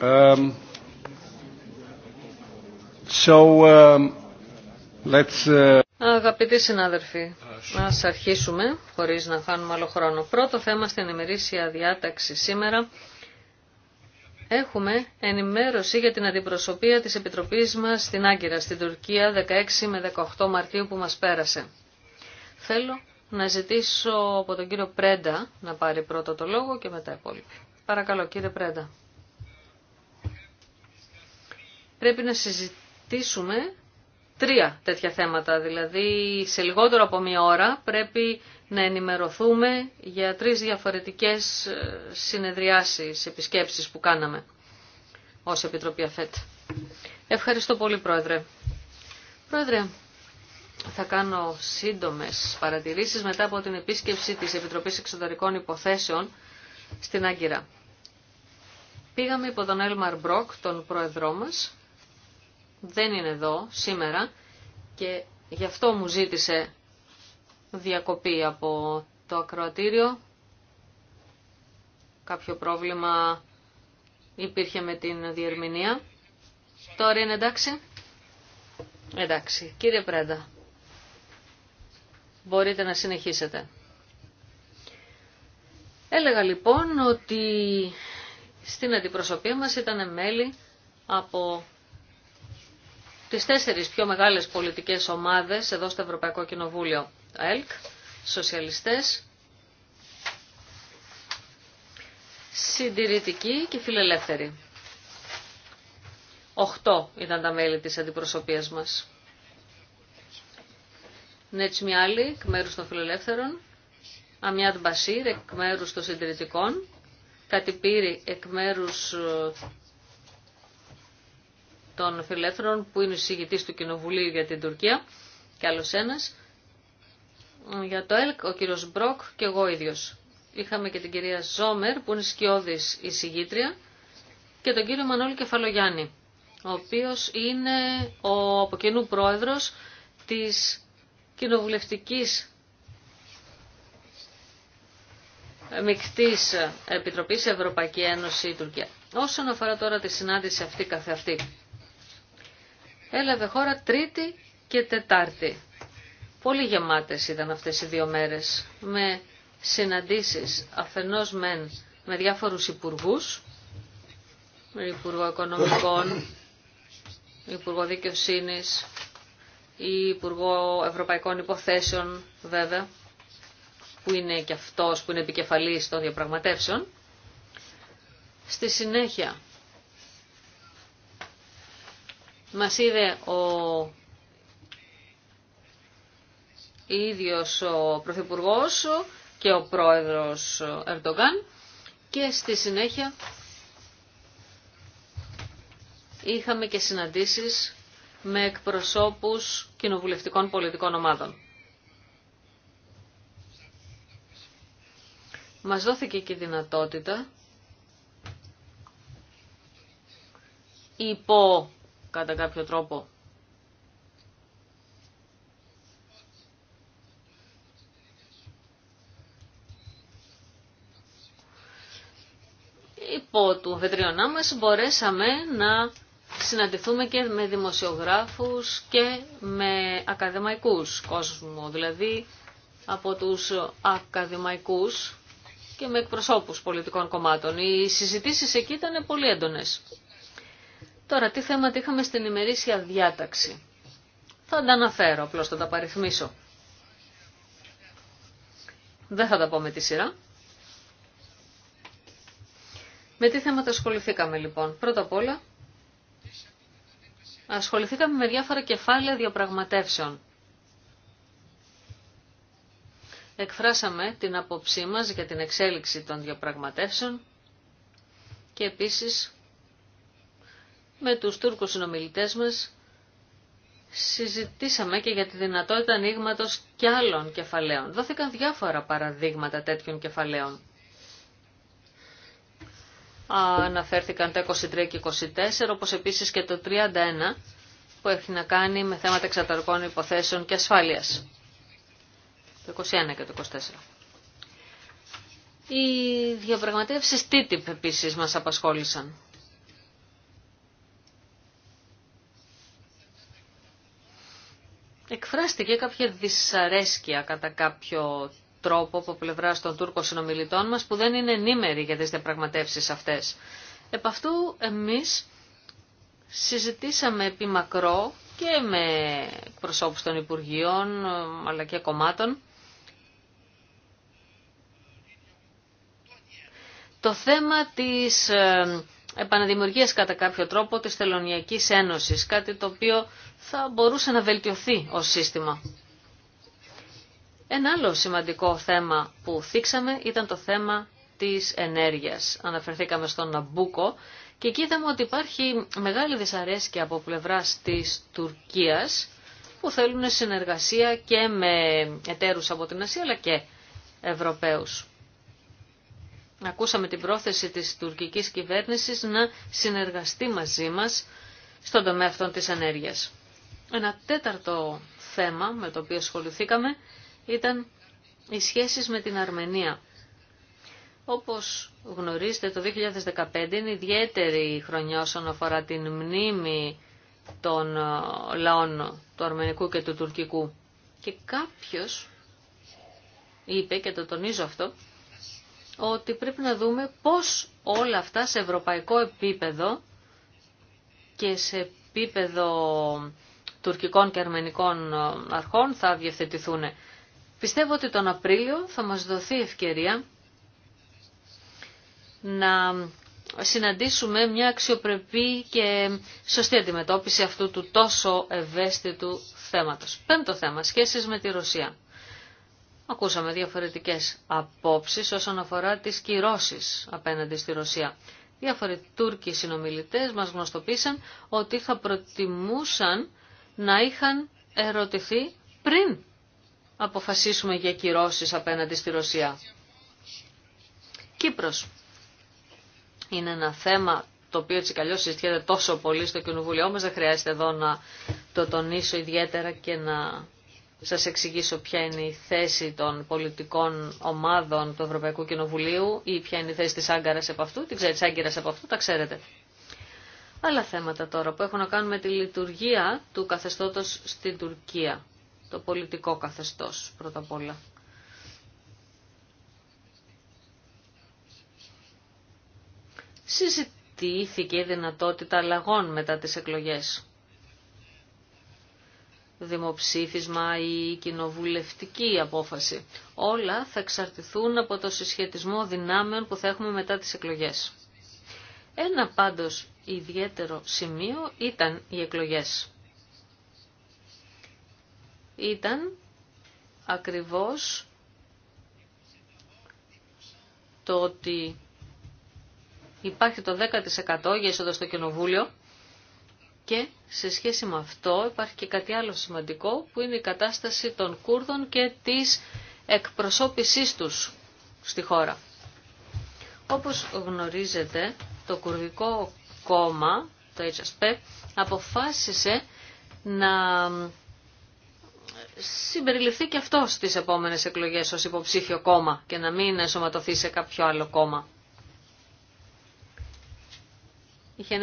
Um, so, um, let's, uh... Αγαπητοί συνάδελφοι, αρχίσουμε χωρίς να χάνουμε άλλο χρόνο. Πρώτο θέμα στην ημερήσια διάταξη σήμερα. Έχουμε ενημέρωση για την αντιπροσωπεία της Επιτροπής μας στην Άγκυρα, στην Τουρκία, 16 με 18 Μαρτίου που μας πέρασε. Θέλω να ζητήσω από τον κύριο Πρέντα να πάρει πρώτο το λόγο και μετά υπόλοιπη. Παρακαλώ κύριε Πρέντα πρέπει να συζητήσουμε τρία τέτοια θέματα. Δηλαδή σε λιγότερο από μία ώρα πρέπει να ενημερωθούμε για τρεις διαφορετικές ε, συνεδριάσεις, επισκέψεις που κάναμε ως Επιτροπή ΑΦΕΤ. Ευχαριστώ πολύ Πρόεδρε. Πρόεδρε, θα κάνω σύντομες παρατηρήσεις μετά από την επίσκεψη της Επιτροπής Εξωτερικών Υποθέσεων στην Άγκυρα. Πήγαμε υπό τον Έλμαρ Μπρόκ, τον πρόεδρό μας, δεν είναι εδώ σήμερα και γι' αυτό μου ζήτησε διακοπή από το ακροατήριο. Κάποιο πρόβλημα υπήρχε με την διερμηνία. Τώρα είναι εντάξει. Εντάξει. Κύριε Πρέντα, μπορείτε να συνεχίσετε. Έλεγα λοιπόν ότι στην αντιπροσωπεία μας ήταν μέλη από τις τέσσερις πιο μεγάλες πολιτικές ομάδες εδώ στο Ευρωπαϊκό Κοινοβούλιο. ΕΛΚ, Σοσιαλιστές, Συντηρητικοί και Φιλελεύθεροι. Οχτώ ήταν τα μέλη της αντιπροσωπείας μας. Νετσμιάλη, εκ μέρους των Φιλελεύθερων, Αμιάτ Μπασίρ, εκ μέρους των Συντηρητικών, Κατυπήρη, εκ μέρους ε, των Φιλεύθερων που είναι συγητή του Κοινοβουλίου για την Τουρκία και άλλο ένας. Για το ΕΛΚ ο κύριο Μπροκ και εγώ ίδιο. Είχαμε και την κυρία Ζόμερ που είναι η εισηγήτρια και τον κύριο Μανώλη Κεφαλογιάννη ο οποίος είναι ο από κοινού πρόεδρος της κοινοβουλευτικής μεικτής Επιτροπής Ευρωπαϊκή Ένωση Τουρκία. Όσον αφορά τώρα τη συνάντηση αυτή καθεαυτή, έλαβε χώρα Τρίτη και Τετάρτη. Πολύ γεμάτες ήταν αυτές οι δύο μέρες με συναντήσεις αφενός με διάφορους υπουργούς, με Υπουργό Οικονομικών, Υπουργό ή Υπουργό Ευρωπαϊκών Υποθέσεων βέβαια, που είναι και αυτός που είναι επικεφαλής των διαπραγματεύσεων. Στη συνέχεια μας είδε ο ίδιος ο Πρωθυπουργός και ο Πρόεδρος Ερντογκάν και στη συνέχεια είχαμε και συναντήσεις με εκπροσώπους κοινοβουλευτικών πολιτικών ομάδων. Μας δόθηκε και η δυνατότητα υπό κατά κάποιο τρόπο. Υπό του βετριονά μας μπορέσαμε να συναντηθούμε και με δημοσιογράφους και με ακαδημαϊκούς κόσμο, δηλαδή από τους ακαδημαϊκούς και με εκπροσώπους πολιτικών κομμάτων. Οι συζητήσεις εκεί ήταν πολύ έντονες. Τώρα, τι θέματα είχαμε στην ημερήσια διάταξη. Θα τα αναφέρω, απλώς θα τα παριθμίσω. Δεν θα τα πω με τη σειρά. Με τι θέματα ασχοληθήκαμε λοιπόν. Πρώτα απ' όλα, ασχοληθήκαμε με διάφορα κεφάλαια διαπραγματεύσεων. Εκφράσαμε την άποψή μας για την εξέλιξη των διαπραγματεύσεων και επίσης με τους Τούρκους συνομιλητές μας συζητήσαμε και για τη δυνατότητα ανοίγματο κι άλλων κεφαλαίων. Δόθηκαν διάφορα παραδείγματα τέτοιων κεφαλαίων. Αναφέρθηκαν τα 23 και 24, όπως επίσης και το 31, που έχει να κάνει με θέματα εξαταρκών υποθέσεων και ασφάλειας. Το 21 και το 24. Οι διαπραγματεύσεις TTIP επίσης μας απασχόλησαν. εκφράστηκε κάποια δυσαρέσκεια κατά κάποιο τρόπο από πλευρά των Τούρκων συνομιλητών μας που δεν είναι ενήμεροι για τις διαπραγματεύσεις αυτές. Επ' αυτού εμείς συζητήσαμε επί μακρό και με προσώπους των Υπουργείων αλλά και κομμάτων το θέμα της ε, επαναδημιουργίας κατά κάποιο τρόπο της Θελωνιακής Ένωσης, κάτι το οποίο θα μπορούσε να βελτιωθεί ω σύστημα. Ένα άλλο σημαντικό θέμα που θίξαμε ήταν το θέμα της ενέργειας. Αναφερθήκαμε στον Ναμπούκο και εκεί είδαμε ότι υπάρχει μεγάλη δυσαρέσκεια από πλευράς της Τουρκίας που θέλουν συνεργασία και με εταίρους από την Ασία αλλά και Ευρωπαίους ακούσαμε την πρόθεση της τουρκικής κυβέρνησης να συνεργαστεί μαζί μας στον τομέα αυτών της ενέργειας. Ένα τέταρτο θέμα με το οποίο ασχοληθήκαμε ήταν οι σχέσεις με την Αρμενία. Όπως γνωρίζετε το 2015 είναι ιδιαίτερη χρονιά όσον αφορά την μνήμη των ε, λαών του αρμενικού και του τουρκικού. Και κάποιος είπε, και το τονίζω αυτό, ότι πρέπει να δούμε πώς όλα αυτά σε ευρωπαϊκό επίπεδο και σε επίπεδο τουρκικών και αρμενικών ε, αρχών θα διευθετηθούν. Πιστεύω ότι τον Απρίλιο θα μας δοθεί ευκαιρία να συναντήσουμε μια αξιοπρεπή και σωστή αντιμετώπιση αυτού του τόσο ευαίσθητου θέματος. Πέμπτο θέμα, σχέσεις με τη Ρωσία. Ακούσαμε διαφορετικές απόψεις όσον αφορά τις κυρώσεις απέναντι στη Ρωσία. Διάφοροι Τούρκοι συνομιλητές μας γνωστοποίησαν ότι θα προτιμούσαν να είχαν ερωτηθεί πριν αποφασίσουμε για κυρώσεις απέναντι στη Ρωσία. Κύπρος. Είναι ένα θέμα το οποίο έτσι καλώς συζητιέται τόσο πολύ στο Κοινοβουλίο, όμως δεν χρειάζεται εδώ να το τονίσω ιδιαίτερα και να σας εξηγήσω ποια είναι η θέση των πολιτικών ομάδων του Ευρωπαϊκού Κοινοβουλίου ή ποια είναι η θέση της Άγκαρας από αυτού, την ξέρετε, της από αυτού, τα ξέρετε. Άλλα θέματα τώρα που έχουν να κάνουν με τη λειτουργία του καθεστώτος στην Τουρκία, το πολιτικό καθεστώς πρώτα απ' όλα. Συζητήθηκε η δυνατότητα αλλαγών μετά τις εκλογές δημοψήφισμα ή κοινοβουλευτική απόφαση. Όλα θα εξαρτηθούν από το συσχετισμό δυνάμεων που θα έχουμε μετά τις εκλογές. Ένα πάντως ιδιαίτερο σημείο ήταν οι εκλογές. Ήταν ακριβώς το ότι υπάρχει το 10% για είσοδο στο κοινοβούλιο και σε σχέση με αυτό υπάρχει και κάτι άλλο σημαντικό που είναι η κατάσταση των Κούρδων και της εκπροσώπησής τους στη χώρα. Όπως γνωρίζετε, το Κουρδικό Κόμμα, το HSP, αποφάσισε να συμπεριληφθεί και αυτό στις επόμενες εκλογές ως υποψήφιο κόμμα και να μην ενσωματωθεί σε κάποιο άλλο κόμμα. Είχε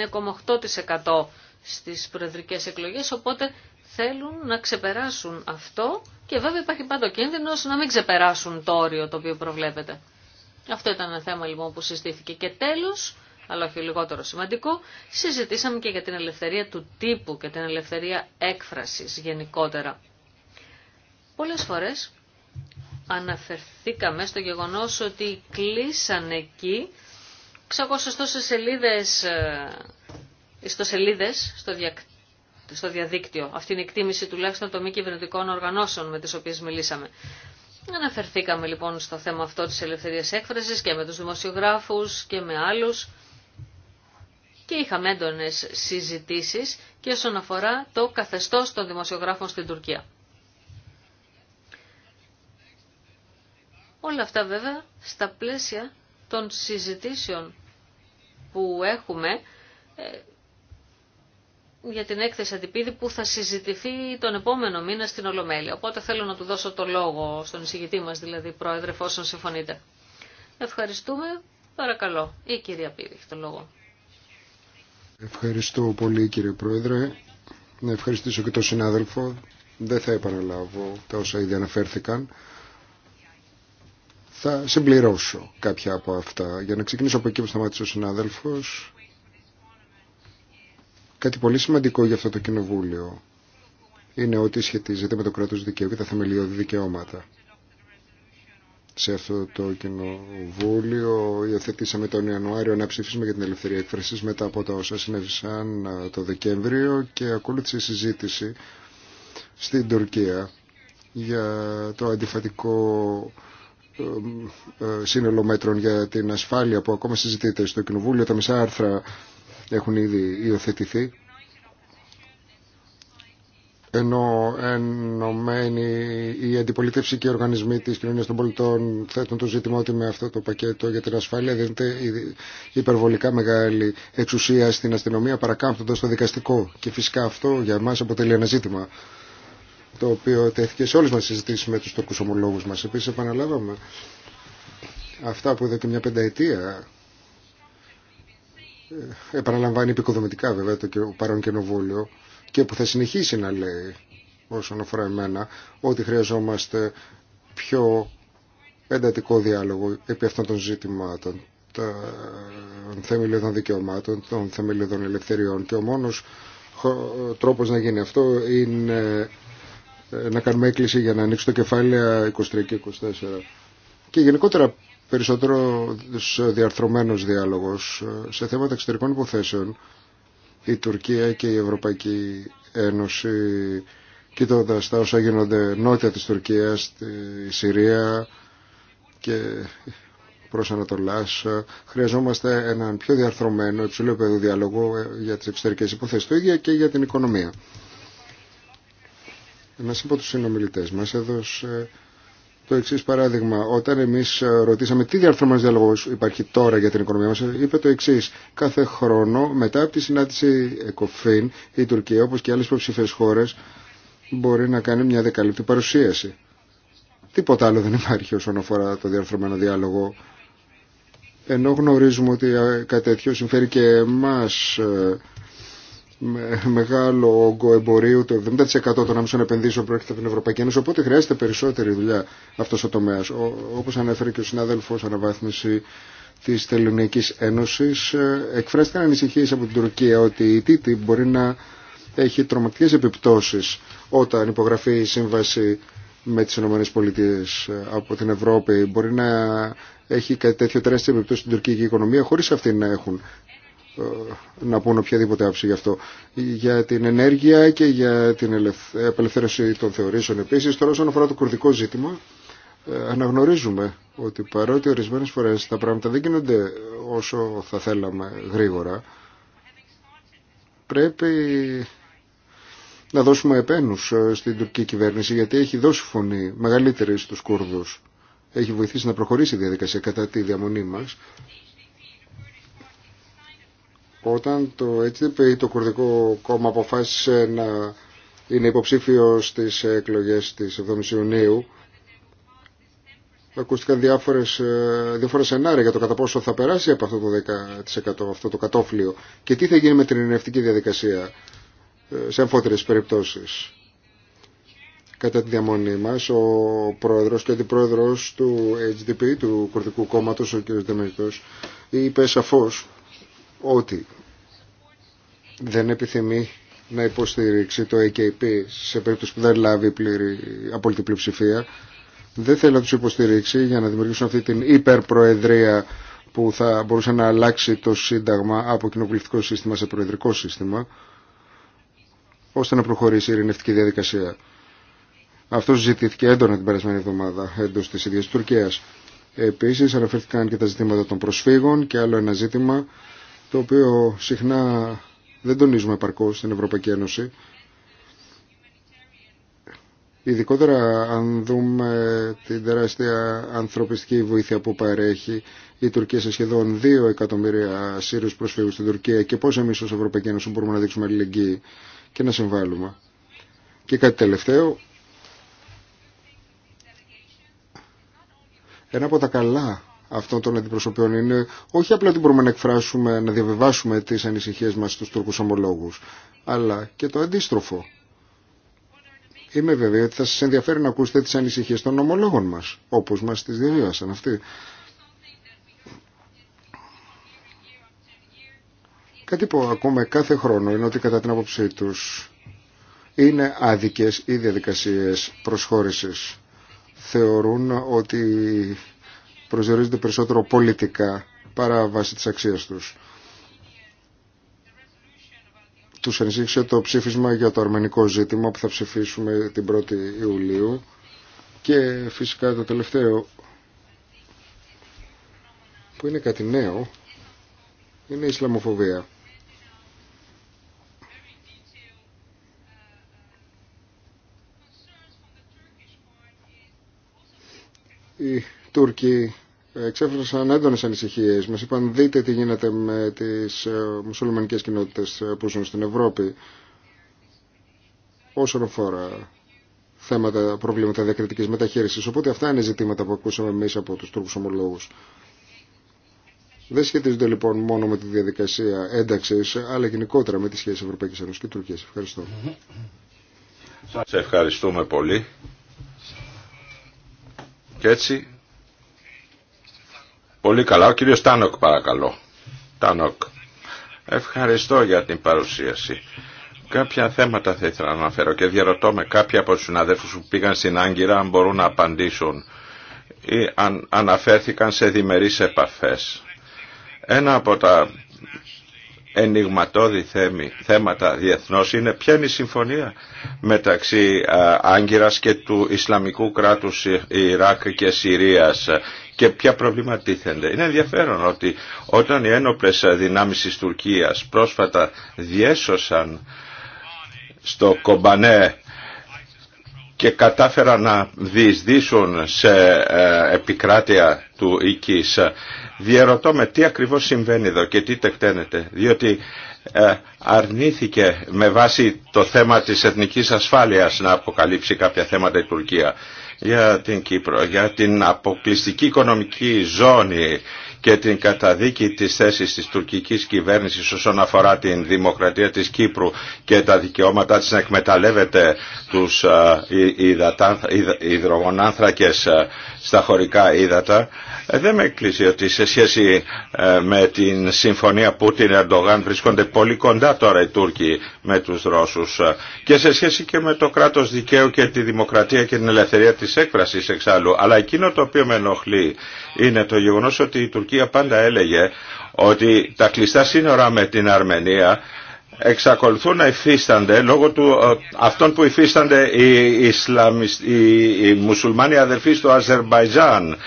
1,8% στις προεδρικές εκλογές, οπότε θέλουν να ξεπεράσουν αυτό και βέβαια υπάρχει πάντα κίνδυνος να μην ξεπεράσουν το όριο το οποίο προβλέπεται. Αυτό ήταν ένα θέμα λοιπόν που συζητήθηκε. Και τέλος, αλλά όχι λιγότερο σημαντικό, συζητήσαμε και για την ελευθερία του τύπου και την ελευθερία έκφρασης γενικότερα. Πολλές φορές αναφερθήκαμε στο γεγονός ότι κλείσαν εκεί 600 σελίδες ε, στο, δια... στο διαδίκτυο. Αυτή είναι η εκτίμηση τουλάχιστον των μη κυβερνητικών οργανώσεων με τι οποίε μιλήσαμε. Αναφερθήκαμε λοιπόν στο θέμα αυτό τη ελευθερία έκφραση και με του δημοσιογράφου και με άλλου. και είχαμε έντονε συζητήσει και όσον αφορά το καθεστώ των δημοσιογράφων στην Τουρκία. Όλα αυτά βέβαια στα πλαίσια των συζητήσεων που έχουμε ε, για την έκθεση αντιπίδη που θα συζητηθεί τον επόμενο μήνα στην Ολομέλεια. Οπότε θέλω να του δώσω το λόγο στον εισηγητή μας, δηλαδή πρόεδρε, εφόσον συμφωνείτε. Ευχαριστούμε. Παρακαλώ. Η κυρία Πίδη έχει το λόγο. Ευχαριστώ πολύ κύριε Πρόεδρε. Να ευχαριστήσω και τον συνάδελφο. Δεν θα επαναλάβω τα όσα ήδη αναφέρθηκαν. Θα συμπληρώσω κάποια από αυτά. Για να ξεκινήσω από εκεί που σταμάτησε ο συνάδελφος, Κάτι πολύ σημαντικό για αυτό το κοινοβούλιο είναι ότι σχετίζεται με το κράτος δικαίου και τα θεμελιώδη δικαιώματα. Σε αυτό το κοινοβούλιο υιοθετήσαμε τον Ιανουάριο να ψηφίσουμε για την ελευθερία έκφραση μετά από τα όσα συνέβησαν το Δεκέμβριο και ακολούθησε η συζήτηση στην Τουρκία για το αντιφατικό ε, ε, σύνολο μέτρων για την ασφάλεια που ακόμα συζητείται στο Κοινοβούλιο. Τα μισά άρθρα έχουν ήδη υιοθετηθεί ενώ ενωμένοι η αντιπολίτευση και οι οργανισμοί της κοινωνίας των πολιτών θέτουν το ζήτημα ότι με αυτό το πακέτο για την ασφάλεια δίνεται υπερβολικά μεγάλη εξουσία στην αστυνομία παρακάμπτοντας το δικαστικό και φυσικά αυτό για μας αποτελεί ένα ζήτημα το οποίο τέθηκε σε όλες μας συζητήσεις με τους τόκους ομολόγους μας. Επίσης επαναλάβαμε αυτά που εδώ και μια πενταετία επαναλαμβάνει επικοδομητικά βέβαια το παρόν κοινοβούλιο και που θα συνεχίσει να λέει όσον αφορά εμένα ότι χρειαζόμαστε πιο εντατικό διάλογο επί αυτών των ζητημάτων των θεμελιωδών δικαιωμάτων, των θεμελιωδών ελευθεριών και ο μόνος τρόπος να γίνει αυτό είναι ε, να κάνουμε έκκληση για να ανοίξει το κεφάλαιο 23 και 24. Και γενικότερα περισσότερο διαρθρωμένος διάλογος. Ε, σε θέματα εξωτερικών υποθέσεων, η Τουρκία και η Ευρωπαϊκή Ένωση, κοιτώντα τα όσα γίνονται νότια της Τουρκίας, στη Συρία και προς Ανατολάς, ε, χρειαζόμαστε έναν πιο διαρθρωμένο υψηλό επίπεδο διάλογο ε, για τις εξωτερικές υποθέσεις, το ίδιο και για την οικονομία. Ένα από τους συνομιλητές μας έδωσε το εξή παράδειγμα. Όταν εμεί ε, ρωτήσαμε τι διαρθρωμένο διάλογο υπάρχει τώρα για την οικονομία μα, είπε το εξή. Κάθε χρόνο μετά από τη συνάντηση ΕΚΟΦΗΝ, η Τουρκία όπω και άλλε υποψηφίε χώρε μπορεί να κάνει μια δεκαλύπτη παρουσίαση. Τίποτα άλλο δεν υπάρχει όσον αφορά το διαρθρωμένο διάλογο. Ενώ γνωρίζουμε ότι ε, κάτι τέτοιο συμφέρει και εμά ε, με μεγάλο όγκο εμπορίου, το 70% των άμεσων επενδύσεων προέρχεται από την Ευρωπαϊκή Ένωση, οπότε χρειάζεται περισσότερη δουλειά αυτό ο τομέα. Όπω ανέφερε και ο συνάδελφο, αναβάθμιση τη Ελληνική Ένωση, ε, εκφράστηκαν ανησυχίε από την Τουρκία ότι η τίτη μπορεί να έχει τρομακτικέ επιπτώσει όταν υπογραφεί η σύμβαση με τι ΗΠΑ ε, από την Ευρώπη μπορεί να έχει κάτι τέτοιο τεράστια επιπτώσει στην τουρκική οικονομία χωρί αυτή να έχουν ε, να πούν οποιαδήποτε άψη γι' αυτό. Για την ενέργεια και για την απελευθέρωση των θεωρήσεων επίσης. Τώρα όσον αφορά το κουρδικό ζήτημα, ε, αναγνωρίζουμε ότι παρότι ορισμένες φορές τα πράγματα δεν γίνονται όσο θα θέλαμε γρήγορα, πρέπει να δώσουμε επένους ε, στην τουρκική κυβέρνηση γιατί έχει δώσει φωνή μεγαλύτερη στους Κούρδους. Έχει βοηθήσει να προχωρήσει η διαδικασία κατά τη διαμονή μας όταν το HDP, το Κουρδικό Κόμμα, αποφάσισε να είναι υποψήφιο στις εκλογές της 7ης Ιουνίου, ακούστηκαν διάφορες, ε, διάφορα σενάρια για το κατά πόσο θα περάσει από αυτό το 10% αυτό το κατόφλιο και τι θα γίνει με την ενευτική διαδικασία ε, σε αμφότερες περιπτώσεις. Κατά τη διαμονή μας, ο πρόεδρος και αντιπρόεδρος του HDP, του Κουρδικού Κόμματος, ο κ. Δεμεριτός, είπε σαφώς ότι δεν επιθυμεί να υποστηρίξει το AKP σε περίπτωση που δεν λάβει πλήρη, απόλυτη πλειοψηφία. Δεν θέλει να του υποστηρίξει για να δημιουργήσουν αυτή την υπερπροεδρία που θα μπορούσε να αλλάξει το Σύνταγμα από κοινοβουλευτικό σύστημα σε προεδρικό σύστημα ώστε να προχωρήσει η ειρηνευτική διαδικασία. Αυτό ζητήθηκε έντονα την περασμένη εβδομάδα εντό τη ίδια Τουρκία. Επίση αναφέρθηκαν και τα ζητήματα των προσφύγων και άλλο ένα ζήτημα το οποίο συχνά δεν τονίζουμε επαρκώς στην Ευρωπαϊκή Ένωση. Ειδικότερα αν δούμε την τεράστια ανθρωπιστική βοήθεια που παρέχει η Τουρκία σε σχεδόν 2 εκατομμύρια Σύριους προσφύγους στην Τουρκία και πώς εμείς ως Ευρωπαϊκή Ένωση μπορούμε να δείξουμε αλληλεγγύη και να συμβάλλουμε. Και κάτι τελευταίο, ένα από τα καλά αυτών των αντιπροσωπείων είναι όχι απλά ότι μπορούμε να εκφράσουμε, να διαβεβάσουμε τις ανησυχίες μας στους Τούρκους ομολόγους, αλλά και το αντίστροφο. Είμαι βέβαιη ότι θα σας ενδιαφέρει να ακούσετε τις ανησυχίες των ομολόγων μας, όπως μας τις διαβίβασαν αυτοί. Κάτι που ακούμε κάθε χρόνο είναι ότι κατά την άποψή τους είναι άδικες οι διαδικασίες προσχώρησης. Θεωρούν ότι προσδιορίζονται περισσότερο πολιτικά παρά βάσει της αξίας τους. Τους ανησύχησε το ψήφισμα για το αρμενικό ζήτημα που θα ψηφίσουμε την 1η Ιουλίου και φυσικά το τελευταίο που είναι κάτι νέο είναι η Ισλαμοφοβία. Οι Τούρκοι ε, εξέφρασαν έντονες ανησυχίες. Μας είπαν δείτε τι γίνεται με τι ε, μουσουλμανικές κοινότητες ε, που ζουν στην Ευρώπη όσον αφορά θέματα, προβλήματα διακριτική μεταχείριση. Οπότε αυτά είναι ζητήματα που ακούσαμε εμεί από τους Τουρκου ομολόγου. Δεν σχετίζονται λοιπόν μόνο με τη διαδικασία ένταξης, αλλά γενικότερα με τη σχέση Ευρωπαϊκή Ένωση και Τουρκία. Ευχαριστώ. Σε ευχαριστούμε πολύ. Και έτσι Πολύ καλά. Ο κύριος Τάνοκ παρακαλώ. Τάνοκ. Ευχαριστώ για την παρουσίαση. Κάποια θέματα θα ήθελα να αναφέρω και διαρωτώ με κάποιοι από τους συναδέλφους που πήγαν στην Άγκυρα αν μπορούν να απαντήσουν ή αν αναφέρθηκαν σε διμερείς επαφές. Ένα από τα ενηγματώδη θέματα διεθνώς είναι ποια είναι η συμφωνία μεταξύ Άγκυρας και του Ισλαμικού κράτους Ιράκ και Συρίας και ποια προβλήματα τίθενται. Είναι ενδιαφέρον ότι όταν οι ένοπλες δυνάμεις της Τουρκίας πρόσφατα διέσωσαν στο Κομπανέ και κατάφεραν να διεισδύσουν σε ε, επικράτεια του οίκης... Διερωτώ με τι ακριβώς συμβαίνει εδώ και τι τεκταίνεται. Διότι ε, αρνήθηκε με βάση το θέμα της εθνικής ασφάλειας να αποκαλύψει κάποια θέματα η Τουρκία για την Κύπρο, για την αποκλειστική οικονομική ζώνη και την καταδίκη της θέσης της τουρκικής κυβέρνησης όσον αφορά την δημοκρατία της Κύπρου και τα δικαιώματά της να εκμεταλλεύεται τους υδρογονάνθρακες στα χωρικά ύδατα. Ε, δεν με εκκλείσει ότι σε σχέση ε, με την συμφωνία Πούτιν-Ερντογάν βρίσκονται πολύ κοντά τώρα οι Τούρκοι με τους Ρώσους και σε σχέση και με το κράτος δικαίου και τη δημοκρατία και την ελευθερία της έκφρασης εξάλλου. Αλλά εκείνο το οποίο με ενοχλεί είναι το γεγονός ότι η Τουρκία Τουρκία πάντα έλεγε ότι τα κλειστά σύνορα με την Αρμενία εξακολουθούν να υφίστανται λόγω του ε, αυτών που υφίστανται οι, Ισλαμισ... οι, οι μουσουλμάνοι αδερφοί στο Αζερμπαϊτζάν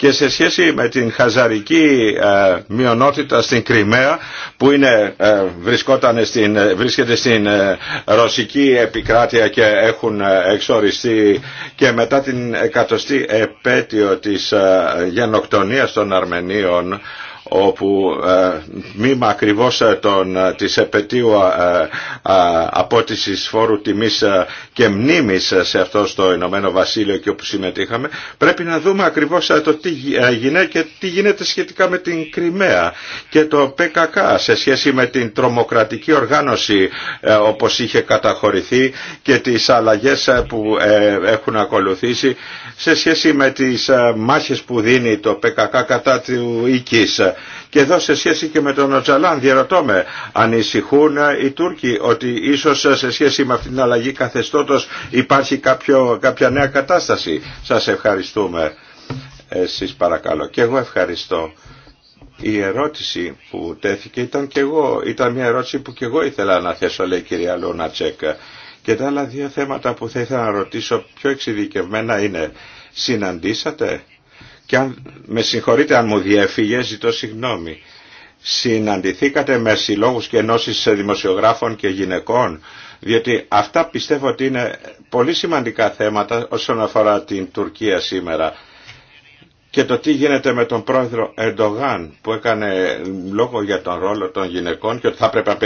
και σε σχέση με την χαζαρική ε, μειονότητα στην Κρυμαία που είναι, ε, βρισκόταν στην, ε, βρίσκεται στην ρωσική επικράτεια και έχουν εξοριστεί και μετά την εκατοστή επέτειο της γενοκτονίας των Αρμενίων όπου ε, μήμα ακριβώς ε, τη ε, της επαιτίου απότησης φόρου τιμής και μνήμης σε αυτό το Ηνωμένο Βασίλειο και όπου συμμετείχαμε πρέπει να δούμε ακριβώς το τι γίνεται και τι γίνεται σχετικά με την Κρυμαία και το ΠΚΚ σε σχέση με την τρομοκρατική οργάνωση όπως είχε καταχωρηθεί και τις αλλαγές που έχουν ακολουθήσει σε σχέση με τις μάχες που δίνει το ΠΚΚ κατά του οίκης και εδώ σε σχέση και με τον Ατζαλάν διαρωτώ με, ανησυχούν οι Τούρκοι ότι ίσως σε σχέση με αυτήν την αλλαγή καθεστώτος υπάρχει κάποιο, κάποια νέα κατάσταση. Σας ευχαριστούμε. Εσείς παρακαλώ. Και εγώ ευχαριστώ. Η ερώτηση που τέθηκε ήταν και εγώ, ήταν μια ερώτηση που και εγώ ήθελα να θέσω, λέει η κυρία Λούνατσεκ. Και τα άλλα δύο θέματα που θα ήθελα να ρωτήσω πιο εξειδικευμένα είναι, συναντήσατε και αν με συγχωρείτε αν μου διέφυγε, ζητώ συγγνώμη. Συναντηθήκατε με συλλόγους και ενώσεις δημοσιογράφων και γυναικών, διότι αυτά πιστεύω ότι είναι πολύ σημαντικά θέματα όσον αφορά την Τουρκία σήμερα. Και το τι γίνεται με τον πρόεδρο Ερντογάν που έκανε λόγο για τον ρόλο των γυναικών και ότι θα πρέπει να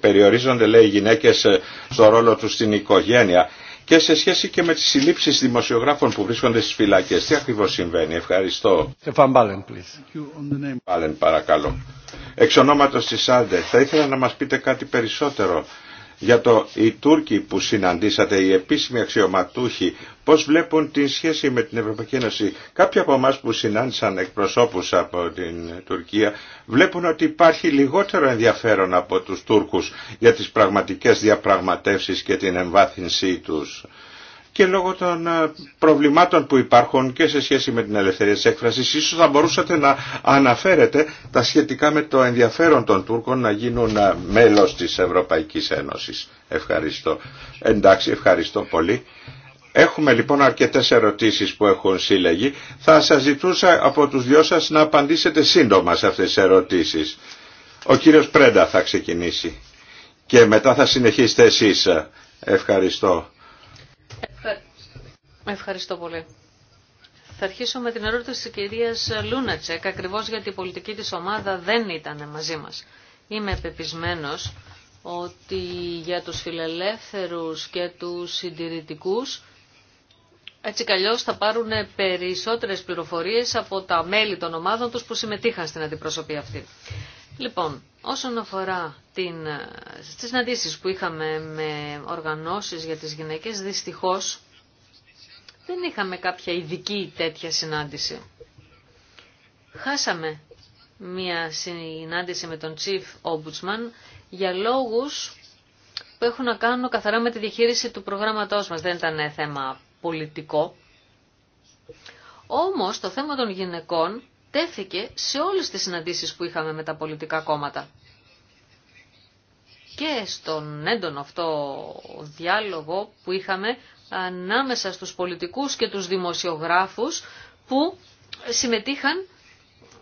περιορίζονται λέει οι γυναίκες ε, στο ρόλο τους στην οικογένεια και σε σχέση και με τις συλλήψεις δημοσιογράφων που βρίσκονται στις φυλακές. Τι ακριβώς συμβαίνει. Ευχαριστώ. Στεφαν Μπάλεν, Μπάλεν, παρακαλώ. Εξ ονόματος της Άντε, θα ήθελα να μας πείτε κάτι περισσότερο για το οι Τούρκοι που συναντήσατε, οι επίσημοι αξιωματούχοι, πώς βλέπουν τη σχέση με την Ευρωπαϊκή Ένωση. Κάποιοι από εμά που συνάντησαν εκπροσώπους από την Τουρκία βλέπουν ότι υπάρχει λιγότερο ενδιαφέρον από τους Τούρκους για τις πραγματικές διαπραγματεύσεις και την εμβάθυνσή τους και λόγω των ε, προβλημάτων που υπάρχουν και σε σχέση με την ελευθερία της έκφρασης ίσως θα μπορούσατε να αναφέρετε τα σχετικά με το ενδιαφέρον των Τούρκων να γίνουν ε, μέλος της Ευρωπαϊκής Ένωσης. Ευχαριστώ. Εντάξει, ευχαριστώ πολύ. Έχουμε λοιπόν αρκετές ερωτήσεις που έχουν σύλλεγει. Θα σας ζητούσα από τους δυο σας να απαντήσετε σύντομα σε αυτές τις ερωτήσεις. Ο κύριος Πρέντα θα ξεκινήσει και μετά θα συνεχίσετε εσείς. Ευχαριστώ. Ευχαριστώ πολύ. Θα αρχίσω με την ερώτηση της κυρίας Λούνατσεκ, ακριβώς γιατί η πολιτική της ομάδα δεν ήταν μαζί μας. Είμαι πεπισμένος ότι για τους φιλελεύθερους και τους συντηρητικούς έτσι καλλιώς θα πάρουν περισσότερες πληροφορίες από τα μέλη των ομάδων τους που συμμετείχαν στην αντιπροσωπή αυτή. Λοιπόν, όσον αφορά την, στις συναντήσεις που είχαμε με οργανώσεις για τις γυναίκες, δυστυχώς δεν είχαμε κάποια ειδική τέτοια συνάντηση. Χάσαμε μία συνάντηση με τον Chief Ombudsman για λόγους που έχουν να κάνουν καθαρά με τη διαχείριση του προγράμματός μας. Δεν ήταν θέμα πολιτικό. Όμως το θέμα των γυναικών τέθηκε σε όλες τις συναντήσεις που είχαμε με τα πολιτικά κόμματα. Και στον έντονο αυτό διάλογο που είχαμε ανάμεσα στους πολιτικούς και τους δημοσιογράφους που συμμετείχαν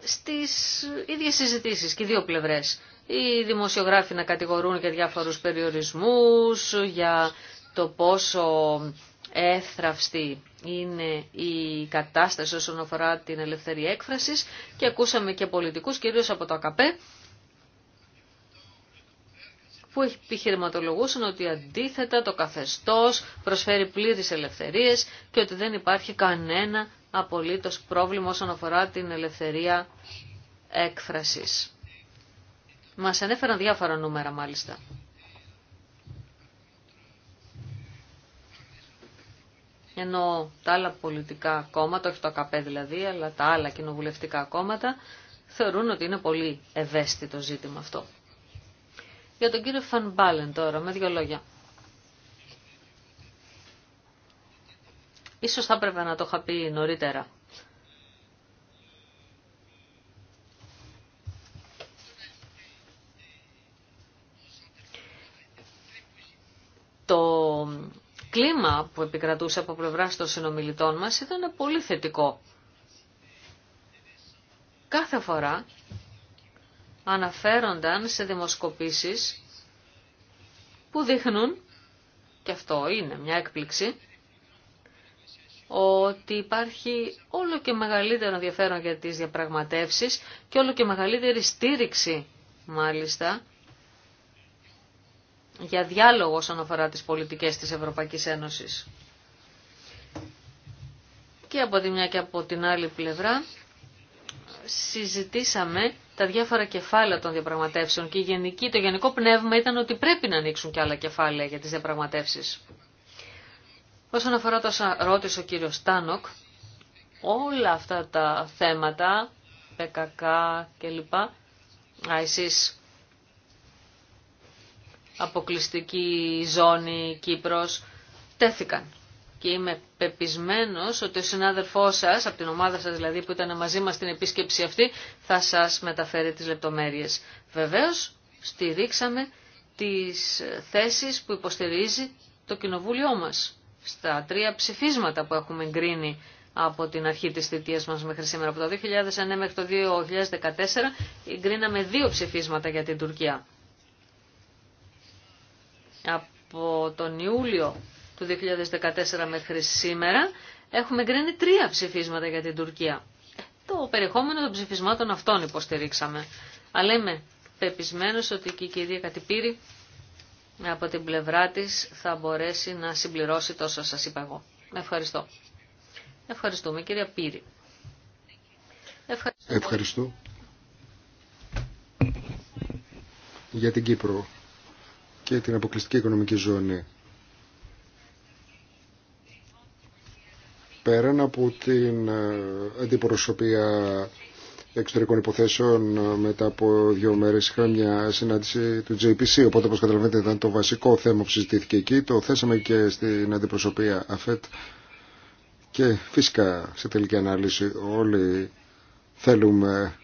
στις ίδιες συζητήσεις και δύο πλευρές. Οι δημοσιογράφοι να κατηγορούν για διάφορους περιορισμούς, για το πόσο έθραυστη είναι η κατάσταση όσον αφορά την ελευθερία έκφρασης και ακούσαμε και πολιτικούς, κυρίως από το ΑΚΑΠΕ, που επιχειρηματολογούσαν ότι αντίθετα το καθεστώς προσφέρει πλήρης ελευθερίες και ότι δεν υπάρχει κανένα απολύτως πρόβλημα όσον αφορά την ελευθερία έκφρασης. Μας ανέφεραν διάφορα νούμερα μάλιστα. Ενώ τα άλλα πολιτικά κόμματα, όχι το ΑΚΠ δηλαδή, αλλά τα άλλα κοινοβουλευτικά κόμματα, θεωρούν ότι είναι πολύ ευαίσθητο ζήτημα αυτό. Για τον κύριο Φανμπάλεν τώρα, με δύο λόγια. Ίσως θα έπρεπε να το είχα πει νωρίτερα. Το κλίμα που επικρατούσε από πλευρά των συνομιλητών μας ήταν πολύ θετικό. Κάθε φορά αναφέρονταν σε δημοσκοπήσεις που δείχνουν, και αυτό είναι μια έκπληξη, ότι υπάρχει όλο και μεγαλύτερο ενδιαφέρον για τις διαπραγματεύσεις και όλο και μεγαλύτερη στήριξη μάλιστα για διάλογο όσον αφορά τις πολιτικές της Ευρωπαϊκής Ένωσης. Και από τη μια και από την άλλη πλευρά συζητήσαμε τα διάφορα κεφάλαια των διαπραγματεύσεων και η γενική, το γενικό πνεύμα ήταν ότι πρέπει να ανοίξουν και άλλα κεφάλαια για τις διαπραγματεύσεις. Όσον αφορά το ρώτησε ο κύριος Στάνοκ, όλα αυτά τα θέματα, ΠΚΚ κλπ, ISIS, αποκλειστική ζώνη Κύπρος, τέθηκαν και είμαι πεπισμένος ότι ο συνάδελφός σα, από την ομάδα σας δηλαδή που ήταν μαζί μας στην επίσκεψη αυτή, θα σας μεταφέρει τις λεπτομέρειες. Βεβαίως στηρίξαμε τις θέσεις που υποστηρίζει το κοινοβούλιο μας στα τρία ψηφίσματα που έχουμε εγκρίνει από την αρχή της θητείας μας μέχρι σήμερα. Από το 2009 μέχρι το 2014 εγκρίναμε δύο ψηφίσματα για την Τουρκία. Από τον Ιούλιο του 2014 μέχρι σήμερα, έχουμε γκρίνει τρία ψηφίσματα για την Τουρκία. Το περιεχόμενο των ψηφισμάτων αυτών υποστηρίξαμε. Αλλά είμαι πεπισμένο ότι και η κυρία Κατυπήρη από την πλευρά τη θα μπορέσει να συμπληρώσει τόσο σας είπα εγώ. Ευχαριστώ. Ευχαριστούμε κυρία Πύρη. Ευχαριστώ. Ευχαριστώ. Για την Κύπρο και την αποκλειστική οικονομική ζώνη Πέραν από την ε, αντιπροσωπεία εξωτερικών υποθέσεων ε, μετά από δύο μέρες είχαμε μια συνάντηση του JPC οπότε όπως καταλαβαίνετε ήταν το βασικό θέμα που συζητήθηκε εκεί το θέσαμε και στην αντιπροσωπεία ΑΦΕΤ και φυσικά σε τελική ανάλυση όλοι θέλουμε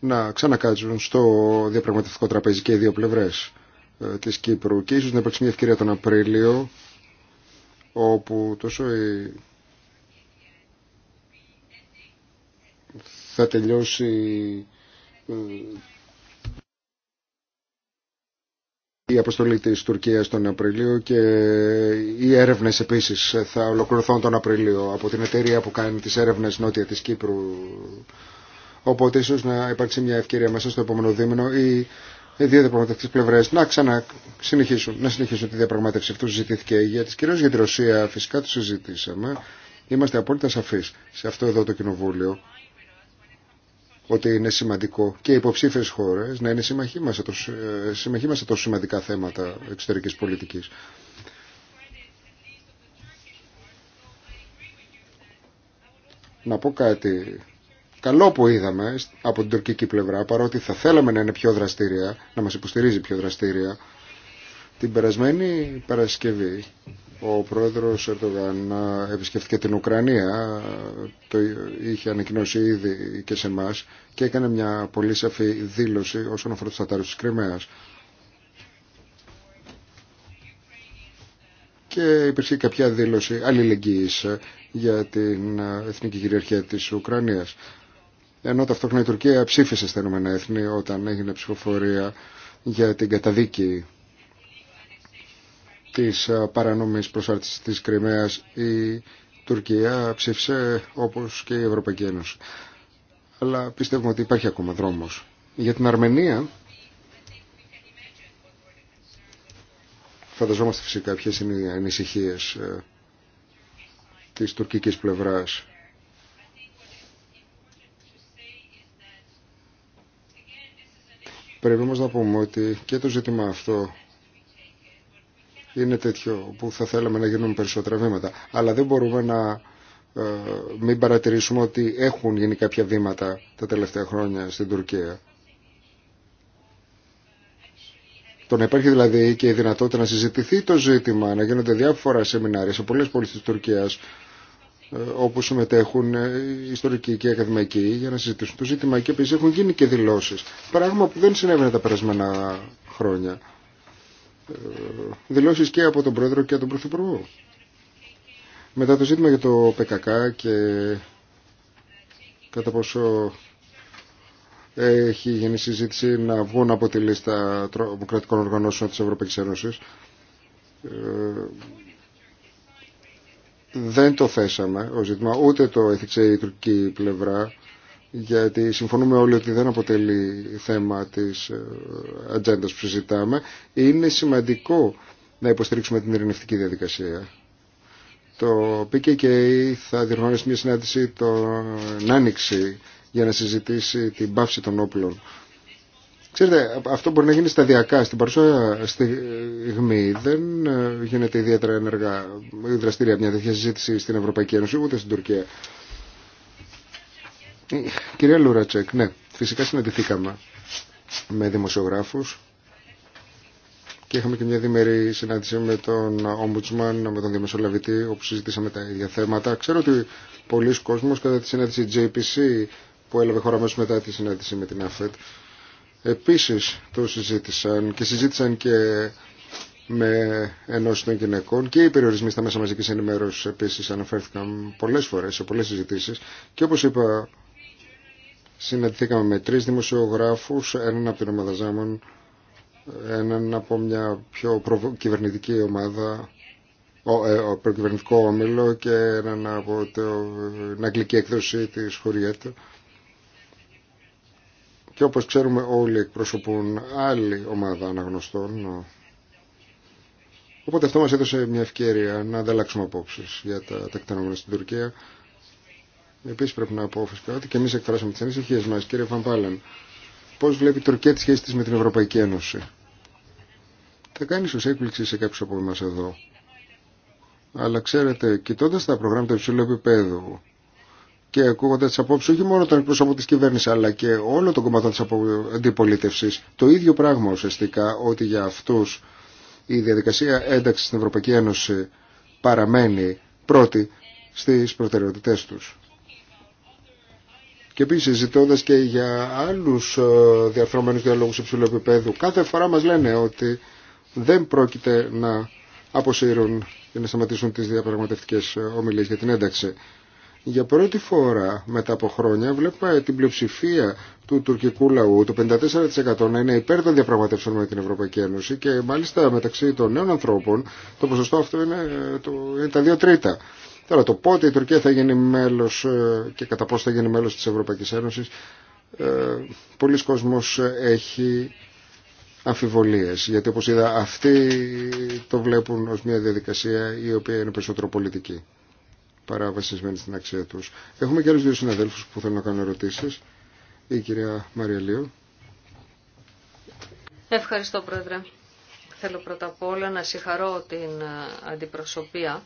να ξανακάτσουν στο διαπραγματευτικό τραπέζι και οι δύο πλευρές ε, της Κύπρου και ίσως να υπάρξει μια ευκαιρία τον Απρίλιο όπου τόσο η θα τελειώσει ε, η αποστολή της Τουρκίας τον Απριλίο και οι έρευνες επίσης θα ολοκληρωθούν τον Απριλίο από την εταιρεία που κάνει τις έρευνες νότια της Κύπρου. Οπότε ίσως να υπάρξει μια ευκαιρία μέσα στο επόμενο δίμηνο ή οι δύο διαπραγματευτικέ πλευρέ να ξανασυνεχίσουν να συνεχίσουν τη διαπραγμάτευση. Αυτό συζητήθηκε για τι κυρίω για τη Ρωσία. Φυσικά το συζητήσαμε. Είμαστε απόλυτα σαφεί σε αυτό εδώ το κοινοβούλιο ότι είναι σημαντικό και οι υποψήφιες χώρες να είναι συμμαχοί μα σε τόσο, σημαντικά θέματα εξωτερικής πολιτικής. Να πω κάτι καλό που είδαμε από την τουρκική πλευρά, παρότι θα θέλαμε να είναι πιο δραστήρια, να μας υποστηρίζει πιο δραστήρια, την περασμένη Παρασκευή ο πρόεδρος Ερντογάν ε, επισκεφθήκε την Ουκρανία, το είχε ανακοινώσει ήδη και σε εμά και έκανε μια πολύ σαφή δήλωση όσον αφορά τους Τατάρους της Κρυμαίας. Και υπήρξε κάποια δήλωση αλληλεγγύης για την εθνική κυριαρχία της Ουκρανίας. Ενώ ταυτόχρονα η Τουρκία ψήφισε στα Ηνωμένα Έθνη όταν έγινε ψηφοφορία για την καταδίκη της ε, παρανομής προσάρτησης της Κρυμαίας η Τουρκία ψήφισε όπως και η Ευρωπαϊκή Ένωση. Αλλά πιστεύουμε ότι υπάρχει ακόμα δρόμος. Για την Αρμενία φανταζόμαστε φυσικά ποιες είναι οι ανησυχίες ε, της τουρκικής πλευράς. Πρέπει όμως να πούμε ότι και το ζήτημα αυτό είναι τέτοιο που θα θέλαμε να γίνουν περισσότερα βήματα. Αλλά δεν μπορούμε να ε, μην παρατηρήσουμε ότι έχουν γίνει κάποια βήματα τα τελευταία χρόνια στην Τουρκία. Το να υπάρχει δηλαδή και η δυνατότητα να συζητηθεί το ζήτημα, να γίνονται διάφορα σεμινάρια σε πολλές πόλεις της Τουρκίας ε, όπου συμμετέχουν ε, ιστορικοί και ακαδημαϊκοί για να συζητήσουν το ζήτημα και επίσης έχουν γίνει και δηλώσεις. Πράγμα που δεν συνέβαινε τα περασμένα χρόνια. Ε, δηλώσεις και από τον Πρόεδρο και από τον Πρωθυπουργό. Μετά το ζήτημα για το ΠΚΚ και κατά πόσο έχει γίνει συζήτηση να βγουν από τη λίστα τρομοκρατικών οργανώσεων της Ευρωπαϊκής Ένωσης. Ε, δεν το θέσαμε ο ζήτημα, ούτε το έθιξε η τουρκική πλευρά γιατί συμφωνούμε όλοι ότι δεν αποτελεί θέμα της ε, ατζέντα που συζητάμε, είναι σημαντικό να υποστηρίξουμε την ειρηνευτική διαδικασία. Το PKK θα διοργανώσει μια συνάντηση τον Άνοιξη για να συζητήσει την πάυση των όπλων. Ξέρετε, αυτό μπορεί να γίνει σταδιακά. Στην παρουσία στιγμή δεν ε, γίνεται ιδιαίτερα ενεργά δραστήρια μια τέτοια συζήτηση στην Ευρωπαϊκή Ένωση ούτε στην Τουρκία. Κυρία Λούρατσεκ, ναι, φυσικά συναντηθήκαμε με δημοσιογράφους και είχαμε και μια διμερή συνάντηση με τον Ombudsman, με τον Διαμεσολαβητή, όπου συζητήσαμε τα ίδια θέματα. Ξέρω ότι πολλοί κόσμος κατά τη συνάντηση JPC που έλαβε χώρα μέσα μετά τη συνάντηση με την ΑΦΕΤ, επίσης το συζήτησαν και συζήτησαν και με ενώσει των γυναικών και οι περιορισμοί στα μέσα μαζική ενημέρωση επίση αναφέρθηκαν πολλέ φορέ σε πολλέ συζητήσει και όπω είπα συναντηθήκαμε με τρεις δημοσιογράφους, έναν από την ομάδα Ζάμων, έναν από μια πιο κυβερνητική ομάδα, ο, ε, προκυβερνητικό όμιλο και έναν από την αγγλική έκδοση της Χωριέτα. Και όπως ξέρουμε όλοι εκπροσωπούν άλλη ομάδα αναγνωστών. Οπότε αυτό μας έδωσε μια ευκαιρία να ανταλλάξουμε απόψεις για τα τεκτενόμενα στην Τουρκία. Επίση πρέπει να πω φυσικά ότι και εμεί εκφράσαμε τι ανησυχίε μα. Κύριε Βαμπάλεν, πώ βλέπει η Τουρκία τη σχέση τη με την Ευρωπαϊκή Ένωση. Θα κάνει ίσω έκπληξη σε κάποιου από εμά εδώ. Αλλά ξέρετε, κοιτώντα τα προγράμματα υψηλού επίπεδου και ακούγοντα τι απόψει όχι μόνο των εκπροσώπων τη κυβέρνηση αλλά και όλων των κομμάτων τη αντιπολίτευση, το ίδιο πράγμα ουσιαστικά ότι για αυτού η διαδικασία ένταξη στην Ευρωπαϊκή Ένωση παραμένει πρώτη στι προτεραιότητέ του. Και επίση, ζητώντα και για άλλου ε, διαρθρωμένου διαλόγου υψηλού επίπεδου, κάθε φορά μα λένε ότι δεν πρόκειται να αποσύρουν και να σταματήσουν τι διαπραγματευτικέ ε, ομιλίε για την ένταξη. Για πρώτη φορά μετά από χρόνια βλέπουμε την πλειοψηφία του τουρκικού λαού, το 54% να είναι υπέρ των διαπραγματεύσεων με την Ευρωπαϊκή Ένωση και μάλιστα μεταξύ των νέων ανθρώπων το ποσοστό αυτό είναι, ε, το, είναι τα δύο τρίτα. Τώρα το πότε η Τουρκία θα γίνει μέλος ε, και κατά πόσο θα γίνει μέλος της Ευρωπαϊκής Ένωσης, ε, πολλοί κόσμοι έχει αμφιβολίες, γιατί όπως είδα αυτοί το βλέπουν ως μια διαδικασία η οποία είναι περισσότερο πολιτική παρά βασισμένη στην αξία τους. Έχουμε και άλλους δύο συναδέλφους που θέλουν να κάνουν ερωτήσεις. Η κυρία Μαριαλίου. Ευχαριστώ Πρόεδρε. Θέλω πρώτα απ' όλα να συγχαρώ την ε, αντιπροσωπεία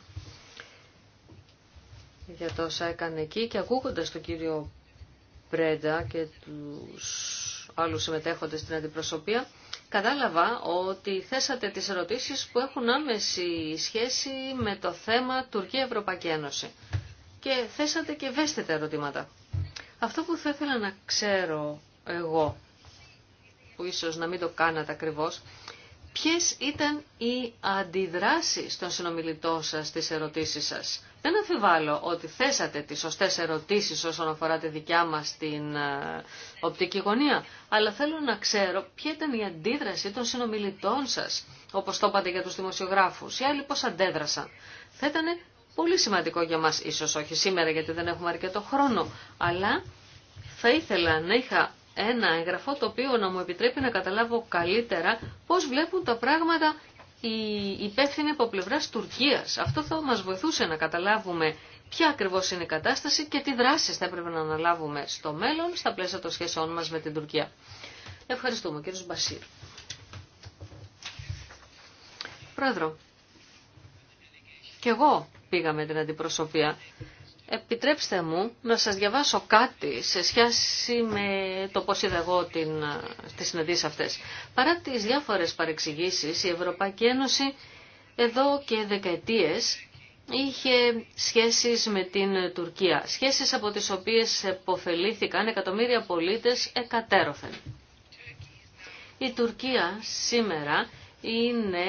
για το όσα έκανε εκεί και ακούγοντας τον κύριο Πρέντα και τους άλλους συμμετέχοντες στην αντιπροσωπεία, κατάλαβα ότι θέσατε τις ερωτήσεις που έχουν άμεση σχέση με το θέμα Τουρκία-Ευρωπαϊκή Ένωση. Και θέσατε και ευαίσθητα ερωτήματα. Αυτό που θα ήθελα να ξέρω εγώ, που ίσως να μην το κάνατε ακριβώς, ποιες ήταν οι αντιδράσεις των συνομιλητών σας στις ερωτήσεις σας. Δεν αμφιβάλλω ότι θέσατε τις σωστές ερωτήσεις όσον αφορά τη δικιά μας την ε, οπτική γωνία, αλλά θέλω να ξέρω ποια ήταν η αντίδραση των συνομιλητών σας, όπως το είπατε για τους δημοσιογράφους, οι άλλοι πώς αντέδρασαν. Θα ήταν πολύ σημαντικό για μας, ίσως όχι σήμερα γιατί δεν έχουμε αρκετό χρόνο, αλλά θα ήθελα να είχα ένα εγγραφό το οποίο να μου επιτρέπει να καταλάβω καλύτερα πώς βλέπουν τα πράγματα η υπεύθυνη από πλευρά Τουρκία. Αυτό θα μα βοηθούσε να καταλάβουμε ποια ακριβώ είναι η κατάσταση και τι δράσει θα έπρεπε να αναλάβουμε στο μέλλον στα πλαίσια των σχέσεών μα με την Τουρκία. Ευχαριστούμε, κύριο Μπασίρ. Πρόεδρο, και εγώ πήγα με την αντιπροσωπεία Επιτρέψτε μου να σας διαβάσω κάτι σε σχέση με το πώς είδα εγώ την, τις συναντήσεις αυτές. Παρά τις διάφορες παρεξηγήσεις, η Ευρωπαϊκή Ένωση εδώ και δεκαετίες είχε σχέσεις με την Τουρκία. Σχέσεις από τις οποίες εποφελήθηκαν εκατομμύρια πολίτες εκατέρωθεν. Η Τουρκία σήμερα είναι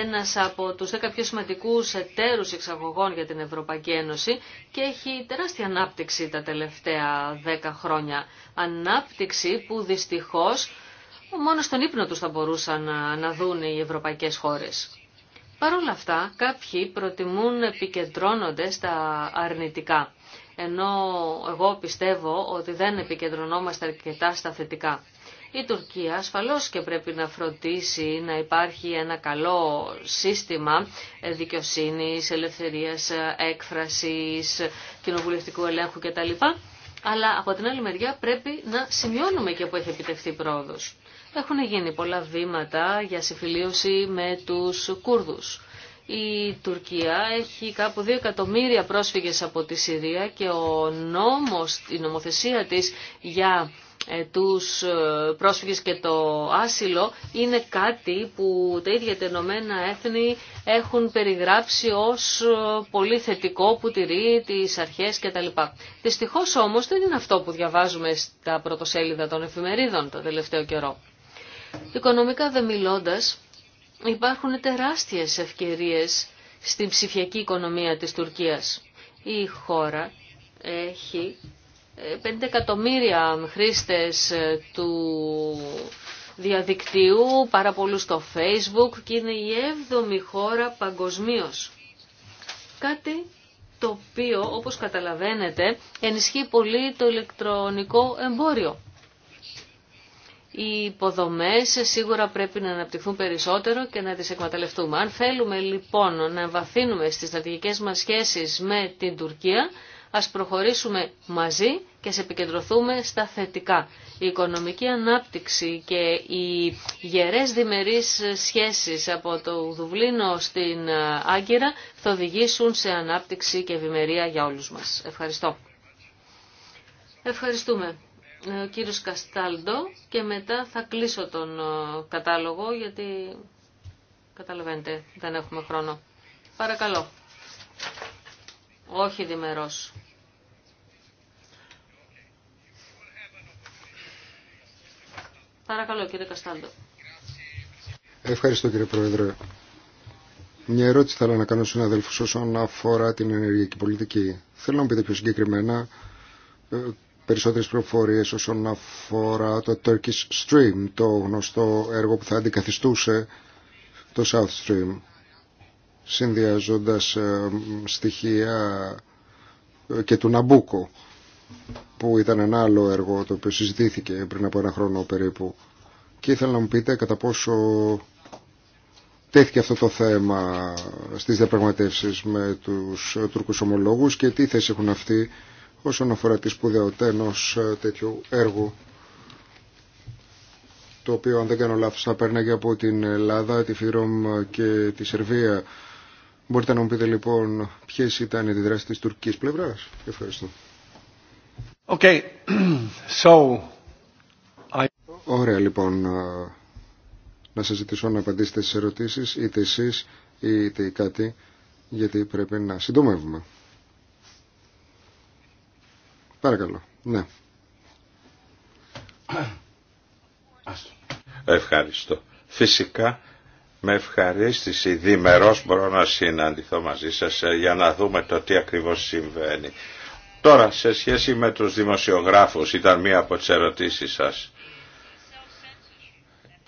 ένας από τους δέκα πιο σημαντικούς εταίρους εξαγωγών για την Ευρωπαϊκή Ένωση και έχει τεράστια ανάπτυξη τα τελευταία δέκα χρόνια. Ανάπτυξη που δυστυχώς μόνο στον ύπνο τους θα μπορούσαν να, να δουν οι ευρωπαϊκές χώρες. Παρ' όλα αυτά, κάποιοι προτιμούν επικεντρώνονται στα αρνητικά, ενώ εγώ πιστεύω ότι δεν επικεντρωνόμαστε αρκετά στα θετικά. Η Τουρκία ασφαλώς και πρέπει να φροντίσει να υπάρχει ένα καλό σύστημα δικαιοσύνης, ελευθερίας έκφρασης, κοινοβουλευτικού ελέγχου κτλ. Αλλά από την άλλη μεριά πρέπει να σημειώνουμε και που έχει επιτευχθεί πρόοδος. Έχουν γίνει πολλά βήματα για συμφιλίωση με τους Κούρδους. Η Τουρκία έχει κάπου 2 εκατομμύρια πρόσφυγες από τη Συρία και ο νόμος, η νομοθεσία της για ε, τους ε, πρόσφυγες και το άσυλο είναι κάτι που τα ίδια τα Έθνη έχουν περιγράψει ως ε, πολύ θετικό που τηρεί τις αρχές κτλ. Δυστυχώς όμως δεν είναι αυτό που διαβάζουμε στα πρωτοσέλιδα των εφημερίδων το τελευταίο καιρό. Οικονομικά δε μιλώντας, υπάρχουν τεράστιες ευκαιρίες στην ψηφιακή οικονομία της Τουρκίας. Η χώρα έχει 5 εκατομμύρια χρήστες ε, του διαδικτύου, πάρα πολλού στο facebook και είναι η 7 χώρα παγκοσμίως. Κάτι το οποίο, όπως καταλαβαίνετε, ενισχύει πολύ το ηλεκτρονικό εμπόριο. Οι υποδομές σίγουρα πρέπει να αναπτυχθούν περισσότερο και να τις εκμεταλλευτούμε. Αν θέλουμε λοιπόν να βαθύνουμε στις στρατηγικές μας σχέσεις με την Τουρκία, ας προχωρήσουμε μαζί και σε επικεντρωθούμε στα θετικά. Η οικονομική ανάπτυξη και οι γερές διμερείς σχέσεις από το Δουβλίνο στην Άγκυρα θα οδηγήσουν σε ανάπτυξη και ευημερία για όλους μας. Ευχαριστώ. Ευχαριστούμε. Ε, ο κύριος Καστάλντο και μετά θα κλείσω τον ε, κατάλογο γιατί καταλαβαίνετε δεν έχουμε χρόνο. Παρακαλώ. Όχι διμερός. Παρακαλώ κύριε Καστάλτο. Ευχαριστώ κύριε Πρόεδρε. Μια ερώτηση θέλω να κάνω στους όσον αφορά την ενεργειακή πολιτική. Θέλω να μου πείτε πιο συγκεκριμένα ε, περισσότερες προφορίες όσον αφορά το Turkish Stream, το γνωστό έργο που θα αντικαθιστούσε το South Stream συνδυάζοντας ε, στοιχεία ε, και του Ναμπούκο που ήταν ένα άλλο έργο το οποίο συζητήθηκε πριν από ένα χρόνο περίπου και ήθελα να μου πείτε κατά πόσο τέθηκε αυτό το θέμα στις διαπραγματεύσεις με τους ε, Τούρκους ομολόγους και τι θέση έχουν αυτοί όσον αφορά τη σπουδαιότητα ενός τέτοιου έργου το οποίο αν δεν κάνω λάθος θα παίρναγε από την Ελλάδα, τη Φύρομ και τη Σερβία Μπορείτε να μου πείτε λοιπόν ποιε ήταν οι δράσεις της Τουρκική πλευρά. Ευχαριστώ. Okay. So, I... Ωραία λοιπόν να σας ζητήσω να απαντήσετε στι ερωτήσεις είτε εσεί είτε κάτι γιατί πρέπει να συντομεύουμε. Παρακαλώ. Ναι. Ευχαριστώ. Φυσικά με ευχαρίστηση διμερός μπορώ να συναντηθώ μαζί σας ε, για να δούμε το τι ακριβώς συμβαίνει. Τώρα σε σχέση με τους δημοσιογράφους ήταν μία από τις ερωτήσεις σας.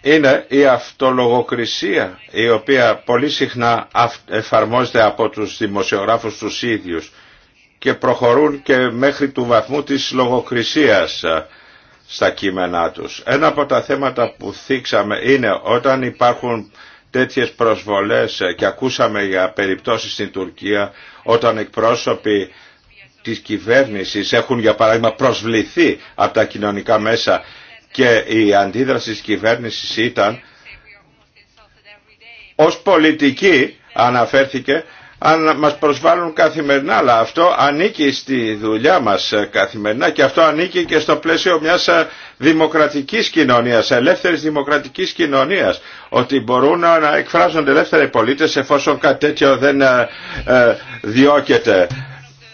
Είναι η αυτολογοκρισία η οποία πολύ συχνά εφαρμόζεται από τους δημοσιογράφους τους ίδιους και προχωρούν και μέχρι του βαθμού της λογοκρισίας ε, στα κείμενά τους. Ένα από τα θέματα που θίξαμε είναι όταν υπάρχουν τέτοιες προσβολές ε, και ακούσαμε για περιπτώσεις στην Τουρκία όταν εκπρόσωποι της κυβέρνησης έχουν για παράδειγμα προσβληθεί από τα κοινωνικά μέσα και η αντίδραση της κυβέρνησης ήταν ως πολιτική αναφέρθηκε αν μας προσβάλλουν καθημερινά, αλλά αυτό ανήκει στη δουλειά μας ε, καθημερινά και αυτό ανήκει και στο πλαίσιο μιας ε, δημοκρατικής κοινωνίας, ελεύθερης δημοκρατικής κοινωνίας, ότι μπορούν να εκφράζονται ελεύθεροι πολίτες εφόσον κάτι τέτοιο δεν ε, διώκεται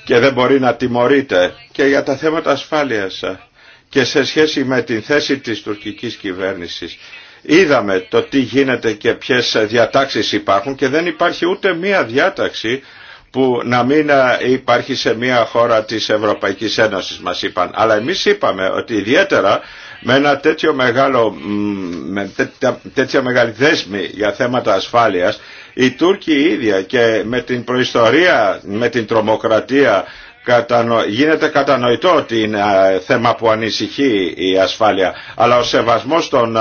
και δεν μπορεί να τιμωρείται. Και για τα θέματα ασφάλειας και σε σχέση με την θέση της τουρκικής κυβέρνησης. Είδαμε το τι γίνεται και ποιες διατάξεις υπάρχουν και δεν υπάρχει ούτε μία διάταξη που να μην ε, υπάρχει σε μία χώρα της Ευρωπαϊκής Ένωσης μας είπαν. Αλλά εμείς είπαμε ότι ιδιαίτερα με ένα τέτοιο μεγάλο, με τέτοια μεγάλη δέσμη για θέματα ασφάλειας οι Τούρκοι ίδια και με την προϊστορία, με την τρομοκρατία Γίνεται κατανοητό ότι είναι θέμα που ανησυχεί η ασφάλεια, αλλά ο σεβασμός των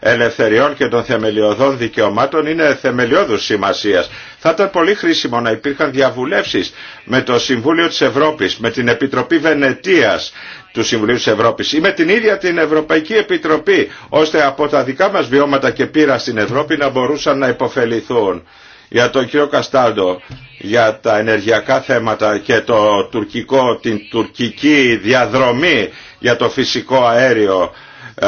ελευθεριών και των θεμελιωδών δικαιωμάτων είναι θεμελιώδους σημασίας. Θα ήταν πολύ χρήσιμο να υπήρχαν διαβουλεύσεις με το Συμβούλιο της Ευρώπης, με την Επιτροπή Βενετίας, του Συμβουλίου της Ευρώπης ή με την ίδια την Ευρωπαϊκή Επιτροπή, ώστε από τα δικά μας βιώματα και πείρα στην Ευρώπη να μπορούσαν να υποφεληθούν. Για τον κύριο Καστάλτο, για τα ενεργειακά θέματα και το τουρκικό, την τουρκική διαδρομή για το φυσικό αέριο ε,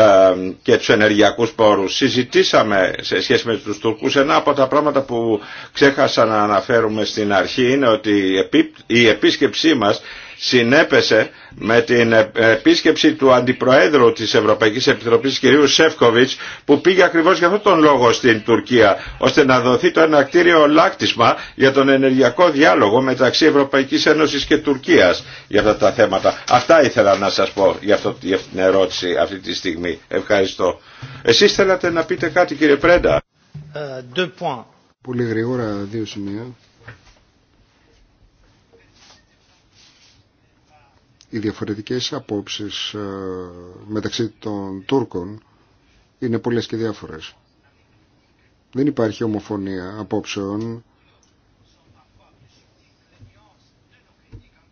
και τους ενεργειακούς πόρους. Συζητήσαμε σε σχέση με τους Τουρκούς ένα από τα πράγματα που ξέχασα να αναφέρουμε στην αρχή είναι ότι η επίσκεψή μας συνέπεσε με την ε, επίσκεψη του Αντιπροέδρου της Ευρωπαϊκής Επιτροπής κ. Σεύκοβιτς που πήγε ακριβώς για αυτόν τον λόγο στην Τουρκία ώστε να δοθεί το ανακτήριο λάκτισμα για τον ενεργειακό διάλογο μεταξύ Ευρωπαϊκής Ένωσης και Τουρκίας για αυτά τα θέματα. Αυτά ήθελα να σας πω για, αυτό, αυτή την ερώτηση αυτή τη στιγμή. Ευχαριστώ. Εσείς θέλατε να πείτε κάτι κύριε Πρέντα. Ε, Πολύ γρήγορα δύο σημεία. Οι διαφορετικές απόψεις ε, μεταξύ των Τούρκων είναι πολλές και διάφορες. Δεν υπάρχει ομοφωνία απόψεων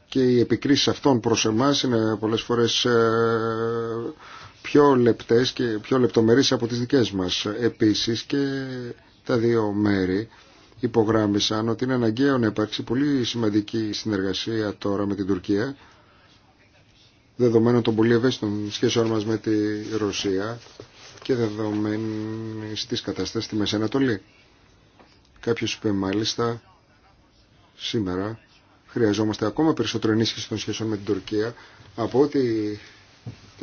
και οι επικρίσεις αυτών προς εμάς είναι πολλές φορές ε, πιο λεπτές και πιο λεπτομερείς από τις δικές μας. Επίσης και τα δύο μέρη υπογράμμισαν ότι είναι αναγκαίο να υπάρξει πολύ σημαντική συνεργασία τώρα με την Τουρκία δεδομένων των πολύ ευαίσθητων σχέσεων μας με τη Ρωσία και δεδομένων της κατάσταση στη Μέση Ανατολή. Κάποιος είπε μάλιστα σήμερα χρειαζόμαστε ακόμα περισσότερο ενίσχυση των σχέσεων με την Τουρκία από ό,τι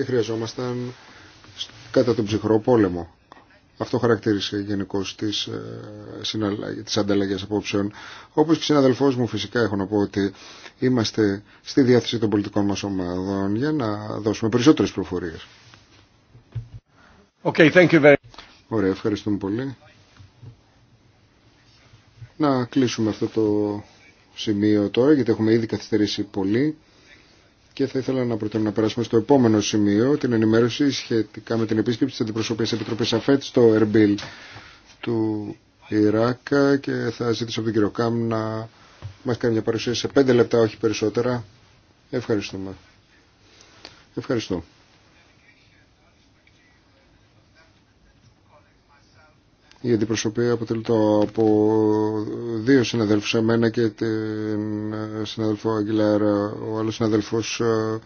χρειαζόμασταν κατά τον ψυχρό πόλεμο. Αυτό χαρακτήρισε γενικώ τι τις ε, ανταλλαγέ απόψεων. Όπω και συναδελφό μου, φυσικά έχω να πω ότι είμαστε στη διάθεση των πολιτικών μας ομάδων για να δώσουμε περισσότερε προφορίες. Okay, thank you very... Ωραία, ευχαριστούμε πολύ. Να κλείσουμε αυτό το σημείο τώρα, γιατί έχουμε ήδη καθυστερήσει πολύ. Και θα ήθελα να προτείνω να περάσουμε στο επόμενο σημείο, την ενημέρωση σχετικά με την επίσκεψη τη Αντιπροσωπεία Επιτροπή ΑΦΕΤ στο Ερμπίλ του Ιράκ και θα ζητήσω από τον κύριο Κάμ να μας κάνει μια παρουσίαση σε πέντε λεπτά, όχι περισσότερα. Ευχαριστούμε. Ευχαριστώ. Η αντιπροσωπεία αποτελείται από δύο συναδέλφους, εμένα και την ε, συναδέλφο Αγγιλάρα. Ο άλλος συναδέλφος ε,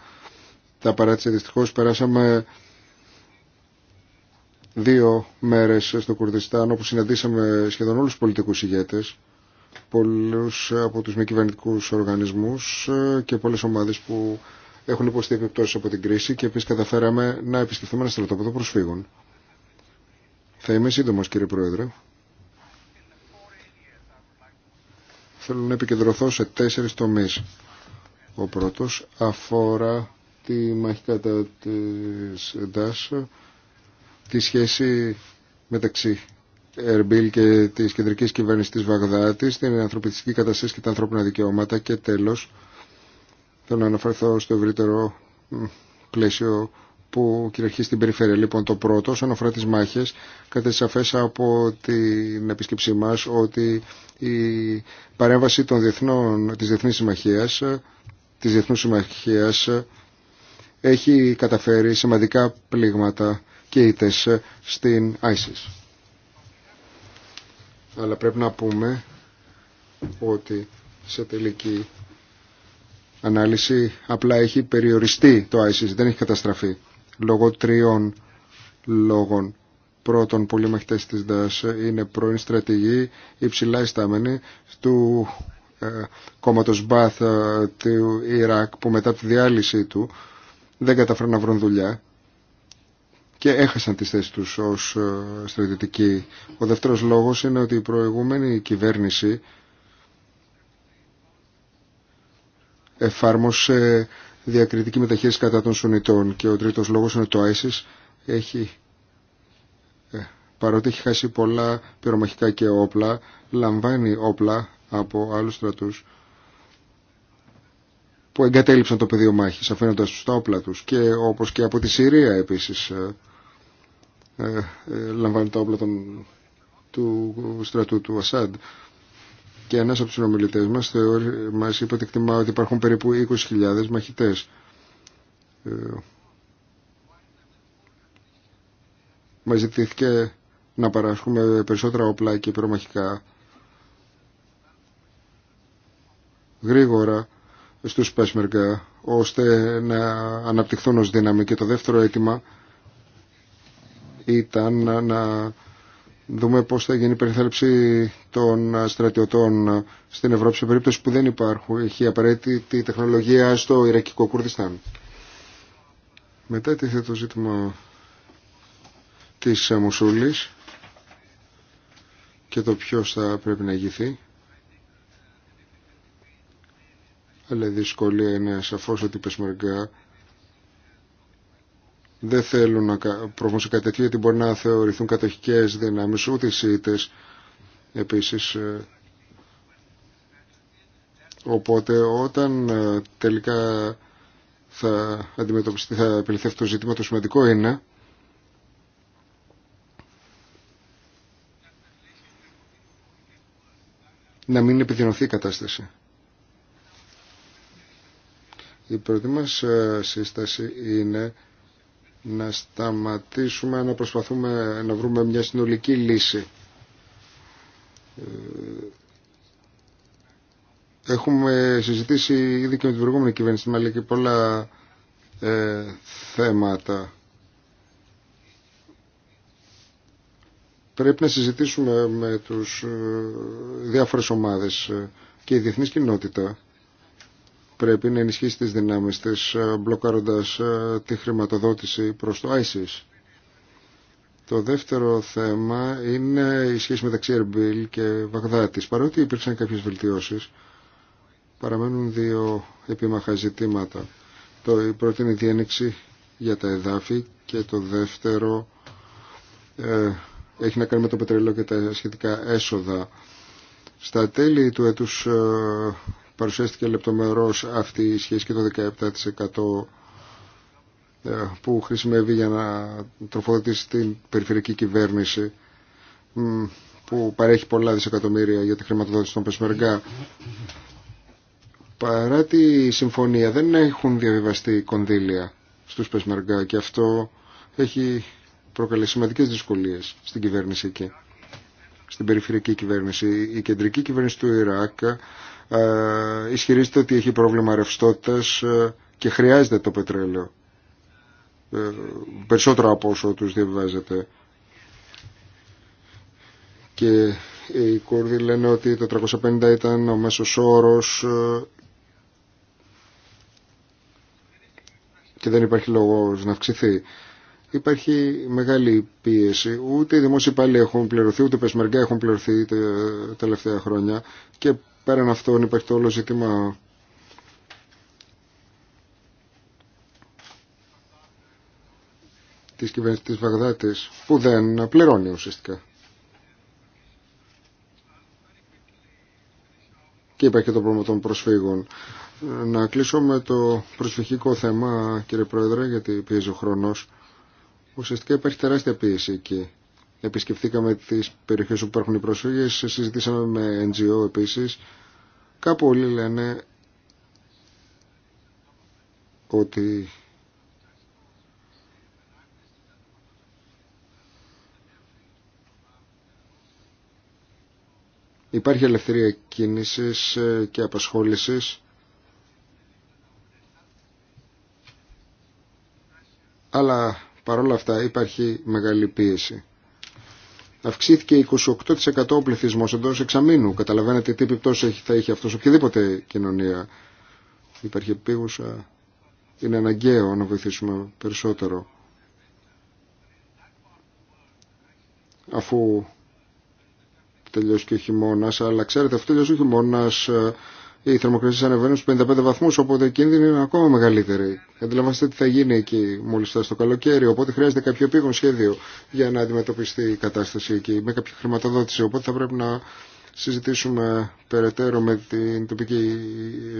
τα παράτησε δυστυχώς. Περάσαμε δύο μέρες στο Κουρδιστάν όπου συναντήσαμε σχεδόν όλους τους πολιτικούς ηγέτες πολλούς από τους μη κυβερνητικού οργανισμούς ε, και πολλές ομάδες που έχουν υποστεί επιπτώσεις από την κρίση και επίσης καταφέραμε να επισκεφθούμε ένα στρατόπεδο προσφύγων. Θα είμαι σύντομο κύριε Πρόεδρε. Θέλω να επικεντρωθώ σε τέσσερις τομείς. Ο πρώτος αφορά τη μάχη κατά της ΕΝΤΑΣ, τη σχέση μεταξύ Ερμπίλ και της κεντρικής κυβέρνησης της Βαγδάτης, την ανθρωπιστική κατάσταση και τα ανθρώπινα δικαιώματα και τέλος θέλω να αναφερθώ στο ευρύτερο πλαίσιο που κυριαρχεί στην περιφέρεια. Λοιπόν, το πρώτο, όσον αφορά τι μάχε, κατά σαφέ από την επίσκεψή μα ότι η παρέμβαση των διεθνών, της Διεθνής Συμμαχίας, της Διεθνούς Συμμαχίας έχει καταφέρει σημαντικά πλήγματα και ήτες στην ISIS. Αλλά πρέπει να πούμε ότι σε τελική ανάλυση απλά έχει περιοριστεί το ISIS, δεν έχει καταστραφεί λόγω τριών λόγων. Πρώτον, πολλοί μαχητές της ΔΑΣ είναι πρώην στρατηγοί υψηλά ιστάμενοι του ε, κόμματος Μπάθ ε, του Ιράκ που μετά τη διάλυση του δεν καταφέρουν να βρουν δουλειά και έχασαν τις θέσεις τους ως ε, στρατιωτικοί. Ο δεύτερος λόγος είναι ότι η προηγούμενη κυβέρνηση εφάρμοσε διακριτική μεταχείριση κατά των Σουνιτών. Και ο τρίτος λόγος είναι το ISIS έχει, ε, παρότι έχει χάσει πολλά πυρομαχικά και όπλα, λαμβάνει όπλα από άλλους στρατούς που εγκατέλειψαν το πεδίο μάχης αφήνοντας τους τα όπλα τους και όπως και από τη Συρία επίσης ε, ε, λαμβάνει τα όπλα των, του στρατού του Ασάντ και ένας από τους συνομιλητές μας θεωρεί, μας είπε ότι εκτιμά ότι υπάρχουν περίπου 20.000 μαχητές. Ε, μας ζητήθηκε να παράσχουμε περισσότερα όπλα και πυρομαχικά γρήγορα στους Πέσμεργα ώστε να αναπτυχθούν ως δύναμη και το δεύτερο αίτημα ήταν να δούμε πώς θα γίνει η περιθάλψη των στρατιωτών στην Ευρώπη σε περίπτωση που δεν υπάρχουν, έχει απαραίτητη τεχνολογία στο Ιρακικό Κουρδιστάν. Μετά τίθεται το ζήτημα της Μουσούλης και το ποιος θα πρέπει να ηγηθεί. Αλλά η δυσκολία είναι σαφώς ότι η Πεσμεργά δεν θέλουν να προβούν σε κάτι τέτοιο γιατί μπορεί να θεωρηθούν κατοχικές δυνάμεις ούτε οι επίσης. Ε. Οπότε όταν ε, τελικά θα αντιμετωπιστεί, θα επιληθεί το ζήτημα, το σημαντικό είναι να μην επιδεινωθεί η κατάσταση. Η πρώτη μας ε, σύσταση είναι να σταματήσουμε να προσπαθούμε να βρούμε μια συνολική λύση. Ε, έχουμε συζητήσει ήδη και με την προηγούμενη κυβέρνηση αλλά και πολλά ε, θέματα. Πρέπει να συζητήσουμε με τους ε, διάφορες ομάδες και η διεθνής κοινότητα πρέπει να ενισχύσει τις δυνάμεις της ε, μπλοκάροντας ε, τη χρηματοδότηση προς το ISIS. Το δεύτερο θέμα είναι η σχέση μεταξύ Ερμπίλ και Βαγδάτης. Παρότι υπήρξαν κάποιες βελτιώσεις, παραμένουν δύο επίμαχα ζητήματα. Το πρώτο είναι η διένεξη για τα εδάφη και το δεύτερο ε, έχει να κάνει με το πετρελό και τα σχετικά έσοδα. Στα τέλη του έτους ε, παρουσιάστηκε λεπτομερώς αυτή η σχέση και το 17% ε, που χρησιμεύει για να τροφοδοτήσει την περιφερειακή κυβέρνηση που παρέχει πολλά δισεκατομμύρια για τη χρηματοδότηση των Πεσμεργά. Παρά τη συμφωνία δεν έχουν διαβιβαστεί κονδύλια στους Πεσμεργά και αυτό έχει προκαλέσει σημαντικέ δυσκολίες στην κυβέρνηση εκεί, στην περιφερειακή κυβέρνηση. Η κεντρική κυβέρνηση του Ιράκ ε, ισχυρίζεται ότι έχει πρόβλημα ρευστότητας ε, και χρειάζεται το πετρέλαιο ε, περισσότερο από όσο τους διαβάζεται. Και οι Κούρδοι λένε ότι το 350 ήταν ο μέσος όρος και δεν υπάρχει λόγος να αυξηθεί. Υπάρχει μεγάλη πίεση. Ούτε οι δημόσιοι πάλι έχουν πληρωθεί, ούτε οι πεσμεργά έχουν πληρωθεί τα τελευταία χρόνια και Πέραν αυτών υπάρχει το όλο ζήτημα της κυβέρνησης της Βαγδάτης που δεν πληρώνει ουσιαστικά. Και υπάρχει και το πρόβλημα των προσφύγων. Να κλείσω με το προσφυγικό θέμα, κύριε Πρόεδρε, γιατί πιέζει ο χρόνος. Ουσιαστικά υπάρχει τεράστια πίεση εκεί επισκεφθήκαμε τις περιοχές όπου υπάρχουν οι πρόσφυγες, συζητήσαμε με NGO επίσης. Κάπου όλοι λένε ότι υπάρχει ελευθερία κίνησης ε, και απασχόλησης αλλά παρόλα αυτά υπάρχει μεγάλη πίεση αυξήθηκε 28% ο πληθυσμό εντό εξαμήνου. Καταλαβαίνετε τι επιπτώσει θα έχει αυτό σε οποιαδήποτε κοινωνία. Υπάρχει επίγουσα. Είναι αναγκαίο να βοηθήσουμε περισσότερο. Αφού τελειώσει και ο χειμώνα, αλλά ξέρετε, αυτό τελειώσει ο χειμώνα ε, οι θερμοκρασίε ανεβαίνουν στου 55 βαθμού, οπότε η κίνδυνη είναι ακόμα μεγαλύτερη. Αντιλαμβάνεστε τι θα γίνει εκεί μόλι φτάσει το καλοκαίρι. Οπότε χρειάζεται κάποιο επίγον σχέδιο για να αντιμετωπιστεί η κατάσταση εκεί με κάποια χρηματοδότηση. Οπότε θα πρέπει να συζητήσουμε περαιτέρω με την τοπική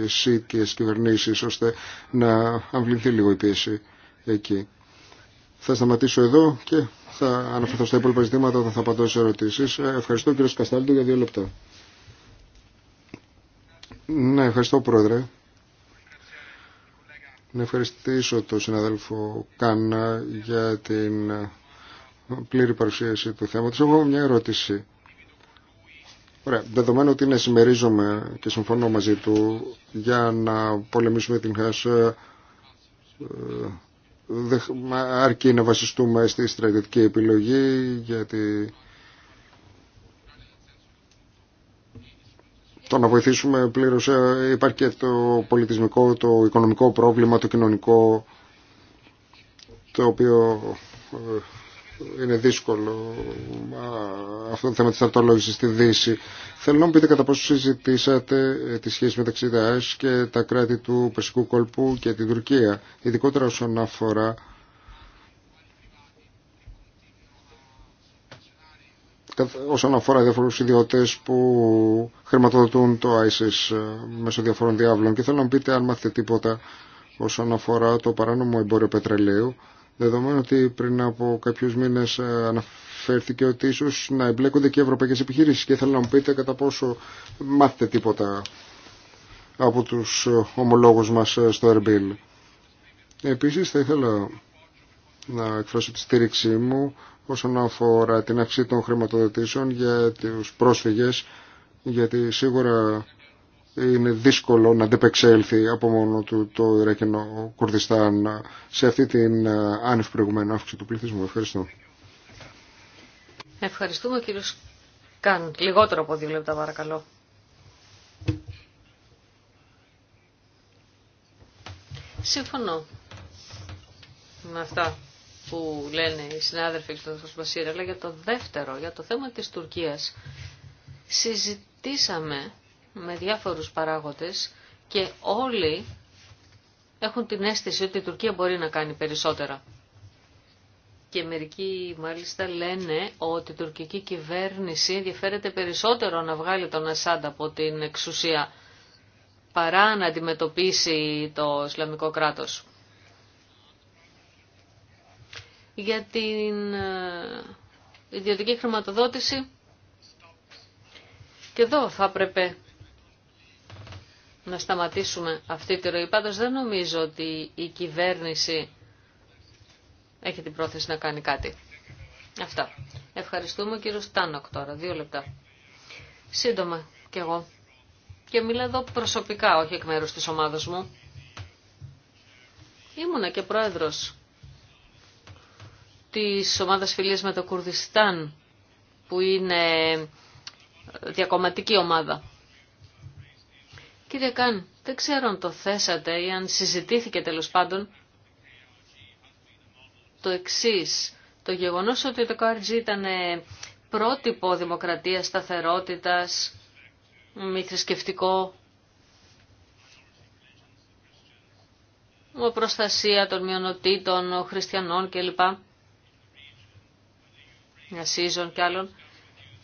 εσύ και τι κυβερνήσει ώστε να αμβληθεί λίγο η πίεση εκεί. Θα σταματήσω εδώ και θα αναφερθώ στα υπόλοιπα ζητήματα όταν θα απαντώ σε ερωτήσει. Ε, ευχαριστώ κύριο Καστάλτο για δύο λεπτά. Ναι, ευχαριστώ πρόεδρε. Να ευχαριστήσω τον συναδέλφο κάνα για την πλήρη παρουσίαση του θέματος. έχω μια ερώτηση. Ωραία. Δεδομένου ότι είναι συμμερίζομαι και συμφωνώ μαζί του για να πολεμήσουμε την ΧΑΣ ε, αρκεί να βασιστούμε στη στρατιωτική επιλογή γιατί το να βοηθήσουμε πλήρως ε, υπάρχει και το πολιτισμικό, το οικονομικό πρόβλημα, το κοινωνικό το οποίο ε, είναι δύσκολο αυτό το θέμα της αρτολόγησης στη Δύση. Θέλω να μου πείτε κατά πόσο συζητήσατε ε, τη σχέση μεταξύ ΔΑΕΣ και τα κράτη του Περσικού Κόλπου και την Τουρκία, ειδικότερα όσον αφορά όσον αφορά διάφορου ιδιώτε που χρηματοδοτούν το ISIS ε, μέσω διαφορών διάβλων και θέλω να πείτε αν μάθετε τίποτα όσον αφορά το παράνομο εμπόριο πετρελαίου δεδομένου ότι πριν από κάποιους μήνες ε, αναφέρθηκε ότι ίσω να εμπλέκονται και ευρωπαϊκέ επιχειρήσεις και θέλω να μου πείτε κατά πόσο μάθετε τίποτα από του ε, ομολόγου μα στο Ερμπίλ. Επίση θα ήθελα να εκφράσω τη στήριξή μου όσον αφορά την αύξηση των χρηματοδοτήσεων για τους πρόσφυγες γιατί σίγουρα είναι δύσκολο να αντεπεξέλθει από μόνο του το Ιρακινό Κουρδιστάν σε αυτή την ε, άνευ προηγουμένη αύξηση του πληθυσμού. Ευχαριστώ. Ευχαριστούμε κύριο Καν. Λιγότερο από δύο λεπτά παρακαλώ. Συμφωνώ με αυτά που λένε οι συνάδελφοι στον Μπασίρ, αλλά για το δεύτερο, για το θέμα της Τουρκίας. Συζητήσαμε με διάφορους παράγοντες και όλοι έχουν την αίσθηση ότι η Τουρκία μπορεί να κάνει περισσότερα. Και μερικοί μάλιστα λένε ότι η τουρκική κυβέρνηση ενδιαφέρεται περισσότερο να βγάλει τον Ασάντα από την εξουσία παρά να αντιμετωπίσει το Ισλαμικό κράτος. για την ε, ιδιωτική χρηματοδότηση. Και εδώ θα έπρεπε να σταματήσουμε αυτή τη ροή. Πάντως δεν νομίζω ότι η κυβέρνηση έχει την πρόθεση να κάνει κάτι. Αυτά. Ευχαριστούμε κύριο Στάνοκ τώρα. Δύο λεπτά. Σύντομα κι εγώ. Και μιλάω εδώ προσωπικά, όχι εκ μέρους της ομάδας μου. Ήμουνα και πρόεδρος της ομάδας φιλίας με το Κουρδιστάν που είναι διακομματική ομάδα. Κύριε Καν, δεν ξέρω αν το θέσατε ή αν συζητήθηκε τέλος πάντων το εξής. Το γεγονός ότι το KRG ήταν πρότυπο δημοκρατίας, σταθερότητας, μη θρησκευτικό, προστασία των μειονοτήτων, χριστιανών κλπ και άλλων,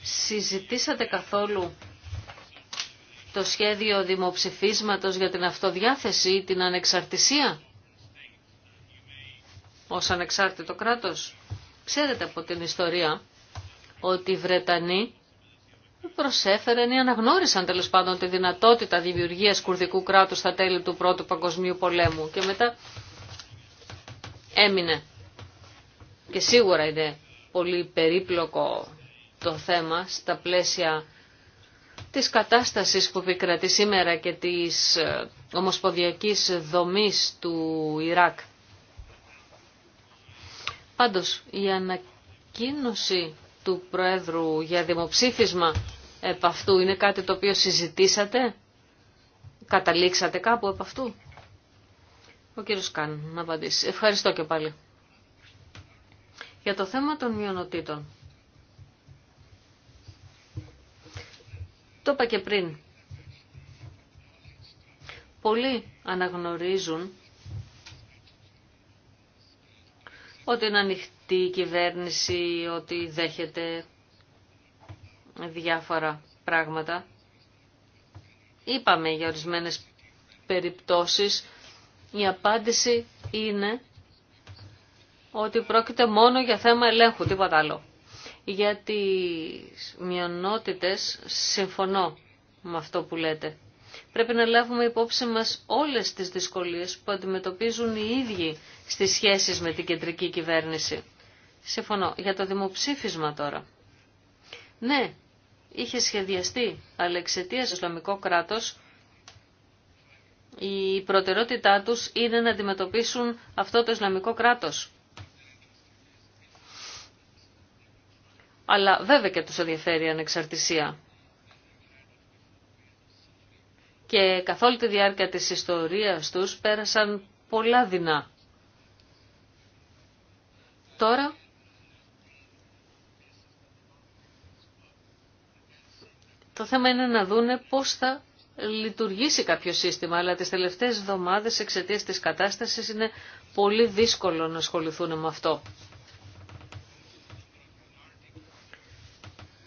συζητήσατε καθόλου το σχέδιο δημοψηφίσματος για την αυτοδιάθεση ή την ανεξαρτησία ως ανεξάρτητο κράτος. Ξέρετε από την ιστορία ότι οι Βρετανοί προσέφεραν ή αναγνώρισαν τέλο πάντων τη δυνατότητα δημιουργίας κουρδικού κράτους στα τέλη του Πρώτου Παγκοσμίου Πολέμου και μετά έμεινε και σίγουρα είναι πολύ περίπλοκο το θέμα στα πλαίσια της κατάστασης που επικρατεί σήμερα και της ε, ομοσποδιακής δομής του Ιράκ. Πάντως, η ανακοίνωση του Προέδρου για δημοψήφισμα επ' αυτού είναι κάτι το οποίο συζητήσατε, καταλήξατε κάπου επ' αυτού. Ο κύριος Καν να απαντήσει. Ευχαριστώ και πάλι. Για το θέμα των μειονοτήτων. Το είπα και πριν. Πολλοί αναγνωρίζουν ότι είναι ανοιχτή η κυβέρνηση, ότι δέχεται διάφορα πράγματα. Είπαμε για ορισμένες περιπτώσεις η απάντηση είναι ότι πρόκειται μόνο για θέμα ελέγχου, τίποτα άλλο. Για τις μειονότητες συμφωνώ με αυτό που λέτε. Πρέπει να λάβουμε υπόψη μας όλες τις δυσκολίες που αντιμετωπίζουν οι ίδιοι στις σχέσεις με την κεντρική κυβέρνηση. Συμφωνώ. Για το δημοψήφισμα τώρα. Ναι, είχε σχεδιαστεί, αλλά εξαιτία Ισλαμικό κράτος η προτεραιότητά τους είναι να αντιμετωπίσουν αυτό το Ισλαμικό κράτος. αλλά βέβαια και τους ενδιαφέρει η ανεξαρτησία. Και καθ' όλη τη διάρκεια της ιστορίας τους πέρασαν πολλά δεινά. Τώρα το θέμα είναι να δούνε πώς θα λειτουργήσει κάποιο σύστημα, αλλά τις τελευταίες εβδομάδες εξαιτίας της κατάστασης είναι πολύ δύσκολο να ασχοληθούν με αυτό.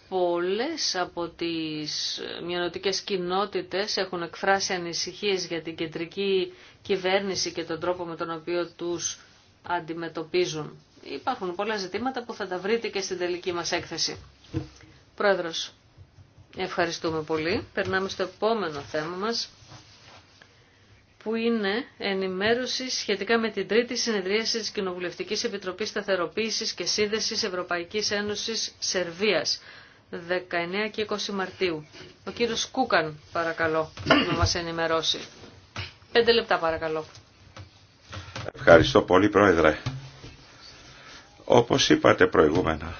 πολλές από τις μειονοτικές κοινότητες έχουν εκφράσει ανησυχίες για την κεντρική κυβέρνηση και τον τρόπο με τον οποίο τους αντιμετωπίζουν. Υπάρχουν πολλά ζητήματα που θα τα βρείτε και στην τελική μας έκθεση. Πρόεδρος, ευχαριστούμε πολύ. Περνάμε στο επόμενο θέμα μας που είναι ενημέρωση σχετικά με την τρίτη συνεδρίαση της Κοινοβουλευτικής Επιτροπής Σταθεροποίησης και Σύνδεσης Ευρωπαϊκής Ένωσης Σερβίας. 19 και 20 Μαρτίου. Ο κύριος Κούκαν, παρακαλώ, να μας ενημερώσει. Πέντε λεπτά, παρακαλώ. Ευχαριστώ πολύ, Πρόεδρε. Όπως είπατε προηγούμενα,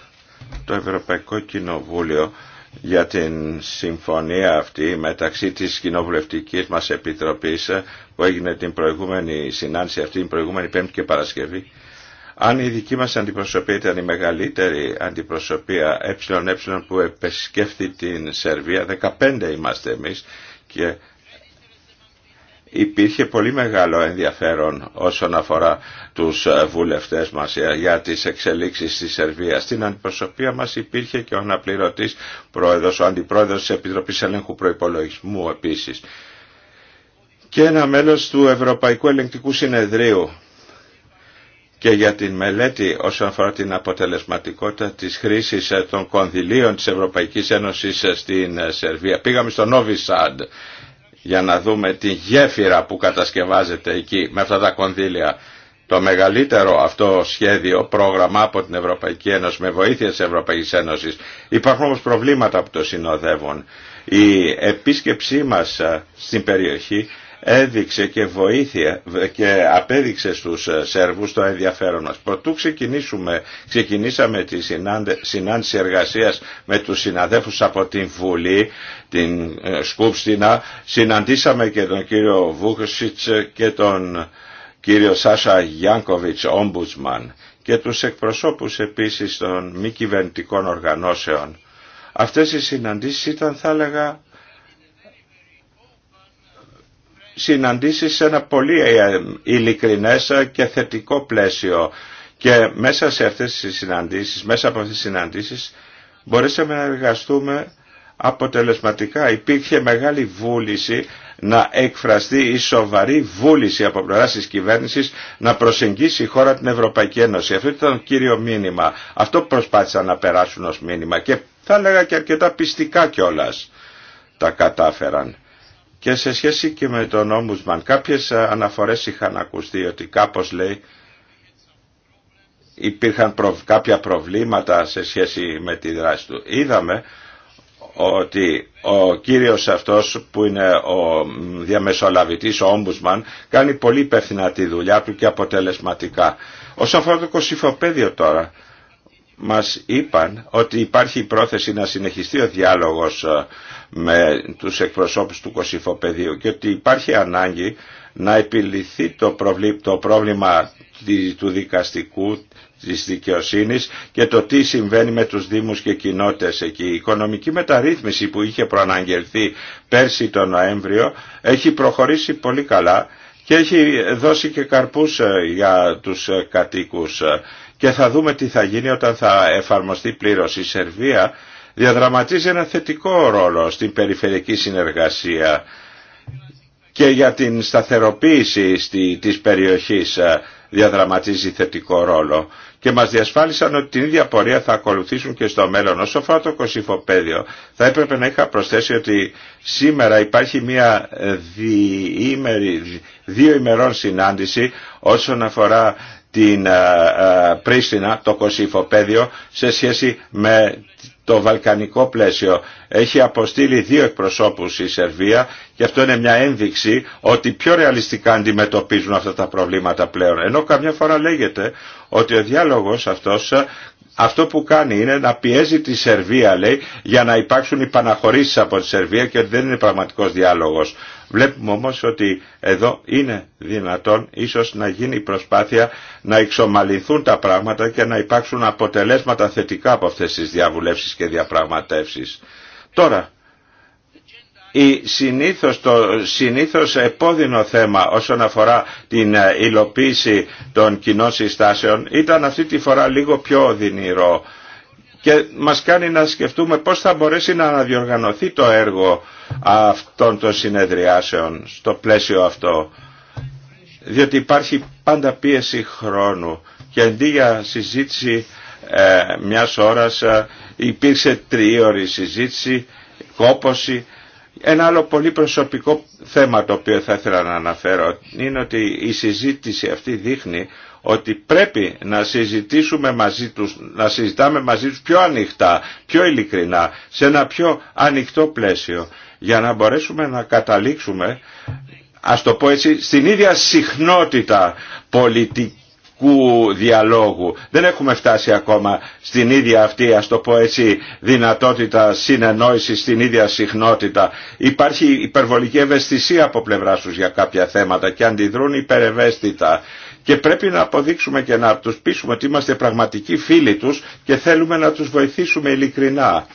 το Ευρωπαϊκό Κοινοβούλιο για την συμφωνία αυτή μεταξύ της κοινοβουλευτικής μας επιτροπής που έγινε την προηγούμενη συνάντηση αυτή, την προηγούμενη Πέμπτη και Παρασκευή αν η δική μας αντιπροσωπεία ήταν η μεγαλύτερη αντιπροσωπεία ΕΕ που επισκέφθη την Σερβία, 15 είμαστε εμείς και υπήρχε πολύ μεγάλο ενδιαφέρον όσον αφορά τους ε, βουλευτές μας για τις εξελίξεις της Σερβία. Στην αντιπροσωπεία μας υπήρχε και ο αναπληρωτής πρόεδρος, ο αντιπρόεδρος της Επιτροπής Ελέγχου Προϋπολογισμού επίσης και ένα μέλος του Ευρωπαϊκού Ελεγκτικού Συνεδρίου και για την μελέτη όσον αφορά την αποτελεσματικότητα της χρήσης ε, των κονδυλίων της Ευρωπαϊκής Ένωσης ε, στην ε, Σερβία. Πήγαμε στο Νόβι Σαντ για να δούμε τη γέφυρα που κατασκευάζεται εκεί με αυτά τα κονδύλια. Το μεγαλύτερο αυτό σχέδιο, πρόγραμμα από την Ευρωπαϊκή Ένωση με βοήθεια της Ευρωπαϊκής Ένωσης. Υπάρχουν όμως προβλήματα που το συνοδεύουν. Η επίσκεψή μας στην περιοχή έδειξε και βοήθεια και απέδειξε στους ε, Σέρβους το ενδιαφέρον μας. Προτού ξεκινήσουμε, ξεκινήσαμε τη συνάντηση εργασίας με τους συναδέλφους από την Βουλή, την ε, Σκούπστινα, συναντήσαμε και τον κύριο Βούχσιτς και τον κύριο Σάσα Γιάνκοβιτς, ομπουτσμαν και τους εκπροσώπους επίσης των μη κυβερνητικών οργανώσεων. Αυτές οι συναντήσεις ήταν θα έλεγα συναντήσεις σε ένα πολύ ε, ειλικρινές και θετικό πλαίσιο. Και μέσα σε αυτές τις συναντήσεις, μέσα από αυτές τις συναντήσεις, μπορέσαμε να εργαστούμε αποτελεσματικά. Υπήρχε μεγάλη βούληση να εκφραστεί η σοβαρή βούληση από πλευρά τη κυβέρνηση να προσεγγίσει η χώρα την Ευρωπαϊκή Ένωση. Αυτό ήταν το κύριο μήνυμα. Αυτό προσπάθησαν να περάσουν ω μήνυμα και θα έλεγα και αρκετά πιστικά κιόλα τα κατάφεραν. Και σε σχέση και με τον Ombudsman, κάποιες ε, αναφορές είχαν ακουστεί ότι κάπως λέει υπήρχαν κάποια προβλήματα σε σχέση με τη δράση του. Είδαμε ότι ο κύριος αυτός που είναι ο διαμεσολαβητής, ο Ombudsman, κάνει πολύ υπεύθυνα τη δουλειά του και αποτελεσματικά. Όσον αφορά το τώρα, μας είπαν ότι υπάρχει η πρόθεση να συνεχιστεί ο διάλογος ε, με τους εκπροσώπους του Κωσυφοπεδίου και ότι υπάρχει ανάγκη να επιληθεί το, το πρόβλημα του δικαστικού της δικαιοσύνης και το τι συμβαίνει με τους δήμους και κοινότητες εκεί. Η οικονομική μεταρρύθμιση που είχε προαναγγελθεί πέρσι τον Νοέμβριο έχει προχωρήσει πολύ καλά και έχει δώσει και καρπούς ε, για τους ε, κατοίκους και θα δούμε τι θα γίνει όταν θα εφαρμοστεί πλήρως η Σερβία διαδραματίζει ένα θετικό ρόλο στην περιφερειακή συνεργασία και για την σταθεροποίηση της περιοχής ε, διαδραματίζει θετικό ρόλο και μας διασφάλισαν ότι την ίδια πορεία θα ακολουθήσουν και στο μέλλον. Όσο αφορά το κοσυφοπαίδιο θα έπρεπε να είχα προσθέσει ότι σήμερα υπάρχει μια δύο ημερών συνάντηση όσον αφορά την ε, ε, Πρίστινα, το κοσυφοπαίδιο σε σχέση με το βαλκανικό πλαίσιο. Έχει αποστείλει δύο εκπροσώπους η Σερβία και αυτό είναι μια ένδειξη ότι πιο ρεαλιστικά αντιμετωπίζουν αυτά τα προβλήματα πλέον. Ενώ καμιά φορά λέγεται ότι ο διάλογος αυτός αυτό που κάνει είναι να πιέζει τη Σερβία, λέει, για να υπάρξουν οι παναχωρήσεις από τη Σερβία και ότι δεν είναι πραγματικός διάλογος. Βλέπουμε όμως ότι εδώ είναι δυνατόν ίσως να γίνει προσπάθεια να εξομαλυνθούν τα πράγματα και να υπάρξουν αποτελέσματα θετικά από αυτές τις διαβουλεύσεις και διαπραγματεύσεις. Τώρα, η συνήθως, το συνήθως επώδυνο θέμα όσον αφορά την ε, υλοποίηση των κοινών συστάσεων ήταν αυτή τη φορά λίγο πιο δυνηρό και μας κάνει να σκεφτούμε πώς θα μπορέσει να αναδιοργανωθεί το έργο αυτών των συνεδριάσεων στο πλαίσιο αυτό. Διότι υπάρχει πάντα πίεση χρόνου και αντί για συζήτηση ε, μιας ώρας ε, υπήρξε τριώρη συζήτηση, κόποση. Ένα άλλο πολύ προσωπικό θέμα το οποίο θα ήθελα να αναφέρω είναι ότι η συζήτηση αυτή δείχνει ότι πρέπει να συζητήσουμε μαζί τους, να συζητάμε μαζί τους πιο ανοιχτά, πιο ειλικρινά, σε ένα πιο ανοιχτό πλαίσιο, για να μπορέσουμε να καταλήξουμε, ας το πω στην ίδια συχνότητα πολιτικού διαλόγου. Δεν έχουμε φτάσει ακόμα στην ίδια αυτή, ας το πω έτσι, δυνατότητα συνεννόηση, στην ίδια συχνότητα. Υπάρχει υπερβολική ευαισθησία από πλευρά τους για κάποια θέματα και αντιδρούν υπερευαίσθητα και πρέπει να αποδείξουμε και να τους πείσουμε ότι είμαστε πραγματικοί φίλοι τους και θέλουμε να τους βοηθήσουμε ειλικρινά.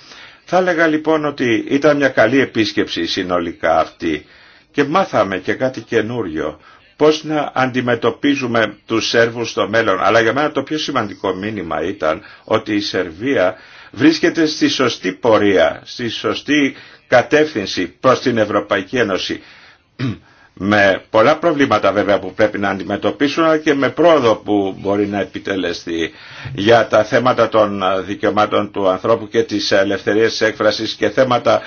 Θα έλεγα λοιπόν ότι ήταν μια καλή επίσκεψη συνολικά αυτή και μάθαμε και κάτι καινούριο πώς να αντιμετωπίζουμε τους Σέρβους στο μέλλον. Αλλά για μένα το πιο σημαντικό μήνυμα ήταν ότι η Σερβία βρίσκεται στη σωστή πορεία, στη σωστή κατεύθυνση προς την Ευρωπαϊκή Ένωση με πολλά προβλήματα βέβαια που πρέπει να αντιμετωπίσουν αλλά και με πρόοδο που μπορεί να επιτελεστεί για τα θέματα των δικαιωμάτων του ανθρώπου και της ελευθερίας της έκφρασης και θέματα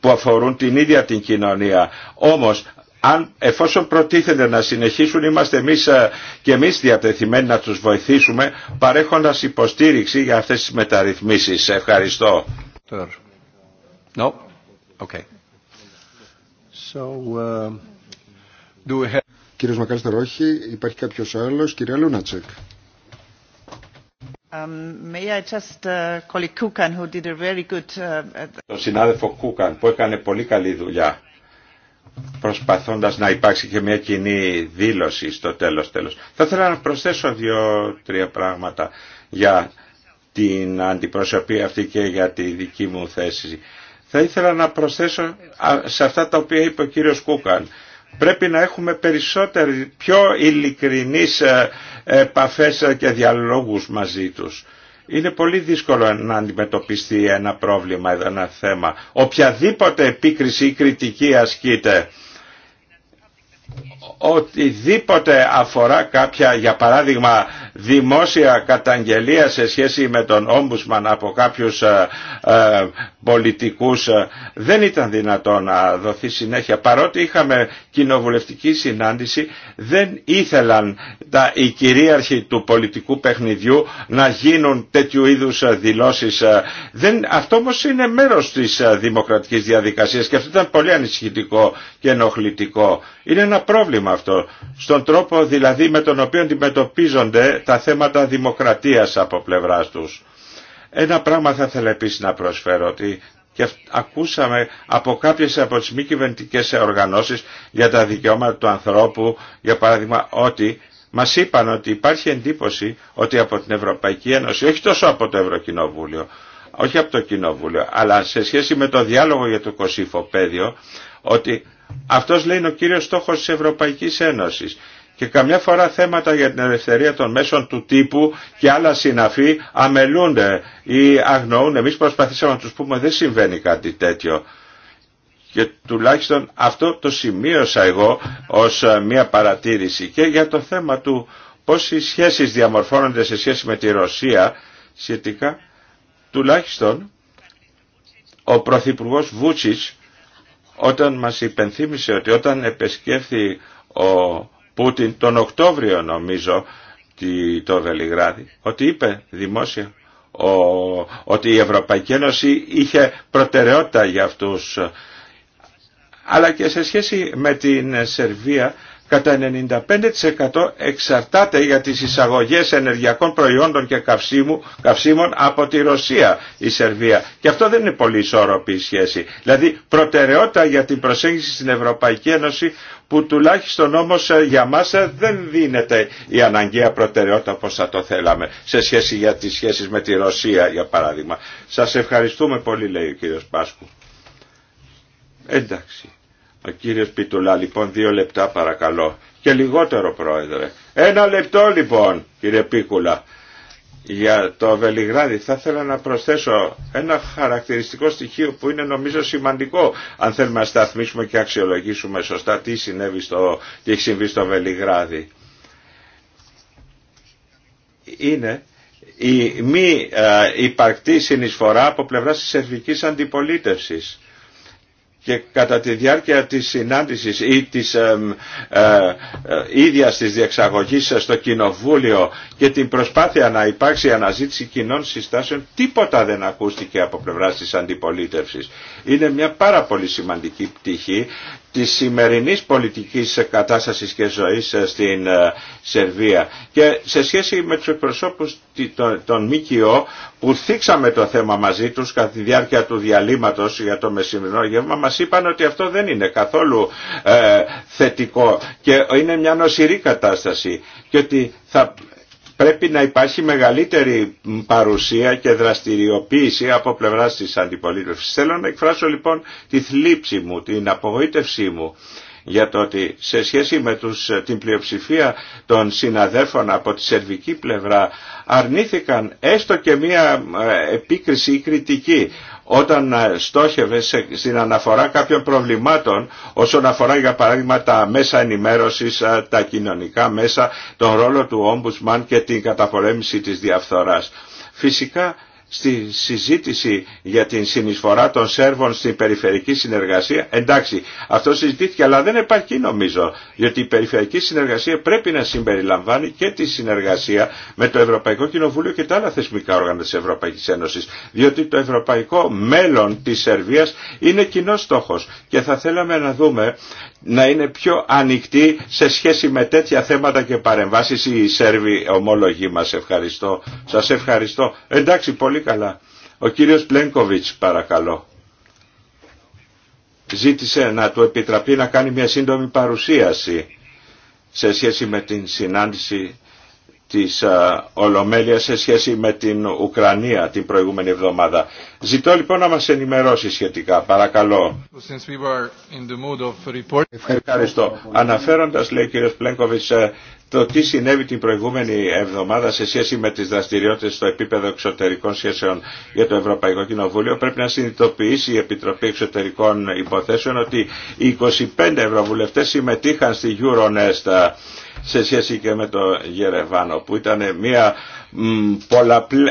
που αφορούν την ίδια την κοινωνία. Όμως αν εφόσον προτίθεται να συνεχίσουν είμαστε εμείς ε, και εμείς διατεθειμένοι να τους βοηθήσουμε παρέχοντας υποστήριξη για αυτές τις μεταρρυθμίσεις. Ευχαριστώ. No. Uh, Κύριο Κύριος όχι. Υπάρχει κάποιος άλλος. Κυρία Λούνατσεκ. Τον συνάδελφο Κούκαν που έκανε πολύ καλή δουλειά προσπαθώντας να υπάρξει και μια κοινή δήλωση στο τέλος τέλος. Θα ήθελα να προσθέσω δύο-τρία πράγματα για την αντιπροσωπή αυτή και για τη δική μου θέση. Θα ήθελα να προσθέσω σε αυτά τα οποία είπε ο κύριος Κούκαν Πρέπει να έχουμε περισσότεροι, πιο ειλικρινείς ε, επαφές και διαλόγους μαζί τους. Είναι πολύ δύσκολο να αντιμετωπιστεί ένα πρόβλημα, ένα θέμα. Οποιαδήποτε επίκριση ή κριτική ασκείται, οτιδήποτε αφορά κάποια, για παράδειγμα, δημόσια καταγγελία σε σχέση με τον Όμπουσμαν από κάποιους ε, ε πολιτικούς, ε, δεν ήταν δυνατό να δοθεί συνέχεια. Παρότι είχαμε κοινοβουλευτική συνάντηση δεν ήθελαν τα, οι κυρίαρχοι του πολιτικού παιχνιδιού να γίνουν τέτοιου είδους ε, δηλώσεις. Ε. Δεν, αυτό όμως είναι μέρος της ε, δημοκρατικής διαδικασίας και αυτό ήταν πολύ ανησυχητικό και ενοχλητικό. Είναι ένα πρόβλημα αυτό, στον τρόπο δηλαδή με τον οποίο αντιμετωπίζονται τα θέματα δημοκρατίας από πλευράς τους. Ένα πράγμα θα ήθελα επίσης να προσφέρω ότι και ακούσαμε από κάποιες από τις μη κυβερνητικέ οργανώσεις για τα δικαιώματα του ανθρώπου, για παράδειγμα ότι μας είπαν ότι υπάρχει εντύπωση ότι από την Ευρωπαϊκή Ένωση, όχι τόσο από το Ευρωκοινοβούλιο, όχι από το Κοινοβούλιο, αλλά σε σχέση με το διάλογο για το Πέδιο, ότι αυτός λέει είναι ο κύριος στόχος της Ευρωπαϊκής Ένωσης και καμιά φορά θέματα για την ελευθερία των μέσων του τύπου και άλλα συναφή αμελούνται ή αγνοούν. Εμείς προσπαθήσαμε να τους πούμε δεν συμβαίνει κάτι τέτοιο. Και τουλάχιστον αυτό το σημείωσα εγώ ως ε, μια παρατήρηση και για το θέμα του πώς οι σχέσεις διαμορφώνονται σε σχέση με τη Ρωσία σχετικά τουλάχιστον ο Πρωθυπουργό Βούτσιτς όταν μας υπενθύμησε ότι όταν επεσκέφθη ο Πούτιν τον Οκτώβριο νομίζω το Βελιγράδι ότι είπε δημόσια ότι η Ευρωπαϊκή Ένωση είχε προτεραιότητα για αυτούς αλλά και σε σχέση με την Σερβία κατά 95% εξαρτάται για τις εισαγωγές ενεργειακών προϊόντων και καυσίμου, καυσίμων από τη Ρωσία η Σερβία. Και αυτό δεν είναι πολύ ισόρροπη η σχέση. Δηλαδή προτεραιότητα για την προσέγγιση στην Ευρωπαϊκή Ένωση που τουλάχιστον όμως ε, για μας ε, δεν δίνεται η αναγκαία προτεραιότητα όπως θα το θέλαμε σε σχέση για τις σχέσεις με τη Ρωσία για παράδειγμα. Σας ευχαριστούμε πολύ λέει ο κύριος Πάσκου. Εντάξει. Ο κύριος Πιτουλά, λοιπόν, δύο λεπτά παρακαλώ. Και λιγότερο, πρόεδρε. Ένα λεπτό, λοιπόν, κύριε Πίκουλα. Για το Βελιγράδι θα ήθελα να προσθέσω ένα χαρακτηριστικό στοιχείο που είναι νομίζω σημαντικό αν θέλουμε να σταθμίσουμε και αξιολογήσουμε σωστά τι, συνέβη στο, τι έχει συμβεί στο Βελιγράδι. Είναι η μη ε, υπαρκτή συνεισφορά από πλευράς της σερβικής αντιπολίτευσης και κατά τη διάρκεια της συνάντησης ή της ε, ε, ίδιας της διεξαγωγής στο Κοινοβούλιο και την προσπάθεια να υπάρξει αναζήτηση κοινών συστάσεων τίποτα δεν ακούστηκε από πλευράς της αντιπολίτευσης. Είναι μια πάρα πολύ σημαντική πτυχή της σημερινής πολιτικής κατάστασης και ζωής ε, στην ε, Σερβία. Και σε σχέση με τους εκπροσώπους των ΜΚΟ που θίξαμε το θέμα μαζί τους κατά τη διάρκεια του διαλύματος για το μεσημερινό γεύμα μας είπαν ότι αυτό δεν είναι καθόλου ε, θετικό και είναι μια νοσηρή κατάσταση και ότι θα πρέπει να υπάρχει μεγαλύτερη παρουσία και δραστηριοποίηση από πλευρά τη αντιπολίτευση. Θέλω να εκφράσω λοιπόν τη θλίψη μου, την απογοήτευσή μου για το ότι σε σχέση με τους, την πλειοψηφία των συναδέφων από τη σερβική πλευρά αρνήθηκαν έστω και μία ε, επίκριση ή κριτική όταν ε, στόχευε στην αναφορά κάποιων προβλημάτων όσον αφορά για παράδειγμα τα μέσα ενημέρωσης, ε, τα κοινωνικά μέσα, τον ρόλο του Ombudsman και την καταπολέμηση της διαφθοράς. Φυσικά στη συζήτηση για την συνεισφορά των Σέρβων στην περιφερική συνεργασία. Εντάξει, αυτό συζητήθηκε, αλλά δεν επαρκεί νομίζω, διότι η περιφερική συνεργασία πρέπει να συμπεριλαμβάνει και τη συνεργασία με το Ευρωπαϊκό Κοινοβούλιο και τα άλλα θεσμικά όργανα της Ευρωπαϊκής Ένωσης, διότι το ευρωπαϊκό μέλλον της Σερβίας είναι κοινό στόχος και θα θέλαμε να δούμε να είναι πιο ανοιχτή σε σχέση με τέτοια θέματα και παρεμβάσεις οι Σέρβοι ομόλογοι μας. Ευχαριστώ. Σας ευχαριστώ. Εντάξει, πολύ ο κύριος Πλένκοβιτς παρακαλώ. Ζήτησε να του επιτραπεί να κάνει μια σύντομη παρουσίαση σε σχέση με την συνάντηση της Ολομέλειας σε σχέση με την Ουκρανία την προηγούμενη εβδομάδα. Ζητώ λοιπόν να μας ενημερώσει σχετικά. Παρακαλώ. Ευχαριστώ. Αναφέροντας λέει ο κ. Πλέγκοβιτς ε, το τι συνέβη την προηγούμενη εβδομάδα σε σχέση με τις δραστηριότητες στο επίπεδο εξωτερικών σχέσεων για το Ευρωπαϊκό Κοινοβούλιο πρέπει να συνειδητοποιήσει η Επιτροπή Εξωτερικών Υποθέσεων ότι οι 25 ευρωβουλευτές συμμετείχαν στη Euronest σε σχέση και με το Γερεβάνο που ήταν μια,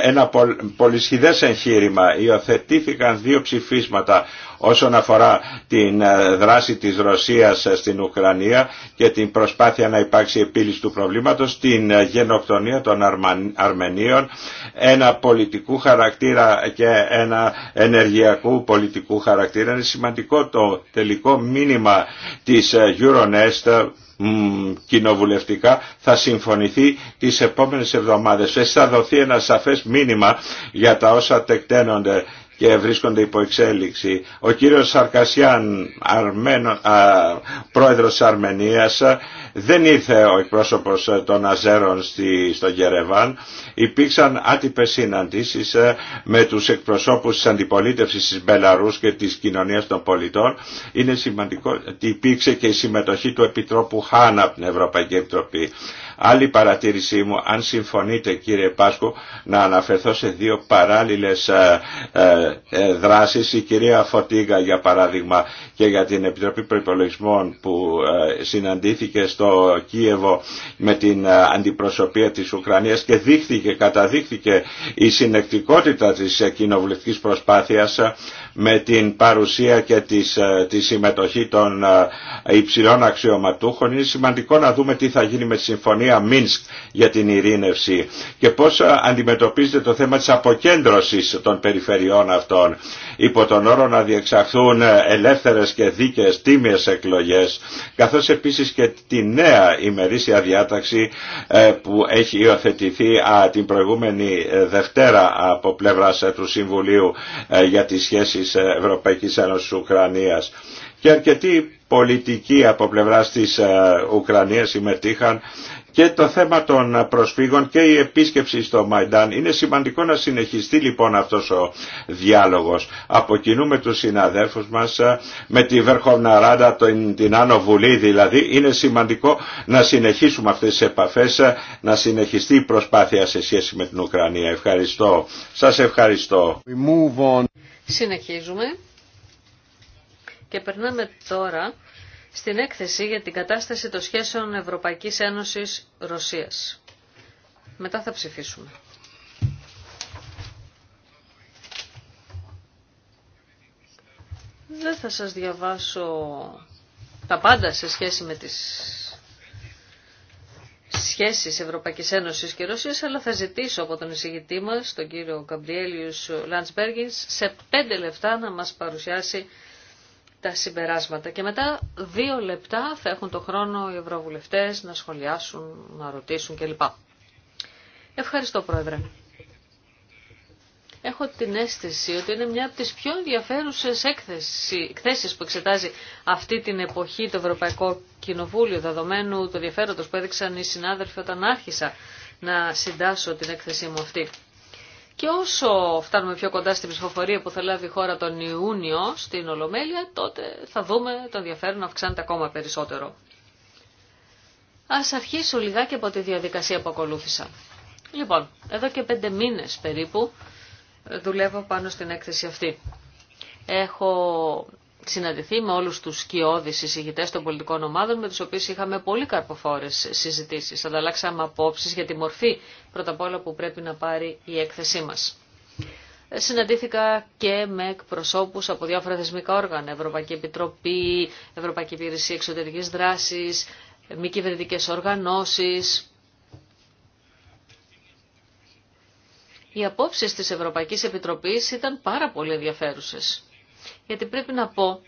ένα πολυσχηδές εγχείρημα. Υιοθετήθηκαν δύο ψηφίσματα όσον αφορά την ε, δράση της Ρωσίας ε, στην Ουκρανία και την προσπάθεια να υπάρξει επίλυση του προβλήματος, την ε, γενοκτονία των Αρμενίων, ένα πολιτικού χαρακτήρα και ένα ενεργειακού πολιτικού χαρακτήρα. Είναι σημαντικό το τελικό μήνυμα της Euronest κοινοβουλευτικά θα συμφωνηθεί τις επόμενες εβδομάδες. Έτσι θα δοθεί ένα σαφές μήνυμα για τα όσα τεκταίνονται και βρίσκονται υπό εξέλιξη. Ο κύριος Σαρκασιάν, Αρμένο, πρόεδρος της Αρμενίας, δεν ήρθε ο εκπρόσωπος των Αζέρων στη, στο Γερεβάν. Υπήρξαν άτυπες συναντήσεις ε, με τους εκπροσώπους της αντιπολίτευσης της Μπελαρούς και της κοινωνίας των πολιτών. Είναι σημαντικό ότι υπήρξε και η συμμετοχή του Επιτρόπου Χάν από την Ευρωπαϊκή Επιτροπή. Άλλη παρατήρησή μου, αν συμφωνείτε κύριε Πάσκο να αναφερθώ σε δύο παράλληλες ε, ε, ε, δράσεις. Η κυρία Φωτίγα για παράδειγμα και για την Επιτροπή Προϋπολογισμών που συναντήθηκε στο Κίεβο με την αντιπροσωπεία της Ουκρανίας και δείχθηκε, καταδείχθηκε η συνεκτικότητα της κοινοβουλευτικής προσπάθειας με την παρουσία και της, ε, τη συμμετοχή των ε, υψηλών αξιωματούχων. Είναι σημαντικό να δούμε τι θα γίνει με τη συμφωνία Μίνσκ για την ειρήνευση και πώς ε, αντιμετωπίζεται το θέμα της αποκέντρωσης των περιφερειών αυτών υπό τον όρο να διεξαχθούν ελεύθερες και δίκαιες τίμιες εκλογές καθώς επίσης και τη νέα ημερήσια διάταξη που έχει υιοθετηθεί την προηγούμενη Δευτέρα από πλευράς του Συμβουλίου για τη σχέση της Ευρωπαϊκής Ένωσης Ουκρανίας. Και αρκετοί πολιτικοί από πλευράς της ε, Ουκρανίας συμμετείχαν και το θέμα των προσφύγων και η επίσκεψη στο Μαϊντάν. Είναι σημαντικό να συνεχιστεί λοιπόν αυτός ο διάλογος. Από τους συναδέλφους μας, ε, με τη Βερχόβνα Ράντα, την Άνω Βουλή δηλαδή, είναι σημαντικό να συνεχίσουμε αυτές τις επαφές, ε, να συνεχιστεί η προσπάθεια σε σχέση με την Ουκρανία. Ευχαριστώ. Σας ευχαριστώ. Συνεχίζουμε και περνάμε τώρα στην έκθεση για την κατάσταση των σχέσεων Ευρωπαϊκής Ένωσης Ρωσίας. Μετά θα ψηφίσουμε. Δεν θα σας διαβάσω τα πάντα σε σχέση με τις σχέσεις Ευρωπαϊκής Ένωσης και Ρωσίας, αλλά θα ζητήσω από τον εισηγητή μας, τον κύριο Καμπριέλιους Λαντσμπέργης, σε πέντε λεπτά να μας παρουσιάσει τα συμπεράσματα. Και μετά δύο λεπτά θα έχουν το χρόνο οι ευρωβουλευτές να σχολιάσουν, να ρωτήσουν κλπ. Ευχαριστώ Πρόεδρε έχω την αίσθηση ότι είναι μια από τις πιο ενδιαφέρουσες εκθέσεις που εξετάζει αυτή την εποχή το Ευρωπαϊκό Κοινοβούλιο, δεδομένου το ενδιαφέροντος που έδειξαν οι συνάδελφοι όταν άρχισα να συντάσω την έκθεσή μου αυτή. Και όσο φτάνουμε πιο κοντά στην ψηφοφορία που θα λάβει η χώρα τον Ιούνιο στην Ολομέλεια, τότε θα δούμε το ενδιαφέρον να αυξάνεται ακόμα περισσότερο. Ας αρχίσω λιγάκι από τη διαδικασία που ακολούθησα. Λοιπόν, εδώ και πέντε μήνες περίπου δουλεύω πάνω στην έκθεση αυτή. Έχω συναντηθεί με όλους τους σκιώδεις συζητητές των πολιτικών ομάδων με τους οποίους είχαμε πολύ καρποφόρες συζητήσεις. Ανταλλάξαμε απόψεις για τη μορφή πρώτα απ' όλα που πρέπει να πάρει η έκθεσή μας. Συναντήθηκα και με εκπροσώπους από διάφορα θεσμικά όργανα, Ευρωπαϊκή Επιτροπή, Ευρωπαϊκή Υπηρεσία Εξωτερικής Δράσης, μη κυβερνητικέ οργανώσεις, Οι απόψεις της Ευρωπαϊκής Επιτροπής ήταν πάρα πολύ ενδιαφέρουσες. Γιατί πρέπει να πω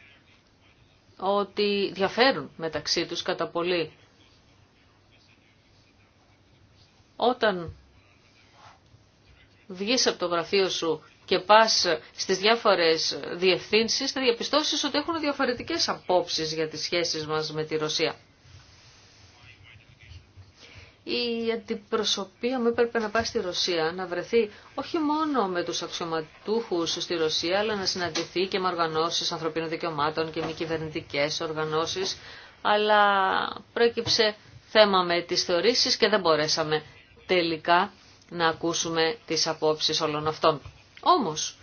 ότι διαφέρουν μεταξύ τους κατά πολύ. Όταν βγεις από το γραφείο σου και πας στις διάφορες διευθύνσεις, θα διαπιστώσεις ότι έχουν διαφορετικές απόψεις για τις σχέσεις μας με τη Ρωσία η αντιπροσωπεία μου έπρεπε να πάει στη Ρωσία, να βρεθεί όχι μόνο με τους αξιωματούχους στη Ρωσία, αλλά να συναντηθεί και με οργανώσεις ανθρωπίνων δικαιωμάτων και με κυβερνητικέ οργανώσεις, αλλά πρόκυψε θέμα με τις θεωρήσεις και δεν μπορέσαμε τελικά να ακούσουμε τις απόψεις όλων αυτών. Όμως,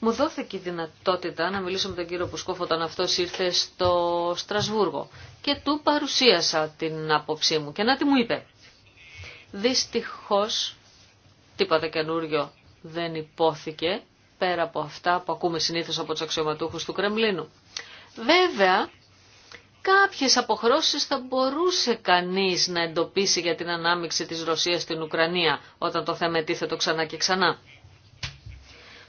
μου δόθηκε η δυνατότητα να μιλήσω με τον κύριο Πουσκόφ όταν αυτός ήρθε στο Στρασβούργο και του παρουσίασα την άποψή μου και να τι μου είπε. Δυστυχώς, τίποτα καινούριο δεν υπόθηκε, πέρα από αυτά που ακούμε συνήθως από τους αξιωματούχους του Κρεμλίνου. Βέβαια, κάποιες αποχρώσεις θα μπορούσε κανείς να εντοπίσει για την ανάμειξη της Ρωσίας στην Ουκρανία, όταν το θέμα ετίθετο ξανά και ξανά.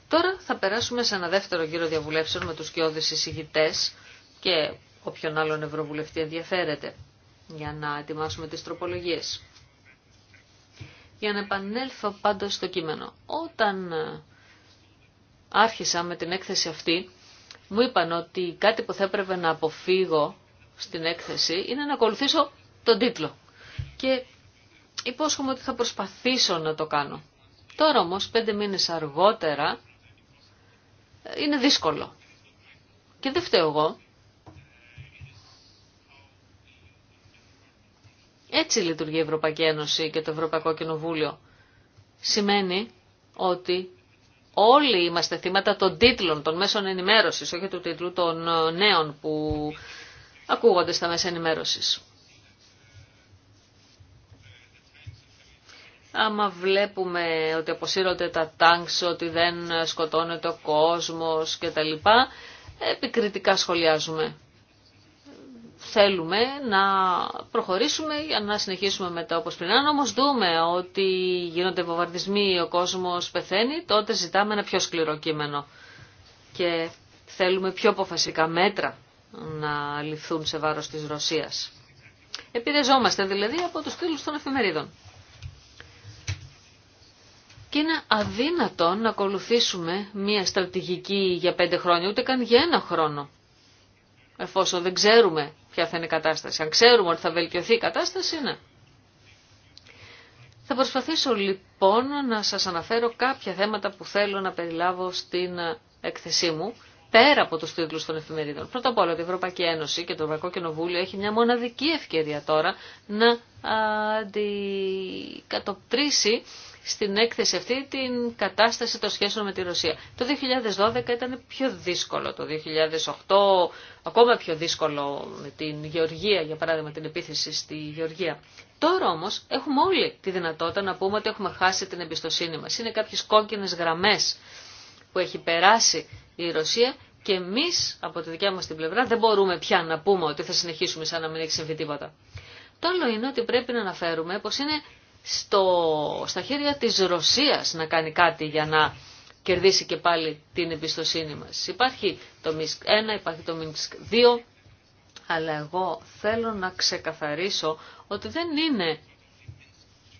Τώρα θα περάσουμε σε ένα δεύτερο γύρο διαβουλεύσεων με τους κοιόδης εισηγητέ και όποιον άλλον ευρωβουλευτή ενδιαφέρεται για να ετοιμάσουμε τις τροπολογίες. Για να επανέλθω πάντως στο κείμενο. Όταν ε, άρχισα με την έκθεση αυτή, μου είπαν ότι κάτι που θα έπρεπε να αποφύγω στην έκθεση είναι να ακολουθήσω τον τίτλο. Και υπόσχομαι ότι θα προσπαθήσω να το κάνω. Τώρα όμως, πέντε μήνες αργότερα, ε, είναι δύσκολο. Και δεν φταίω εγώ. Έτσι λειτουργεί η Ευρωπαϊκή Ένωση και το Ευρωπαϊκό Κοινοβούλιο. Σημαίνει ότι όλοι είμαστε θύματα των τίτλων, των μέσων ενημέρωσης, όχι του τίτλου των ε, νέων που ακούγονται στα μέσα ενημέρωσης. Άμα βλέπουμε ότι αποσύρονται τα τάγκς, ότι δεν σκοτώνεται ο κόσμος κτλ, επικριτικά σχολιάζουμε θέλουμε να προχωρήσουμε για να συνεχίσουμε μετά όπως πριν. Αν όμως δούμε ότι γίνονται βομβαρδισμοί, ο κόσμος πεθαίνει, τότε ζητάμε ένα πιο σκληρό κείμενο και θέλουμε πιο αποφασικά μέτρα να ληφθούν σε βάρος της Ρωσίας. Επιδεζόμαστε δηλαδή από τους τίτλους των εφημερίδων. Και είναι αδύνατο να ακολουθήσουμε μία στρατηγική για πέντε χρόνια, ούτε καν για ένα χρόνο εφόσον δεν ξέρουμε ποια θα είναι η κατάσταση. Αν ξέρουμε ότι θα βελτιωθεί η κατάσταση, ναι. Θα προσπαθήσω λοιπόν να σας αναφέρω κάποια θέματα που θέλω να περιλάβω στην έκθεσή μου, πέρα από τους τίτλους των εφημερίδων. Πρώτα απ' όλα, η Ευρωπαϊκή Ένωση και το Ευρωπαϊκό Κοινοβούλιο έχει μια μοναδική ευκαιρία τώρα να αντικατοπτρίσει στην έκθεση αυτή την κατάσταση των σχέσεων με τη Ρωσία. Το 2012 ήταν πιο δύσκολο, το 2008 ακόμα πιο δύσκολο με την Γεωργία, για παράδειγμα την επίθεση στη Γεωργία. Τώρα όμως έχουμε όλοι τη δυνατότητα να πούμε ότι έχουμε χάσει την εμπιστοσύνη μας. Είναι κάποιες κόκκινες γραμμές που έχει περάσει η Ρωσία και εμείς από τη δικιά μας την πλευρά δεν μπορούμε πια να πούμε ότι θα συνεχίσουμε σαν να μην έχει συμβεί τίποτα. Το άλλο είναι ότι πρέπει να αναφέρουμε πως είναι στο, στα χέρια της Ρωσίας να κάνει κάτι για να κερδίσει και πάλι την εμπιστοσύνη μας. Υπάρχει το Μίσκ 1, υπάρχει το Μίσκ 2, αλλά εγώ θέλω να ξεκαθαρίσω ότι δεν είναι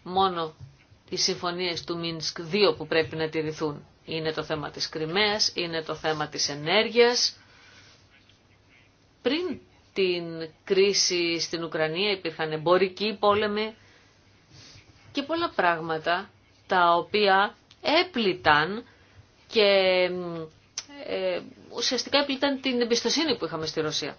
μόνο οι συμφωνίες του Μίνσκ 2 που πρέπει να τηρηθούν. Είναι το θέμα της Κρυμαίας, είναι το θέμα της ενέργειας. Πριν την κρίση στην Ουκρανία υπήρχαν εμπορικοί πόλεμοι, και πολλά πράγματα τα οποία έπληταν και ε, ουσιαστικά έπληταν την εμπιστοσύνη που είχαμε στη Ρωσία.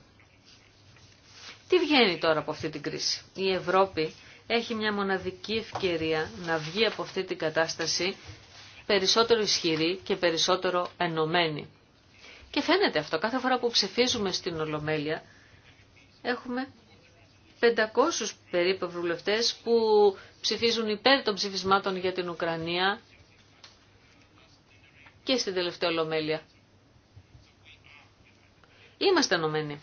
Τι βγαίνει τώρα από αυτή την κρίση. Η Ευρώπη έχει μια μοναδική ευκαιρία να βγει από αυτή την κατάσταση περισσότερο ισχυρή και περισσότερο ενωμένη. Και φαίνεται αυτό. Κάθε φορά που ψηφίζουμε στην Ολομέλεια έχουμε 500 περίπου βουλευτές που ψηφίζουν υπέρ των ψηφισμάτων για την Ουκρανία και στην τελευταία ολομέλεια. Είμαστε ενωμένοι.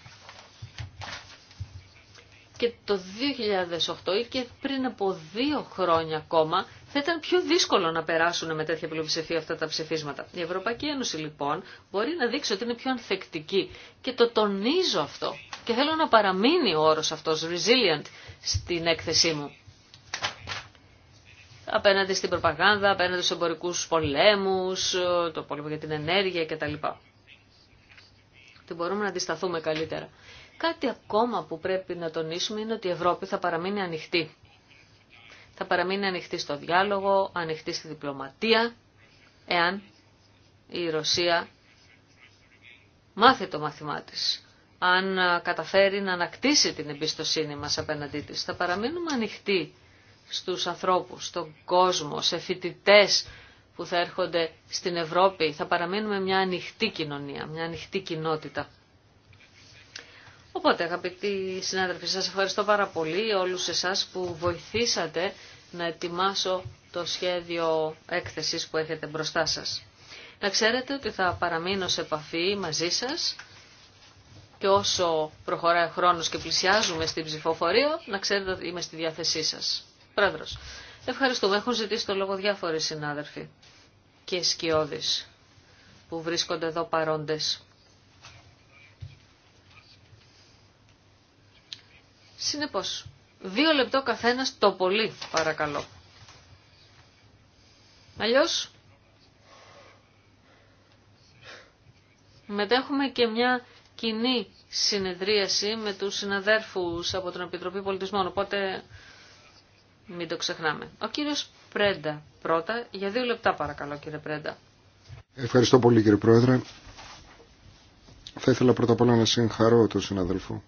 Και το 2008 ή και πριν από δύο χρόνια ακόμα θα ήταν πιο δύσκολο να περάσουν με τέτοια πλειοψηφία αυτά τα ψηφίσματα. Η Ευρωπαϊκή Ένωση λοιπόν μπορεί να δείξει ότι είναι πιο ανθεκτική και το τονίζω αυτό. Και θέλω να παραμείνει ο όρος αυτός resilient στην έκθεσή μου. Απέναντι στην προπαγάνδα, απέναντι στους εμπορικούς πολέμους, το πόλεμο για την ενέργεια κτλ. Τι μπορούμε να αντισταθούμε καλύτερα. Κάτι ακόμα που πρέπει να τονίσουμε είναι ότι η Ευρώπη θα παραμείνει ανοιχτή. Θα παραμείνει ανοιχτή στο διάλογο, ανοιχτή στη διπλωματία, εάν η Ρωσία μάθει το μαθημά της αν καταφέρει να ανακτήσει την εμπιστοσύνη μας απέναντί της. Θα παραμείνουμε ανοιχτοί στους ανθρώπους, στον κόσμο, σε φοιτητέ που θα έρχονται στην Ευρώπη. Θα παραμείνουμε μια ανοιχτή κοινωνία, μια ανοιχτή κοινότητα. Οπότε αγαπητοί συνάδελφοι, σας ευχαριστώ πάρα πολύ όλους εσάς που βοηθήσατε να ετοιμάσω το σχέδιο έκθεσης που έχετε μπροστά σας. Να ξέρετε ότι θα παραμείνω σε επαφή μαζί σας και όσο προχωράει ο χρόνος και πλησιάζουμε στην ψηφοφορία, να ξέρετε ότι είμαι στη διάθεσή σας. Πρόεδρος, ευχαριστούμε. Έχουν ζητήσει το λόγο διάφοροι συνάδελφοι και σκιώδεις που βρίσκονται εδώ παρόντες. Συνεπώς, δύο λεπτό καθένας το πολύ, παρακαλώ. Αλλιώς, μετέχουμε και μια κοινή συνεδρίαση με τους συναδέρφους από την Επιτροπή Πολιτισμών, οπότε μην το ξεχνάμε. Ο κύριος Πρέντα πρώτα, για δύο λεπτά παρακαλώ κύριε Πρέντα. Ευχαριστώ πολύ κύριε Πρόεδρε. Θα ήθελα πρώτα απ' όλα να συγχαρώ τον συναδελφό,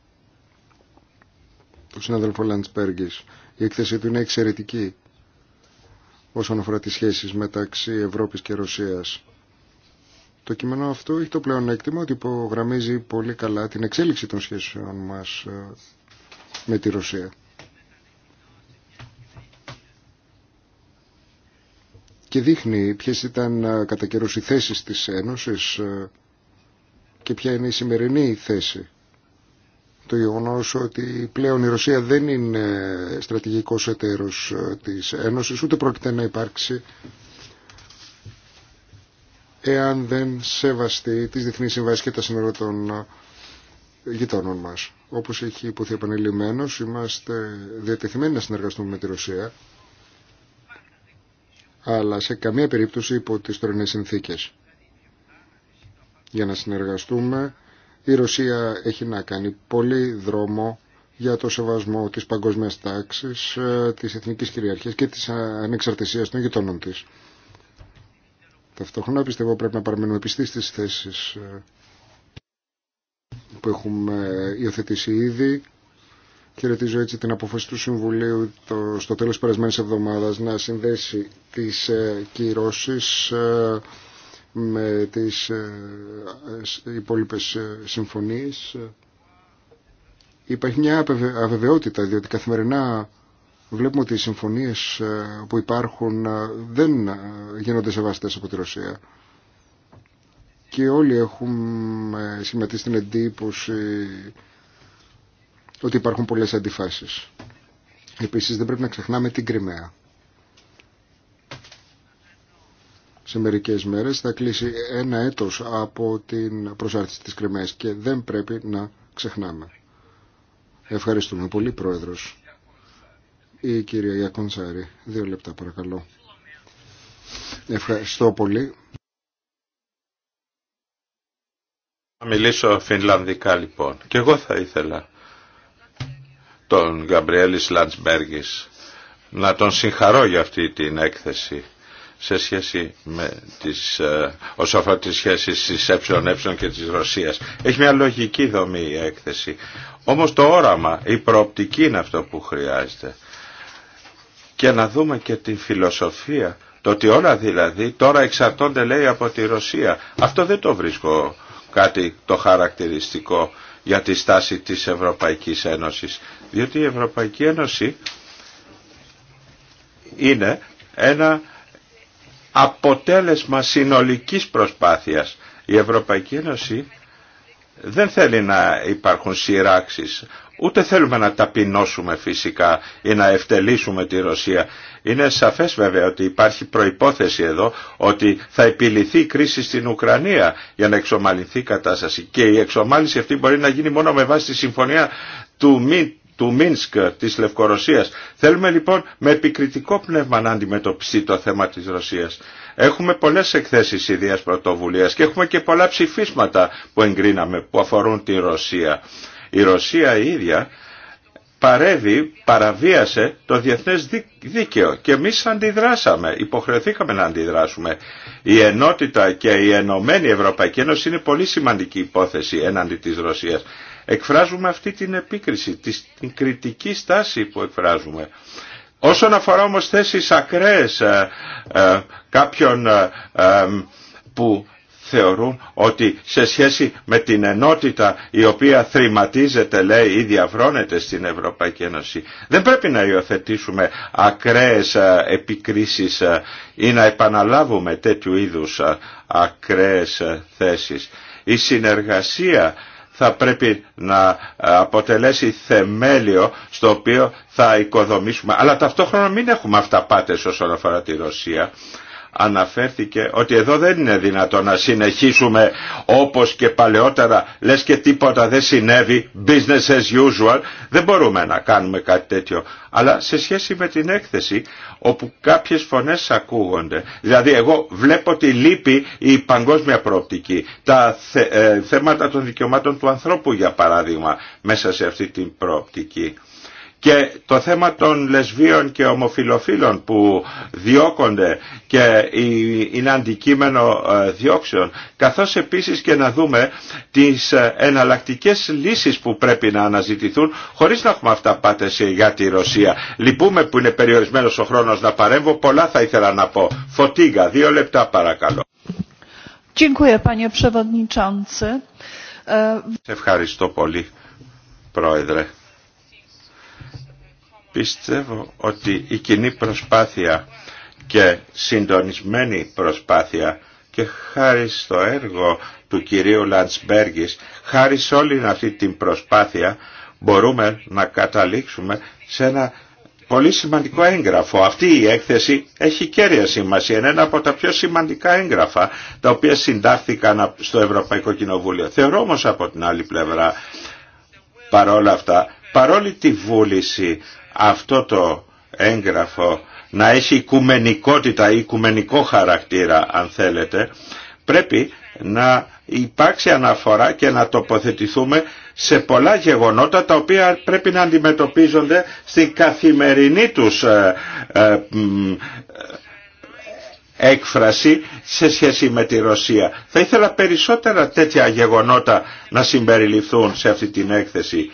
τον συναδελφό Λαντσπέργης. Η έκθεση του είναι εξαιρετική όσον αφορά τις σχέσεις μεταξύ Ευρώπης και Ρωσίας το κείμενο αυτό έχει το πλεονέκτημα ότι υπογραμμίζει πολύ καλά την εξέλιξη των σχέσεων μας ε, με τη Ρωσία. Και δείχνει ποιες ήταν ε, κατά καιρός οι θέσεις της Ένωσης ε, και ποια είναι η σημερινή θέση. Το γεγονό ότι πλέον η Ρωσία δεν είναι στρατηγικός εταίρος της Ένωσης, ούτε πρόκειται να υπάρξει εάν δεν σεβαστεί τις διεθνείς συμβάσεις και τα σύνορα των ε, γειτόνων μας. Όπως έχει υποθεί επανελειμμένος, είμαστε διατεθειμένοι να συνεργαστούμε με τη Ρωσία, αλλά σε καμία περίπτωση υπό τις τωρινές συνθήκες. Για να συνεργαστούμε, η Ρωσία έχει να κάνει πολύ δρόμο για το σεβασμό της παγκοσμίας τάξης, ε, της εθνικής κυριαρχίας και της ανεξαρτησίας των γειτόνων της. Ταυτόχρονα πιστεύω πρέπει να παραμείνουμε πιστοί στις θέσεις ε, που έχουμε υιοθετήσει ήδη. Χαιρετίζω έτσι την αποφάση του Συμβουλίου το, στο τέλος περασμένης εβδομάδας να συνδέσει τις ε, κυρώσεις ε, με τις ε, ε υπόλοιπες συμφωνίες. Υπάρχει μια αβεβαιότητα διότι καθημερινά βλέπουμε ότι οι συμφωνίες ε, που υπάρχουν ε, δεν ε, γίνονται σεβαστές από τη Ρωσία. Και όλοι έχουμε συμμετεί στην εντύπωση ότι υπάρχουν πολλές αντιφάσεις. Επίσης δεν πρέπει να ξεχνάμε την Κρυμαία. Σε μερικές μέρες θα κλείσει ένα έτος από την προσάρτηση της Κρυμαίας και δεν πρέπει να ξεχνάμε. Ευχαριστούμε πολύ Πρόεδρος. Η κυρία Γιακονσάρη, δύο λεπτά παρακαλώ. Ευχαριστώ πολύ. Θα μιλήσω φινλανδικά λοιπόν. Και εγώ θα ήθελα τον Γκαμπριέλης Λαντσμπέργης να τον συγχαρώ για αυτή την έκθεση σε σχέση με τις, ε, όσο αφορά τις σχέσεις της ΕΕ και της Ρωσίας. Έχει μια λογική δομή η έκθεση. Όμως το όραμα, η προοπτική είναι αυτό που χρειάζεται και να δούμε και την φιλοσοφία. Το ότι όλα δηλαδή τώρα εξαρτώνται λέει από τη Ρωσία. Αυτό δεν το βρίσκω κάτι το χαρακτηριστικό για τη στάση της Ευρωπαϊκής Ένωσης. Διότι η Ευρωπαϊκή Ένωση είναι ένα αποτέλεσμα συνολικής προσπάθειας. Η Ευρωπαϊκή Ένωση δεν θέλει να υπάρχουν σειράξεις. Ούτε θέλουμε να ταπεινώσουμε φυσικά ή να ευτελίσουμε τη Ρωσία. Είναι σαφές βέβαια ότι υπάρχει προϋπόθεση εδώ ότι θα επιληθεί η κρίση στην Ουκρανία για να εξομαλυνθεί η κατάσταση. Και η εξομάλυνση αυτή μπορεί να γίνει μόνο με βάση τη συμφωνία του μη του Μίνσκ, της Λευκορωσίας. Θέλουμε λοιπόν με επικριτικό πνεύμα να αντιμετωπιστεί το θέμα της Ρωσίας. Έχουμε πολλές εκθέσεις ιδίας πρωτοβουλίας και έχουμε και πολλά ψηφίσματα που εγκρίναμε που αφορούν τη Ρωσία. Η Ρωσία η ίδια παρέβει, παραβίασε το διεθνές δίκαιο και εμείς αντιδράσαμε, υποχρεωθήκαμε να αντιδράσουμε. Η ενότητα και η ενωμένη Ευρωπαϊκή Ένωση είναι πολύ σημαντική υπόθεση έναντι της Ρωσίας εκφράζουμε αυτή την επίκριση, την κριτική στάση που εκφράζουμε. Όσον αφορά όμως θέσεις ακραίες ε, ε, κάποιων ε, που θεωρούν ότι σε σχέση με την ενότητα η οποία θρηματίζεται λέει ή διαβρώνεται στην Ευρωπαϊκή Ένωση δεν πρέπει να υιοθετήσουμε ακραίες επικρίσεις ή να επαναλάβουμε τέτοιου είδους ακραίες θέσεις. Η συνεργασία θα πρέπει να ε, αποτελέσει θεμέλιο στο οποίο θα οικοδομήσουμε. Αλλά ταυτόχρονα μην έχουμε αυταπάτες όσον αφορά τη Ρωσία αναφέρθηκε ότι εδώ δεν είναι δυνατό να συνεχίσουμε όπως και παλαιότερα λες και τίποτα δεν συνέβη business as usual δεν μπορούμε να κάνουμε κάτι τέτοιο αλλά σε σχέση με την έκθεση όπου κάποιες φωνές ακούγονται δηλαδή εγώ βλέπω ότι λείπει η παγκόσμια προοπτική τα ε, θέματα των δικαιωμάτων του ανθρώπου για παράδειγμα μέσα σε αυτή την προοπτική και το θέμα των λεσβίων και ομοφιλοφίλων που διώκονται και είναι αντικείμενο ε, διώξεων καθώς επίσης και να δούμε τις ε, εναλλακτικές λύσεις που πρέπει να αναζητηθούν χωρίς να έχουμε αυτά πάτες για τη Ρωσία. Λυπούμε που είναι περιορισμένος ο χρόνος να παρέμβω, πολλά θα ήθελα να πω. Φωτίγα, δύο λεπτά παρακαλώ. ευχαριστώ πολύ, Πρόεδρε. Πιστεύω ότι η κοινή προσπάθεια και συντονισμένη προσπάθεια και χάρη στο έργο του κυρίου Λαντσμπέργης, χάρη σε όλη αυτή την προσπάθεια μπορούμε να καταλήξουμε σε ένα πολύ σημαντικό έγγραφο. Αυτή η έκθεση έχει κέρια σημασία. Είναι ένα από τα πιο σημαντικά έγγραφα τα οποία συντάχθηκαν στο Ευρωπαϊκό Κοινοβούλιο. Θεωρώ όμως από την άλλη πλευρά παρόλα αυτά, παρόλη τη βούληση αυτό το έγγραφο να έχει οικουμενικότητα ή οικουμενικό χαρακτήρα αν θέλετε πρέπει να υπάρξει αναφορά και να τοποθετηθούμε σε πολλά γεγονότα τα οποία πρέπει να αντιμετωπίζονται στην καθημερινή τους ε, ε, έκφραση σε σχέση με τη Ρωσία. Θα ήθελα περισσότερα τέτοια γεγονότα να συμπεριληφθούν σε αυτή την έκθεση.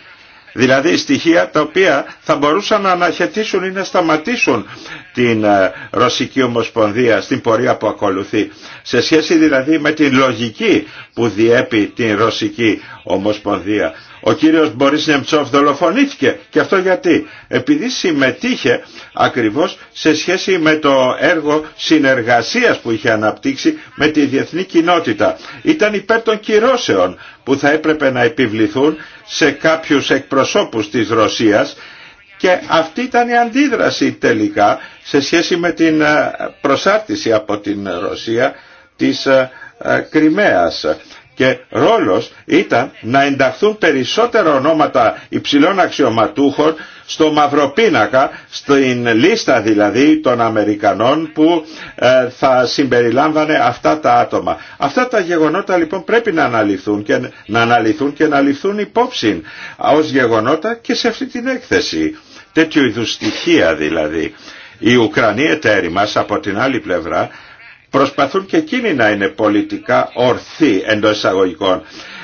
Δηλαδή στοιχεία τα οποία θα μπορούσαν να αναχαιτήσουν ή να σταματήσουν την ε, Ρωσική Ομοσπονδία στην πορεία που ακολουθεί. Σε σχέση δηλαδή με την λογική που διέπει την Ρωσική Ομοσπονδία. Ο κύριος Μπορίς Νεμτσόφ δολοφονήθηκε. Και αυτό γιατί. Επειδή συμμετείχε ακριβώς σε σχέση με το έργο συνεργασίας που είχε αναπτύξει με τη διεθνή κοινότητα. Ήταν υπέρ των κυρώσεων που θα έπρεπε να επιβληθούν σε κάποιους εκπροσώπους της Ρωσίας και αυτή ήταν η αντίδραση τελικά σε σχέση με την ε, προσάρτηση από την Ρωσία της ε, ε, Κρυμαίας και ρόλος ήταν να ενταχθούν περισσότερα ονόματα υψηλών αξιωματούχων στο μαυροπίνακα, στην λίστα δηλαδή των Αμερικανών που ε, θα συμπεριλάμβανε αυτά τα άτομα. Αυτά τα γεγονότα λοιπόν πρέπει να αναλυθούν και να, αναλυθούν και να ληφθούν υπόψη ως γεγονότα και σε αυτή την έκθεση. Τέτοιου είδου στοιχεία δηλαδή. Η Ουκρανοί εταίροι μας από την άλλη πλευρά προσπαθούν και εκείνοι να είναι πολιτικά ορθοί εντό εισαγωγικών.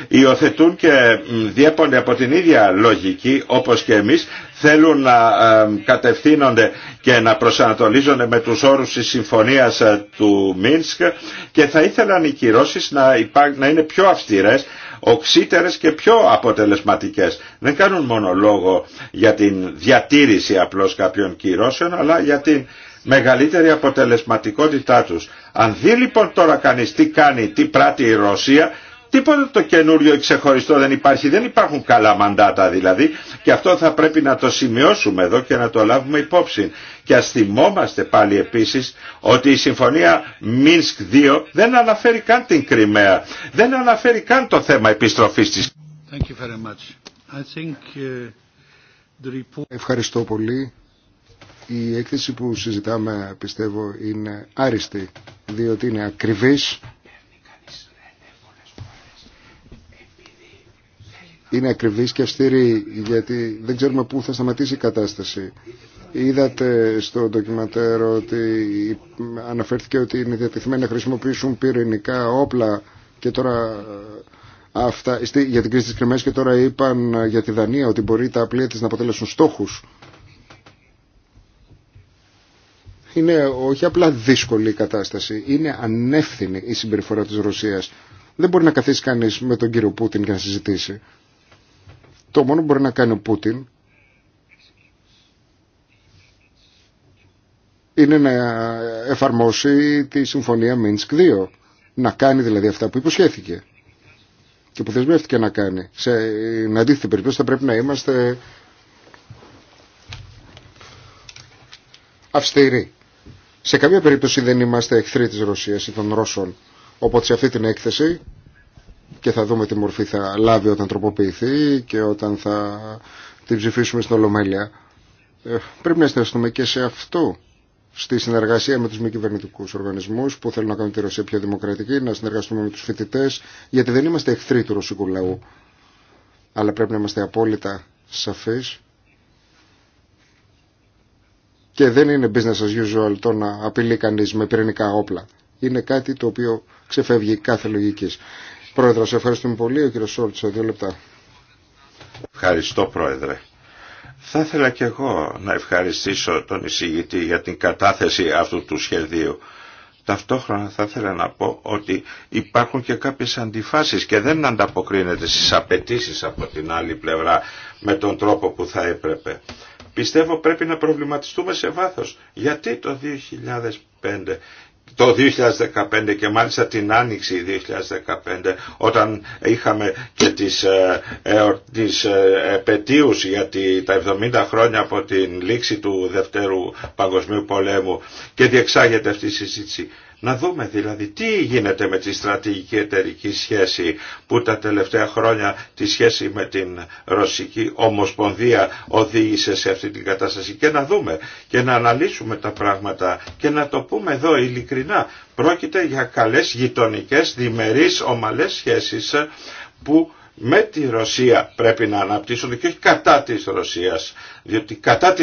Υιοθετούν και διέπονται από την ίδια λογική όπως και εμείς θέλουν να ε, κατευθύνονται και να προσανατολίζονται με τους όρους της συμφωνίας ε, του Μίνσκ και θα ήθελαν οι κυρώσεις να είναι πιο αυστηρές οξύτερες και πιο αποτελεσματικές. Δεν κάνουν μόνο λόγο για την διατήρηση απλώς κάποιων κυρώσεων, αλλά για την μεγαλύτερη αποτελεσματικότητά τους. Αν δει λοιπόν τώρα κανείς τι κάνει, τι πράττει η Ρωσία, τίποτα το καινούριο ξεχωριστό δεν υπάρχει, δεν υπάρχουν καλά μαντάτα δηλαδή και αυτό θα πρέπει να το σημειώσουμε εδώ και να το λάβουμε υπόψη. Και ας θυμόμαστε πάλι επίσης ότι η συμφωνία Μίνσκ 2 δεν αναφέρει καν την Κρυμαία, δεν αναφέρει καν το θέμα επιστροφής της. Uh, Ευχαριστώ πολύ. Η έκθεση που συζητάμε πιστεύω είναι άριστη διότι είναι ακριβής είναι ακριβής και αυστηρή γιατί δεν ξέρουμε πού θα σταματήσει η κατάσταση. Είδατε στο ντοκιματέρ ότι αναφέρθηκε ότι είναι διατεθειμένοι να χρησιμοποιήσουν πυρηνικά όπλα και τώρα ε, αυτά, για την κρίση της Κρυμαίας και τώρα είπαν ε, για τη Δανία ότι μπορεί τα πλοία της να αποτελέσουν στόχους. Είναι όχι απλά δύσκολη η κατάσταση, είναι ανεύθυνη η συμπεριφορά της Ρωσίας. Δεν μπορεί να καθίσει κανείς με τον κύριο Πούτιν και να συζητήσει. Το μόνο που μπορεί να κάνει ο Πούτιν είναι να εφαρμόσει τη Συμφωνία Μίνσκ 2. Να κάνει δηλαδή αυτά που υποσχέθηκε και που θεσμεύτηκε να κάνει. Σε αντίθετη περίπτωση θα πρέπει να είμαστε αυστηροί. Σε καμία περίπτωση δεν είμαστε εχθροί της Ρωσίας ή των Ρώσων. Οπότε σε αυτή την έκθεση και θα δούμε τι μορφή θα λάβει όταν τροποποιηθεί και όταν θα την ψηφίσουμε στην Ολομέλεια. Ε, πρέπει να εστιαστούμε και σε αυτό στη συνεργασία με τους μη κυβερνητικούς οργανισμούς που θέλουν να κάνουν τη Ρωσία πιο δημοκρατική, να συνεργαστούμε με τους φοιτητέ, γιατί δεν είμαστε εχθροί του ρωσικού λαού. Αλλά πρέπει να είμαστε απόλυτα σαφείς και δεν είναι business as usual το να απειλεί κανείς με πυρηνικά όπλα. Είναι κάτι το οποίο ξεφεύγει κάθε λογικής. Πρόεδρο, σε ευχαριστούμε πολύ. Ο κύριος Σόλτς, δύο λεπτά. Ευχαριστώ, Πρόεδρε. Θα ήθελα και εγώ να ευχαριστήσω τον εισηγητή για την κατάθεση αυτού του σχεδίου. Ταυτόχρονα θα ήθελα να πω ότι υπάρχουν και κάποιες αντιφάσεις και δεν ανταποκρίνεται στις απαιτήσει από την άλλη πλευρά με τον τρόπο που θα έπρεπε. Πιστεύω πρέπει να προβληματιστούμε σε βάθος. Γιατί το 2005 το 2015 και μάλιστα την άνοιξη 2015 όταν είχαμε και τις, ε, ε, ε τις ε, για τα 70 χρόνια από την λήξη του Δευτέρου Παγκοσμίου Πολέμου και διεξάγεται αυτή η συζήτηση. Να δούμε δηλαδή τι γίνεται με τη στρατηγική εταιρική σχέση που τα τελευταία χρόνια τη σχέση με την Ρωσική Ομοσπονδία οδήγησε σε αυτή την κατάσταση και να δούμε και να αναλύσουμε τα πράγματα και να το πούμε εδώ ειλικρινά. Πρόκειται για καλές γειτονικές διμερείς ομαλές σχέσεις που με τη Ρωσία πρέπει να αναπτύσσονται και όχι κατά της Ρωσίας. Διότι κατά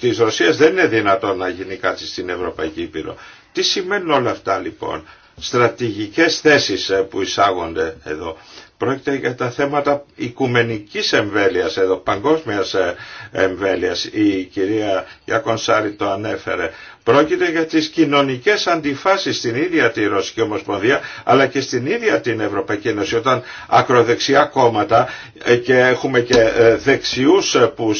της Ρωσίας δεν είναι δυνατόν να γίνει κάτι στην Ευρωπαϊκή Ήπειρο. Τι σημαίνουν όλα αυτά λοιπόν, στρατηγικές θέσεις ε, που εισάγονται εδώ. Πρόκειται για τα θέματα οικουμενικής εμβέλειας εδώ, παγκόσμιας ε, εμβέλειας. Η κυρία Γιακονσάρη το ανέφερε. Πρόκειται για τις κοινωνικές αντιφάσεις στην ίδια τη Ρωσική Ομοσπονδία αλλά και στην ίδια την Ευρωπαϊκή Ένωση όταν ακροδεξιά κόμματα ε, και έχουμε και ε, δεξιούς που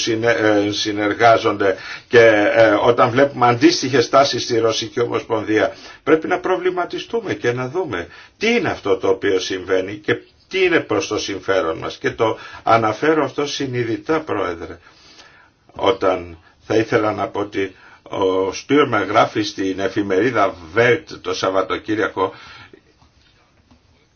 συνεργάζονται και όταν βλέπουμε αντίστοιχες τάσεις στη Ρωσική Ομοσπονδία πρέπει να προβληματιστούμε και να δούμε τι είναι αυτό το οποίο συμβαίνει και τι είναι προς το συμφέρον μας. Και το αναφέρω αυτό συνειδητά πρόεδρε. Όταν θα ήθελα να πω ότι ο Στούρμα γράφει στην εφημερίδα Βέρτ το Σαββατοκύριακο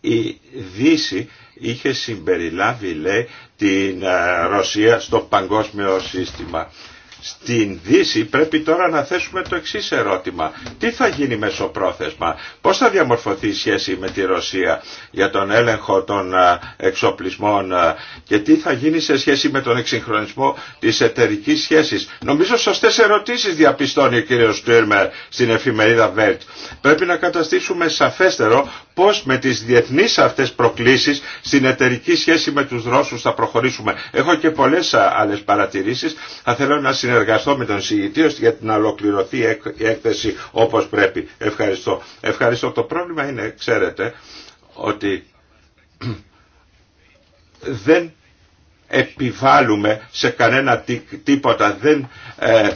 η Δύση είχε συμπεριλάβει λέει την ε, Ρωσία στο παγκόσμιο σύστημα στην Δύση πρέπει τώρα να θέσουμε το εξή ερώτημα. Τι θα γίνει μεσοπρόθεσμα, πώς θα διαμορφωθεί η σχέση με τη Ρωσία για τον έλεγχο των εξοπλισμών και τι θα γίνει σε σχέση με τον εξυγχρονισμό της εταιρική σχέσης. Νομίζω σωστές ερωτήσεις διαπιστώνει ο κύριος Τούρμερ στην εφημερίδα Welt. Πρέπει να καταστήσουμε σαφέστερο πώς με τις διεθνείς αυτές προκλήσεις στην εταιρική σχέση με τους Ρώσους θα προχωρήσουμε. Έχω και πολλέ άλλε παρατηρήσει. Θα θέλω να συνεργαστούμε συνεργαστώ με τον συγητή για την ολοκληρωθεί η έκθεση όπως πρέπει. Ευχαριστώ. Ευχαριστώ. Το πρόβλημα είναι, ξέρετε, ότι δεν επιβάλλουμε σε κανένα τίποτα, δεν ε,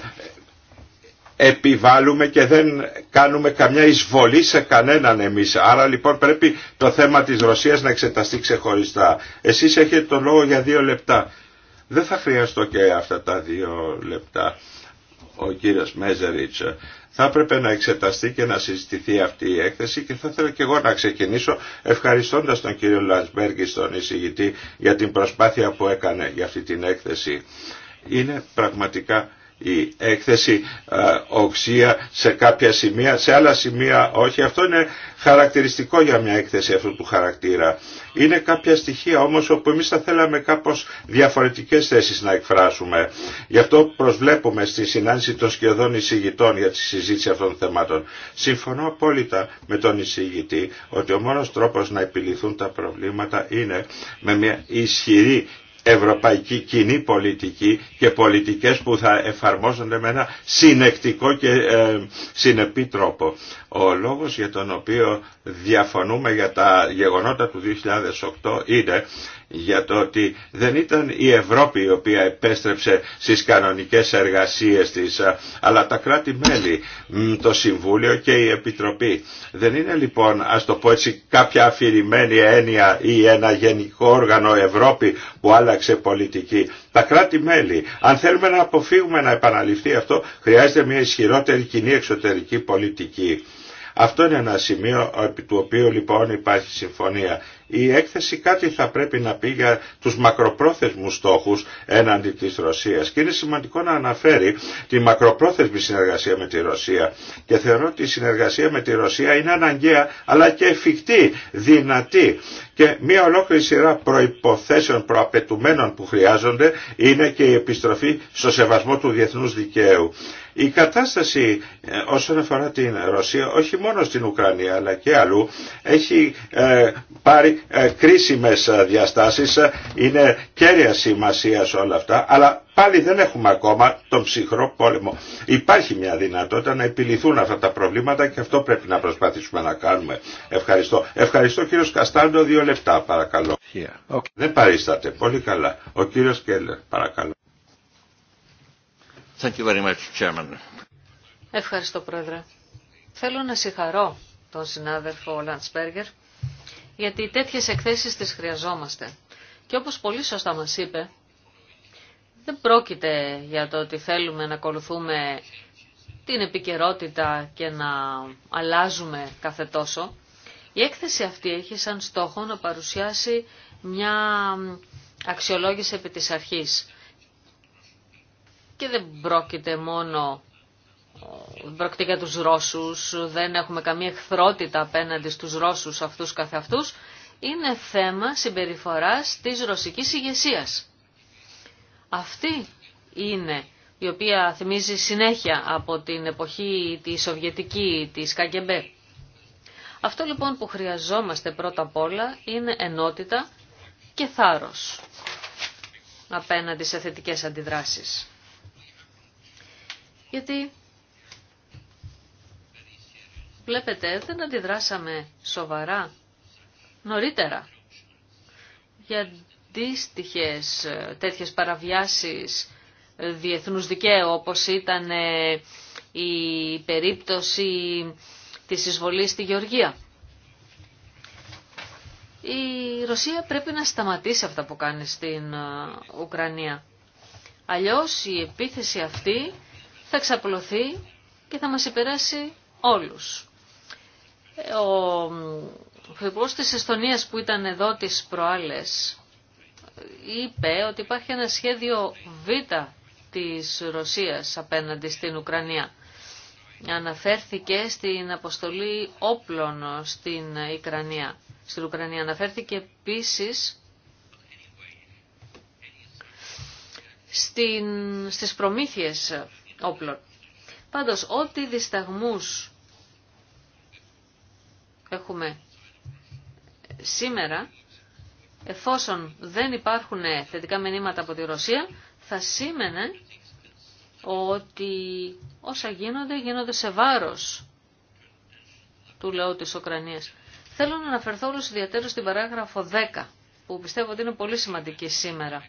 επιβάλλουμε και δεν κάνουμε καμιά εισβολή σε κανέναν εμείς. Άρα λοιπόν πρέπει το θέμα της Ρωσίας να εξεταστεί ξεχωριστά. Εσείς έχετε το λόγο για δύο λεπτά δεν θα χρειαστώ και αυτά τα δύο λεπτά ο κύριος Μέζεριτς. Θα έπρεπε να εξεταστεί και να συζητηθεί αυτή η έκθεση και θα θέλω και εγώ να ξεκινήσω ευχαριστώντας τον κύριο Λαντσμπέργκη στον εισηγητή για την προσπάθεια που έκανε για αυτή την έκθεση. Είναι πραγματικά η έκθεση ε, οξία σε κάποια σημεία, σε άλλα σημεία όχι. Αυτό είναι χαρακτηριστικό για μια έκθεση αυτού του χαρακτήρα. Είναι κάποια στοιχεία όμως όπου εμείς θα θέλαμε κάπως διαφορετικές θέσεις να εκφράσουμε. Γι' αυτό προσβλέπουμε στη συνάντηση των σχεδόν εισηγητών για τη συζήτηση αυτών των θεμάτων. Συμφωνώ απόλυτα με τον εισηγητή ότι ο μόνος τρόπος να επιληθούν τα προβλήματα είναι με μια ισχυρή ευρωπαϊκή κοινή πολιτική και πολιτικές που θα εφαρμόζονται με ένα συνεκτικό και ε, συνεπή τρόπο. Ο λόγος για τον οποίο διαφωνούμε για τα γεγονότα του 2008 είναι για το ότι δεν ήταν η Ευρώπη η οποία επέστρεψε στις κανονικές εργασίες της, αλλά τα κράτη-μέλη, το Συμβούλιο και η Επιτροπή. Δεν είναι λοιπόν, ας το πω έτσι, κάποια αφηρημένη έννοια ή ένα γενικό όργανο Ευρώπη που άλλαξε πολιτική. Τα κράτη-μέλη, αν θέλουμε να αποφύγουμε να επαναληφθεί αυτό, χρειάζεται μια ισχυρότερη κοινή εξωτερική πολιτική. Αυτό είναι ένα σημείο του οποίου λοιπόν υπάρχει συμφωνία η έκθεση κάτι θα πρέπει να πει για τους μακροπρόθεσμους στόχους έναντι της Ρωσίας και είναι σημαντικό να αναφέρει τη μακροπρόθεσμη συνεργασία με τη Ρωσία και θεωρώ ότι η συνεργασία με τη Ρωσία είναι αναγκαία αλλά και εφικτή, δυνατή και μια ολόκληρη σειρά προϋποθέσεων προαπαιτουμένων που χρειάζονται είναι και η επιστροφή στο σεβασμό του διεθνούς δικαίου. Η κατάσταση ε, όσον αφορά την Ρωσία, όχι μόνο στην Ουκρανία αλλά και αλλού, έχει ε, πάρει ε, κρίσιμες διαστάσεις, είναι κέρια σημασία όλα αυτά, αλλά πάλι δεν έχουμε ακόμα τον ψυχρό πόλεμο. Υπάρχει μια δυνατότητα να επιληθούν αυτά τα προβλήματα και αυτό πρέπει να προσπαθήσουμε να κάνουμε. Ευχαριστώ. Ευχαριστώ κύριο Καστάντο, δύο λεπτά παρακαλώ. Δεν παρίσταται, πολύ καλά. Ο κύριος Κέλλερ παρακαλώ. Ευχαριστώ, Πρόεδρε. Θέλω να συγχαρώ τον συνάδελφο Λαντσπέργκερ, γιατί τέτοιες εκθέσεις τις χρειαζόμαστε. Και όπως πολύ σωστά μας είπε, δεν πρόκειται για το ότι θέλουμε να ακολουθούμε την επικαιρότητα και να αλλάζουμε κάθε τόσο. Η έκθεση αυτή έχει σαν στόχο να παρουσιάσει μια αξιολόγηση επί της αρχής και δεν πρόκειται μόνο για τους Ρώσους, δεν έχουμε καμία εχθρότητα απέναντι στους Ρώσους αυτούς καθ' αυτούς, είναι θέμα συμπεριφοράς της ρωσικής ηγεσία. Αυτή είναι η οποία θυμίζει συνέχεια από την εποχή τη Σοβιετική, της ΚΑΚΕΜΠΕ. Αυτό λοιπόν που χρειαζόμαστε πρώτα απ' όλα είναι ενότητα και θάρρος απέναντι σε θετικές αντιδράσεις γιατί βλέπετε δεν αντιδράσαμε σοβαρά νωρίτερα για αντίστοιχε ε, τέτοιες παραβιάσεις ε, διεθνούς δικαίου όπως ήταν ε, η περίπτωση της εισβολής στη Γεωργία. Η Ρωσία πρέπει να σταματήσει αυτά που κάνει στην Ουκρανία. Αλλιώς η επίθεση αυτή θα ξαπλωθεί και θα μας υπεράσει όλους. Ο Υπουργός της Εστονίας που ήταν εδώ τις προάλλες είπε ότι υπάρχει ένα σχέδιο Β της Ρωσίας απέναντι στην Ουκρανία. Αναφέρθηκε στην αποστολή όπλων στην Ουκρανία. Στην Ουκρανία αναφέρθηκε επίσης στην, στις προμήθειες όπλων. Πάντως, ό,τι δισταγμούς έχουμε σήμερα, εφόσον δεν υπάρχουν θετικά μηνύματα από τη Ρωσία, θα σήμαινε ότι όσα γίνονται, γίνονται σε βάρος του λαού της Ουκρανίας. Θέλω να αναφερθώ όλους ιδιαίτερως στην παράγραφο 10, που πιστεύω ότι είναι πολύ σημαντική σήμερα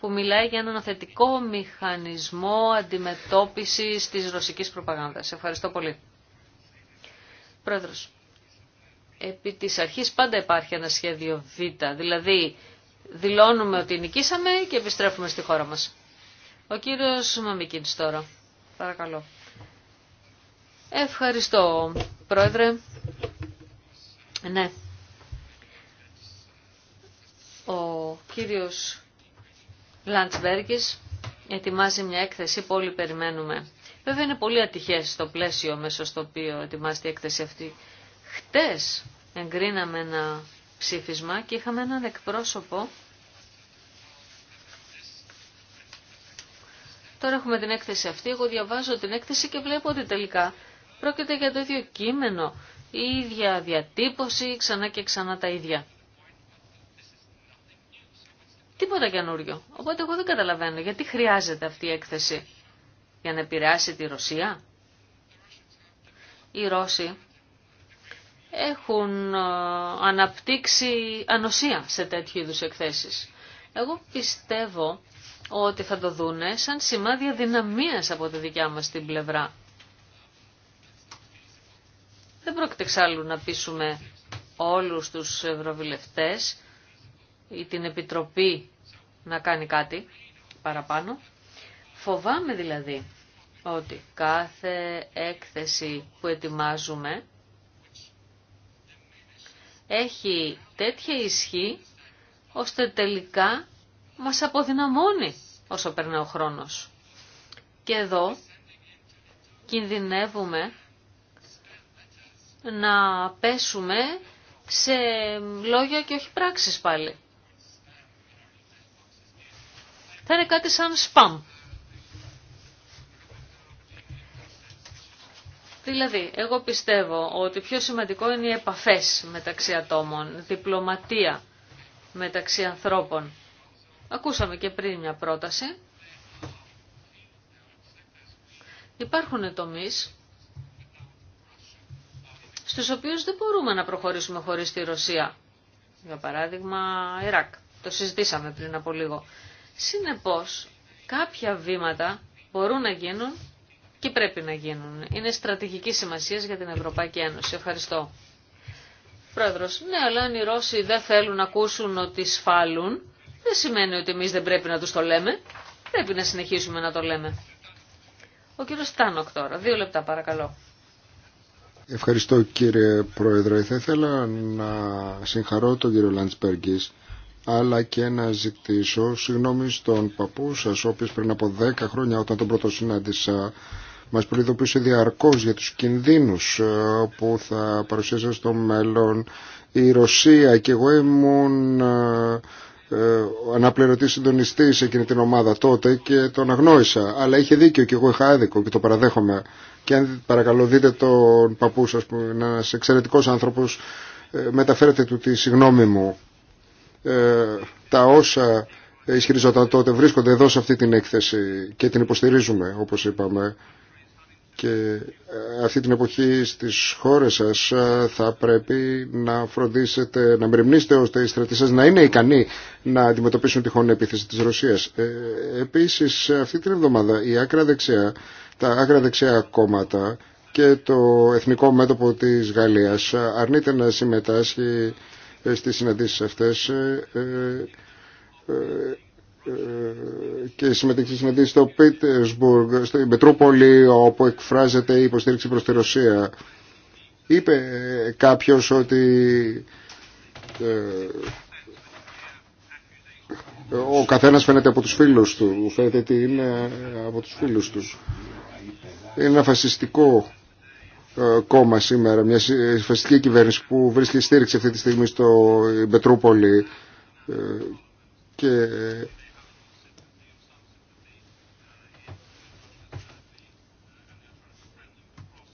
που μιλάει για έναν θετικό μηχανισμό αντιμετώπισης της ρωσικής προπαγάνδας. Ευχαριστώ πολύ. Πρόεδρος, επί της αρχής πάντα υπάρχει ένα σχέδιο Β, δηλαδή δηλώνουμε ότι νικήσαμε και επιστρέφουμε στη χώρα μας. Ο κύριος Μαμικίνης τώρα. Παρακαλώ. Ευχαριστώ, Πρόεδρε. Ναι. Ο κύριος Λαντσβέργης ετοιμάζει μια έκθεση που όλοι περιμένουμε. Βέβαια είναι πολύ ατυχές το πλαίσιο μέσα στο οποίο ετοιμάζεται η έκθεση αυτή. Χτες εγκρίναμε ένα ψήφισμα και είχαμε έναν εκπρόσωπο. Τώρα έχουμε την έκθεση αυτή, εγώ διαβάζω την έκθεση και βλέπω ότι τελικά πρόκειται για το ίδιο κείμενο, η ίδια διατύπωση, ξανά και ξανά τα ίδια. Τίποτα καινούριο. Οπότε εγώ δεν καταλαβαίνω γιατί χρειάζεται αυτή η έκθεση. Για να επηρεάσει τη Ρωσία. Οι Ρώσοι έχουν ε, αναπτύξει ανοσία σε τέτοιου είδους εκθέσεις. Εγώ πιστεύω ότι θα το δούνε σαν σημάδια δυναμίας από τη δικιά μας την πλευρά. Δεν πρόκειται εξάλλου να πείσουμε όλους τους ευρωβουλευτές ή την Επιτροπή να κάνει κάτι παραπάνω. Φοβάμαι δηλαδή ότι κάθε έκθεση που ετοιμάζουμε έχει τέτοια ισχύ ώστε τελικά μας αποδυναμώνει όσο περνάει ο χρόνος. Και εδώ κινδυνεύουμε να πέσουμε σε λόγια και όχι πράξεις πάλι θα είναι κάτι σαν σπαμ. Δηλαδή, εγώ πιστεύω ότι πιο σημαντικό είναι οι επαφές μεταξύ ατόμων, διπλωματία μεταξύ ανθρώπων. Ακούσαμε και πριν μια πρόταση. Υπάρχουν τομείς στους οποίους δεν μπορούμε να προχωρήσουμε χωρίς τη Ρωσία. Για παράδειγμα, Ιράκ. Το συζητήσαμε πριν από λίγο. Συνεπώς, κάποια βήματα μπορούν να γίνουν και πρέπει να γίνουν. Είναι στρατηγική σημασία για την Ευρωπαϊκή Ένωση. Ευχαριστώ. Πρόεδρος, ναι, αλλά αν οι Ρώσοι δεν θέλουν να ακούσουν ότι σφάλουν, δεν σημαίνει ότι εμείς δεν πρέπει να τους το λέμε. Πρέπει να συνεχίσουμε να το λέμε. Ο κύριος Τάνοκ τώρα. Δύο λεπτά παρακαλώ. Ευχαριστώ κύριε Πρόεδρε. Θα ήθελα να συγχαρώ τον κύριο Λαντσπέργκης αλλά και να ζητήσω συγγνώμη στον παππού σα ο πριν από 10 χρόνια όταν τον πρώτο συνάντησα μα προειδοποιούσε διαρκώ για του κινδύνου ε, που θα παρουσίασε στο μέλλον η Ρωσία και εγώ ήμουν ε, ε, αναπληρωτή συντονιστή σε εκείνη την ομάδα τότε και τον αγνόησα. Αλλά είχε δίκιο και εγώ είχα άδικο και το παραδέχομαι. Και αν παρακαλώ δείτε τον παππού σας που είναι ένας εξαιρετικός άνθρωπος, μεταφέρετε του τη συγγνώμη μου. Ε, τα όσα ισχυριζόταν τότε βρίσκονται εδώ σε αυτή την έκθεση και την υποστηρίζουμε όπως είπαμε και ε, αυτή την εποχή στις χώρες σας ε, θα πρέπει να φροντίσετε, να μεριμνήσετε ώστε οι στρατοί σας να είναι ικανοί να αντιμετωπίσουν τυχόν επίθεση της Ρωσίας. Ε, επίσης αυτή την εβδομάδα η άκρα δεξιά, τα άκρα δεξιά κόμματα και το Εθνικό Μέτωπο της Γαλλίας αρνείται να συμμετάσχει στις συναντήσεις αυτές ε, ε, ε, και συμμετείχε συναντήσει στο Πίτερσμπουργκ, στην Μετρούπολη, όπου εκφράζεται η υποστήριξη προς τη Ρωσία. Είπε κάποιος ότι ο καθένας φαίνεται από τους φίλους του, φαίνεται ότι είναι από τους φίλους του. Είναι ένα φασιστικό ε, κόμμα σήμερα, μια ε, φασιστική κυβέρνηση που βρίσκει στήριξη αυτή τη στιγμή στο ε, Πετρούπολη και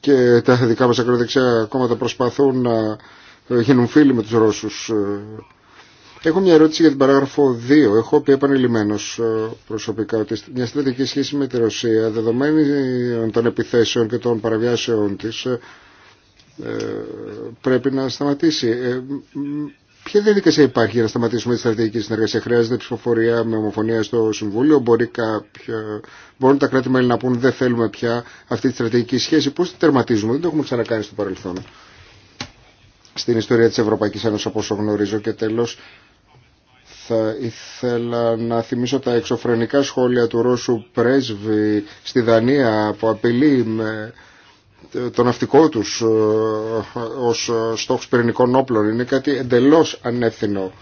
και τα δικά μας ακροδεξιά κόμματα προσπαθούν να γίνουν φίλοι με τους Ρώσους Έχω μια ερώτηση για την παράγραφο 2. Έχω πει επανειλημμένω ε, προσωπικά ότι μια στρατηγική σχέση με τη Ρωσία, δεδομένη των επιθέσεων και των παραβιάσεών τη, ε, ε, πρέπει να σταματήσει. Ποια διαδικασία υπάρχει για να σταματήσουμε τη στρατηγική συνεργασία. Χρειάζεται ψηφοφορία με ομοφωνία στο Συμβούλιο. Μπορεί Μπορούν τα κράτη-μέλη να πούν δεν θέλουμε πια αυτή τη στρατηγική σχέση. Πώ τη τερματίζουμε, δεν το έχουμε ξανακάνει στο παρελθόν. Στην ιστορία τη Ευρωπαϊκή Ένωση, όπω γνωρίζω, και τέλο θα ήθελα να θυμίσω τα εξωφρενικά σχόλια του Ρώσου πρέσβη στη Δανία που απειλεί με το ναυτικό τους ε, ως στόχος πυρηνικών όπλων. Είναι κάτι εντελώς ανεύθυνο.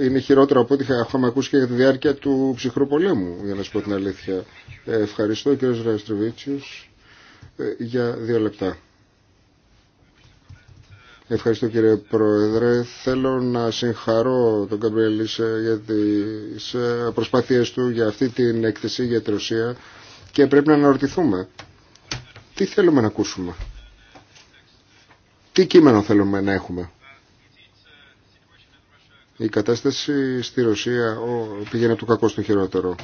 Ε, είναι χειρότερο από ό,τι είχαμε ακούσει και για τη διάρκεια του ψυχρού πολέμου, για να σου πω την αλήθεια. Ε, ευχαριστώ, κύριε Ραστριβίτσιος, για δύο λεπτά. Ευχαριστώ κύριε Πρόεδρε. Θέλω να συγχαρώ τον Καμπριέλη για τις ε, προσπάθειες του για αυτή την έκθεση για τη Ρωσία και πρέπει να αναρωτηθούμε τι θέλουμε να ακούσουμε. Τι κείμενο θέλουμε να έχουμε. Η κατάσταση στη Ρωσία πηγαίνει από το κακό στο χειρότερο.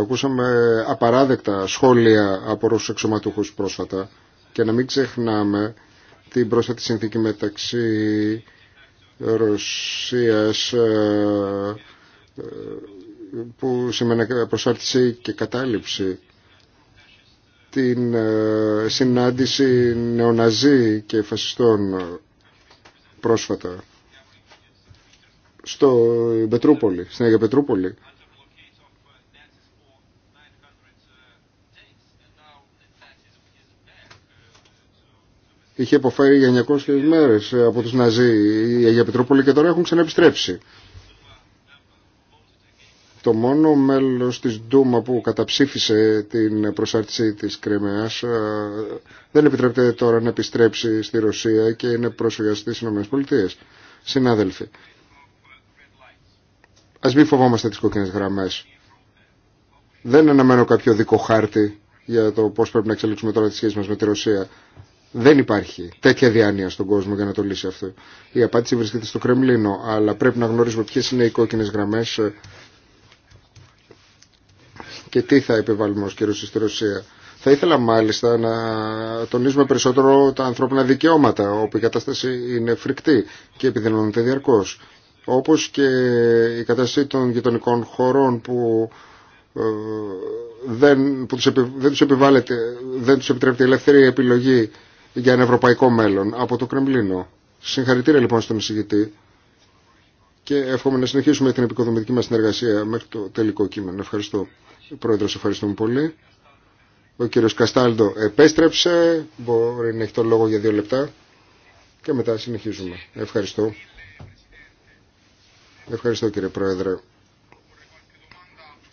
Ακούσαμε απαράδεκτα σχόλια από Ρώσους εξωματούχους πρόσφατα και να μην ξεχνάμε την πρόσφατη συνθήκη μεταξύ Ρωσίας ε, ε, που σημαίνει προσάρτηση και κατάληψη την ε, συνάντηση νεοναζί και φασιστών πρόσφατα στο Πετρούπολη, στην Αγία Πετρούπολη είχε υποφέρει για 900 μέρες ε, από τους Ναζί η Αγία και τώρα έχουν ξαναεπιστρέψει. Το μόνο μέλος της Ντούμα που καταψήφισε την προσάρτηση της Κρεμαίας ε, δεν επιτρέπεται τώρα να επιστρέψει στη Ρωσία και είναι πρόσφυγα στις ΗΠΑ. Συνάδελφοι, ας μην φοβόμαστε τις κόκκινες γραμμές. Δεν αναμένω κάποιο δικό χάρτη για το πώς πρέπει να εξελίξουμε τώρα τη σχέση μας με τη Ρωσία. Δεν υπάρχει τέτοια διάνοια στον κόσμο για να το λύσει αυτό. Η απάντηση βρίσκεται στο Κρεμλίνο, αλλά πρέπει να γνωρίζουμε ποιε είναι οι κόκκινε γραμμέ ε, και τι θα επιβάλλουμε ω κύριο στη Ρωσία. Θα ήθελα μάλιστα να τονίζουμε περισσότερο τα ανθρώπινα δικαιώματα, όπου η κατάσταση είναι φρικτή και επιδεινώνεται διαρκώ. Όπω και η κατάσταση των γειτονικών χωρών που ε, δεν, που τους, δεν, δεν επιτρέπεται η ελεύθερη επιλογή για ένα ευρωπαϊκό μέλλον από το Κρεμλίνο. Συγχαρητήρια λοιπόν στον εισηγητή και εύχομαι να συνεχίσουμε την επικοδομητική μας συνεργασία μέχρι το τελικό κείμενο. Ευχαριστώ. Πρόεδρος, ευχαριστούμε πολύ. Ο κύριος Καστάλντο επέστρεψε, μπορεί να έχει το λόγο για δύο λεπτά και μετά συνεχίζουμε. Ευχαριστώ. Ευχαριστώ κύριε Πρόεδρε.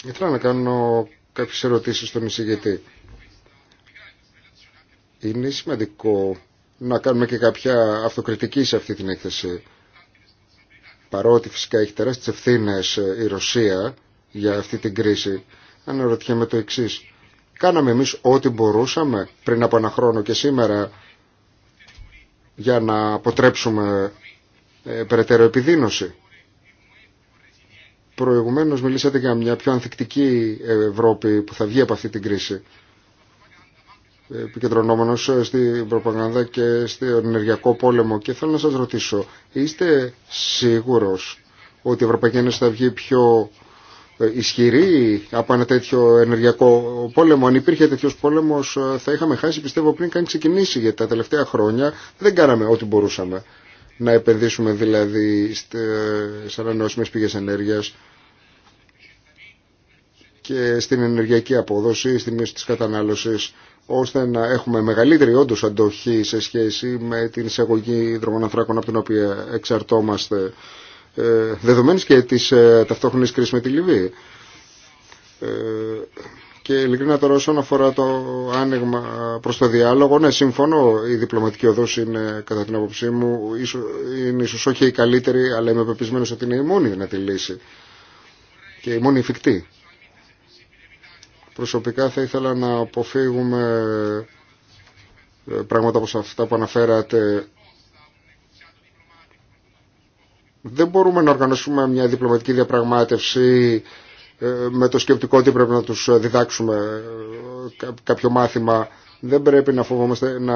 Ήθελα να κάνω κάποιες ερωτήσεις στον εισηγητή είναι σημαντικό να κάνουμε και κάποια αυτοκριτική σε αυτή την έκθεση. Παρότι φυσικά έχει τεράστιες ευθύνε ε, η Ρωσία για αυτή την κρίση, αναρωτιέμαι το εξή. Κάναμε εμείς ό,τι μπορούσαμε πριν από ένα χρόνο και σήμερα για να αποτρέψουμε ε, περαιτέρω επιδείνωση. Προηγουμένως μιλήσατε για μια πιο ανθεκτική Ευρώπη που θα βγει από αυτή την κρίση επικεντρωνόμενος ε, στην προπαγάνδα και στον ενεργειακό πόλεμο και θέλω να σας ρωτήσω είστε σίγουρος ότι η Ευρωπαϊκή Ένωση θα βγει πιο ε, ισχυρή από ένα τέτοιο ενεργειακό πόλεμο. Αν υπήρχε τέτοιο πόλεμο, ε, θα είχαμε χάσει, πιστεύω, πριν καν ξεκινήσει. Γιατί τα τελευταία χρόνια δεν κάναμε ό,τι μπορούσαμε. Να επενδύσουμε δηλαδή στι ανανεώσιμε πηγέ ενέργεια και στην ενεργειακή απόδοση, στη μείωση τη κατανάλωση ώστε να έχουμε μεγαλύτερη όντως αντοχή σε σχέση με την εισαγωγή δρομοναθράκων από την οποία εξαρτώμαστε ε, δεδομένης και της ε, ταυτόχρονης κρίσης με τη Λιβύη. Ε, και ειλικρινά τώρα όσον αφορά το άνοιγμα προς το διάλογο, ναι σύμφωνο, η διπλωματική οδός είναι κατά την άποψή μου είναι ίσως όχι η καλύτερη αλλά είμαι πεπισμένο ότι είναι η μόνη δυνατή λύση και η μόνη εφικτή. Προσωπικά θα ήθελα να αποφύγουμε ε, πράγματα όπως αυτά που αναφέρατε. Δεν μπορούμε να οργανώσουμε μια διπλωματική διαπραγμάτευση ε, με το σκεπτικό ότι πρέπει να τους διδάξουμε ε, κάποιο μάθημα. Δεν πρέπει να φοβόμαστε να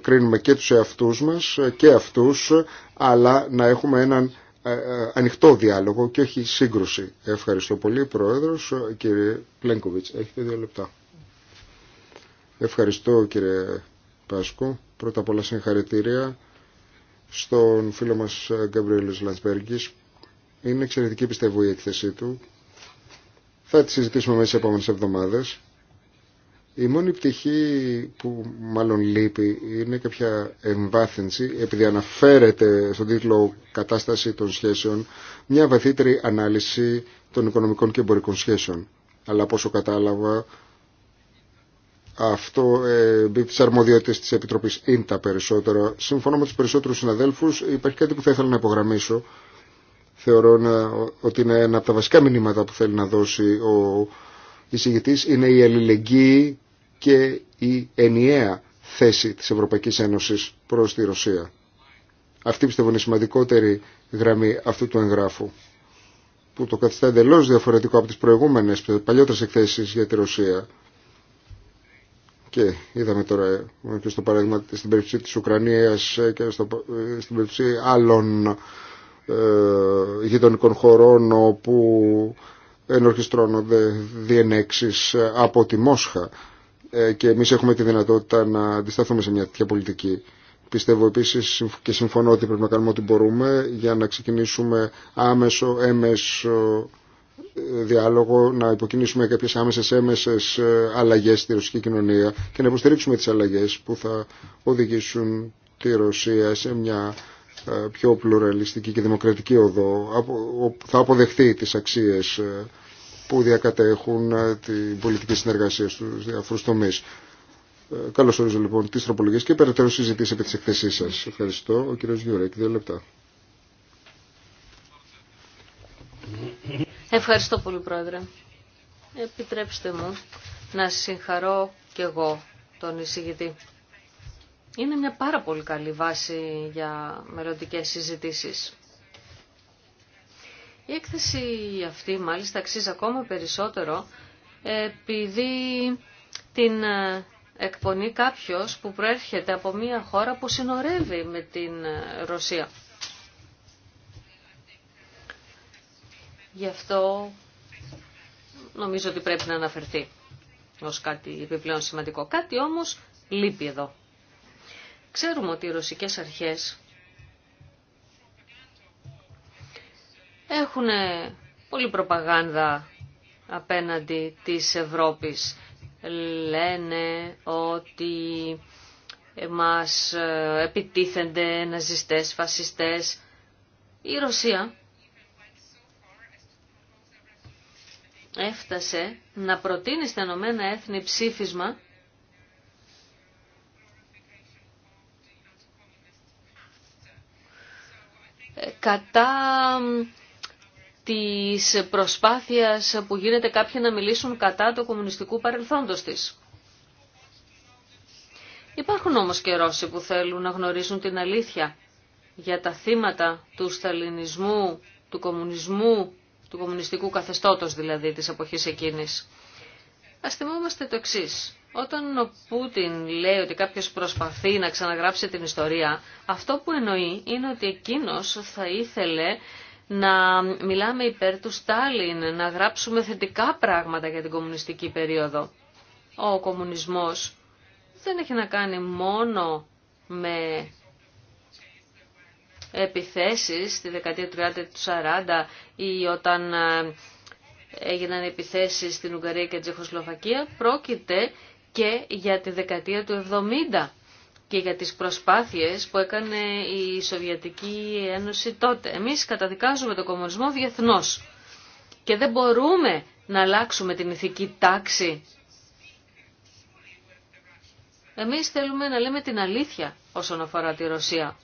κρίνουμε και τους εαυτούς μας και αυτούς, αλλά να έχουμε έναν ε, ε, ανοιχτό διάλογο και όχι σύγκρουση. Ευχαριστώ πολύ, Πρόεδρος. Κύριε Πλένκοβιτς, έχετε δύο λεπτά. Ευχαριστώ, κύριε Πάσκο. Πρώτα απ' όλα συγχαρητήρια στον φίλο μας ε, Γκαμπριέλος Λαντσπέργκης. Είναι εξαιρετική, πιστεύω, η έκθεσή του. Θα τη συζητήσουμε μέσα στι επόμενες εβδομάδες. Η μόνη πτυχή που μάλλον λείπει είναι κάποια εμβάθυνση, επειδή αναφέρεται στον τίτλο «Κατάσταση των σχέσεων» μια βαθύτερη ανάλυση των οικονομικών και εμπορικών σχέσεων. Αλλά από όσο κατάλαβα, αυτό ε, μπει τις αρμοδιότητες της Επιτροπής τα περισσότερα. Συμφωνώ με τους περισσότερους συναδέλφους, υπάρχει κάτι που θα ήθελα να υπογραμμίσω. Θεωρώ ότι είναι ένα από τα βασικά μηνύματα που θέλει να δώσει ο εισηγητής, είναι η αλληλεγγύη και η ενιαία θέση της Ευρωπαϊκής Ένωσης προς τη Ρωσία. Αυτή πιστεύω είναι η σημαντικότερη γραμμή αυτού του εγγράφου που το καθιστά εντελώ διαφορετικό από τις προηγούμενες παλιότερες εκθέσεις για τη Ρωσία και είδαμε τώρα ε, και στο παράδειγμα στην περίπτωση της Ουκρανίας ε, και στο, ε, στην περίπτωση άλλων ε, γειτονικών χωρών όπου ενορχιστρώνονται διενέξεις από τη Μόσχα ε, και εμείς έχουμε τη δυνατότητα να αντισταθούμε σε μια τέτοια πολιτική. Πιστεύω επίσης και συμφωνώ ότι πρέπει να κάνουμε ό,τι μπορούμε για να ξεκινήσουμε άμεσο, έμεσο ε, διάλογο, να υποκινήσουμε κάποιες άμεσες, έμεσες ε, αλλαγές στη ρωσική κοινωνία και να υποστηρίξουμε τις αλλαγές που θα οδηγήσουν τη Ρωσία σε μια πιο πλουραλιστική και δημοκρατική οδό, θα αποδεχθεί τις αξίες που διακατέχουν ε, την πολιτική συνεργασία στους διάφορου τομεί. Ε, Καλώς ορίζω λοιπόν τι τροπολογίε και περαιτέρω συζητήσεις επί τη εκθεσή σας. Ευχαριστώ. Ο κύριος Γιουρέκ, δύο λεπτά. Ευχαριστώ πολύ Πρόεδρε. Επιτρέψτε μου να συγχαρώ κι εγώ τον εισηγητή. Είναι μια πάρα πολύ καλή βάση για μελλοντικές συζητήσεις. Η έκθεση αυτή μάλιστα αξίζει ακόμα περισσότερο επειδή την ε, εκπονεί κάποιος που προέρχεται από μια χώρα που συνορεύει με την ε, Ρωσία. Γι' αυτό νομίζω ότι πρέπει να αναφερθεί ως κάτι επιπλέον σημαντικό. Κάτι όμως λείπει εδώ. Ξέρουμε ότι οι ρωσικές αρχές έχουν πολύ προπαγάνδα απέναντι της Ευρώπης. Λένε ότι μας ε, επιτίθενται ναζιστές, φασιστές. Η Ρωσία έφτασε να προτείνει στα Ηνωμένα Έθνη ψήφισμα κατά της προσπάθειας που γίνεται κάποιοι να μιλήσουν κατά του κομμουνιστικού παρελθόντος της. Υπάρχουν όμως και Ρώσοι που θέλουν να γνωρίζουν την αλήθεια για τα θύματα του σταλινισμού, του κομμουνισμού, του κομμουνιστικού καθεστώτος δηλαδή της εποχής εκείνης. Ας θυμόμαστε το εξή. Όταν ο Πούτιν λέει ότι κάποιος προσπαθεί να ξαναγράψει την ιστορία, αυτό που εννοεί είναι ότι εκείνος θα ήθελε να μιλάμε υπέρ του Στάλιν, να γράψουμε θετικά πράγματα για την κομμουνιστική περίοδο. Ο κομμουνισμός δεν έχει να κάνει μόνο με επιθέσεις στη δεκαετία του 30 του 40 ή όταν ε, έγιναν επιθέσεις στην Ουγγαρία και Τσεχοσλοβακία, πρόκειται και για τη δεκαετία του 70 και για τις προσπάθειες που έκανε η Σοβιετική Ένωση τότε. Εμείς καταδικάζουμε το κομμουνισμό διεθνώς και δεν μπορούμε να αλλάξουμε την ηθική τάξη. Εμείς θέλουμε να λέμε την αλήθεια όσον αφορά τη Ρωσία.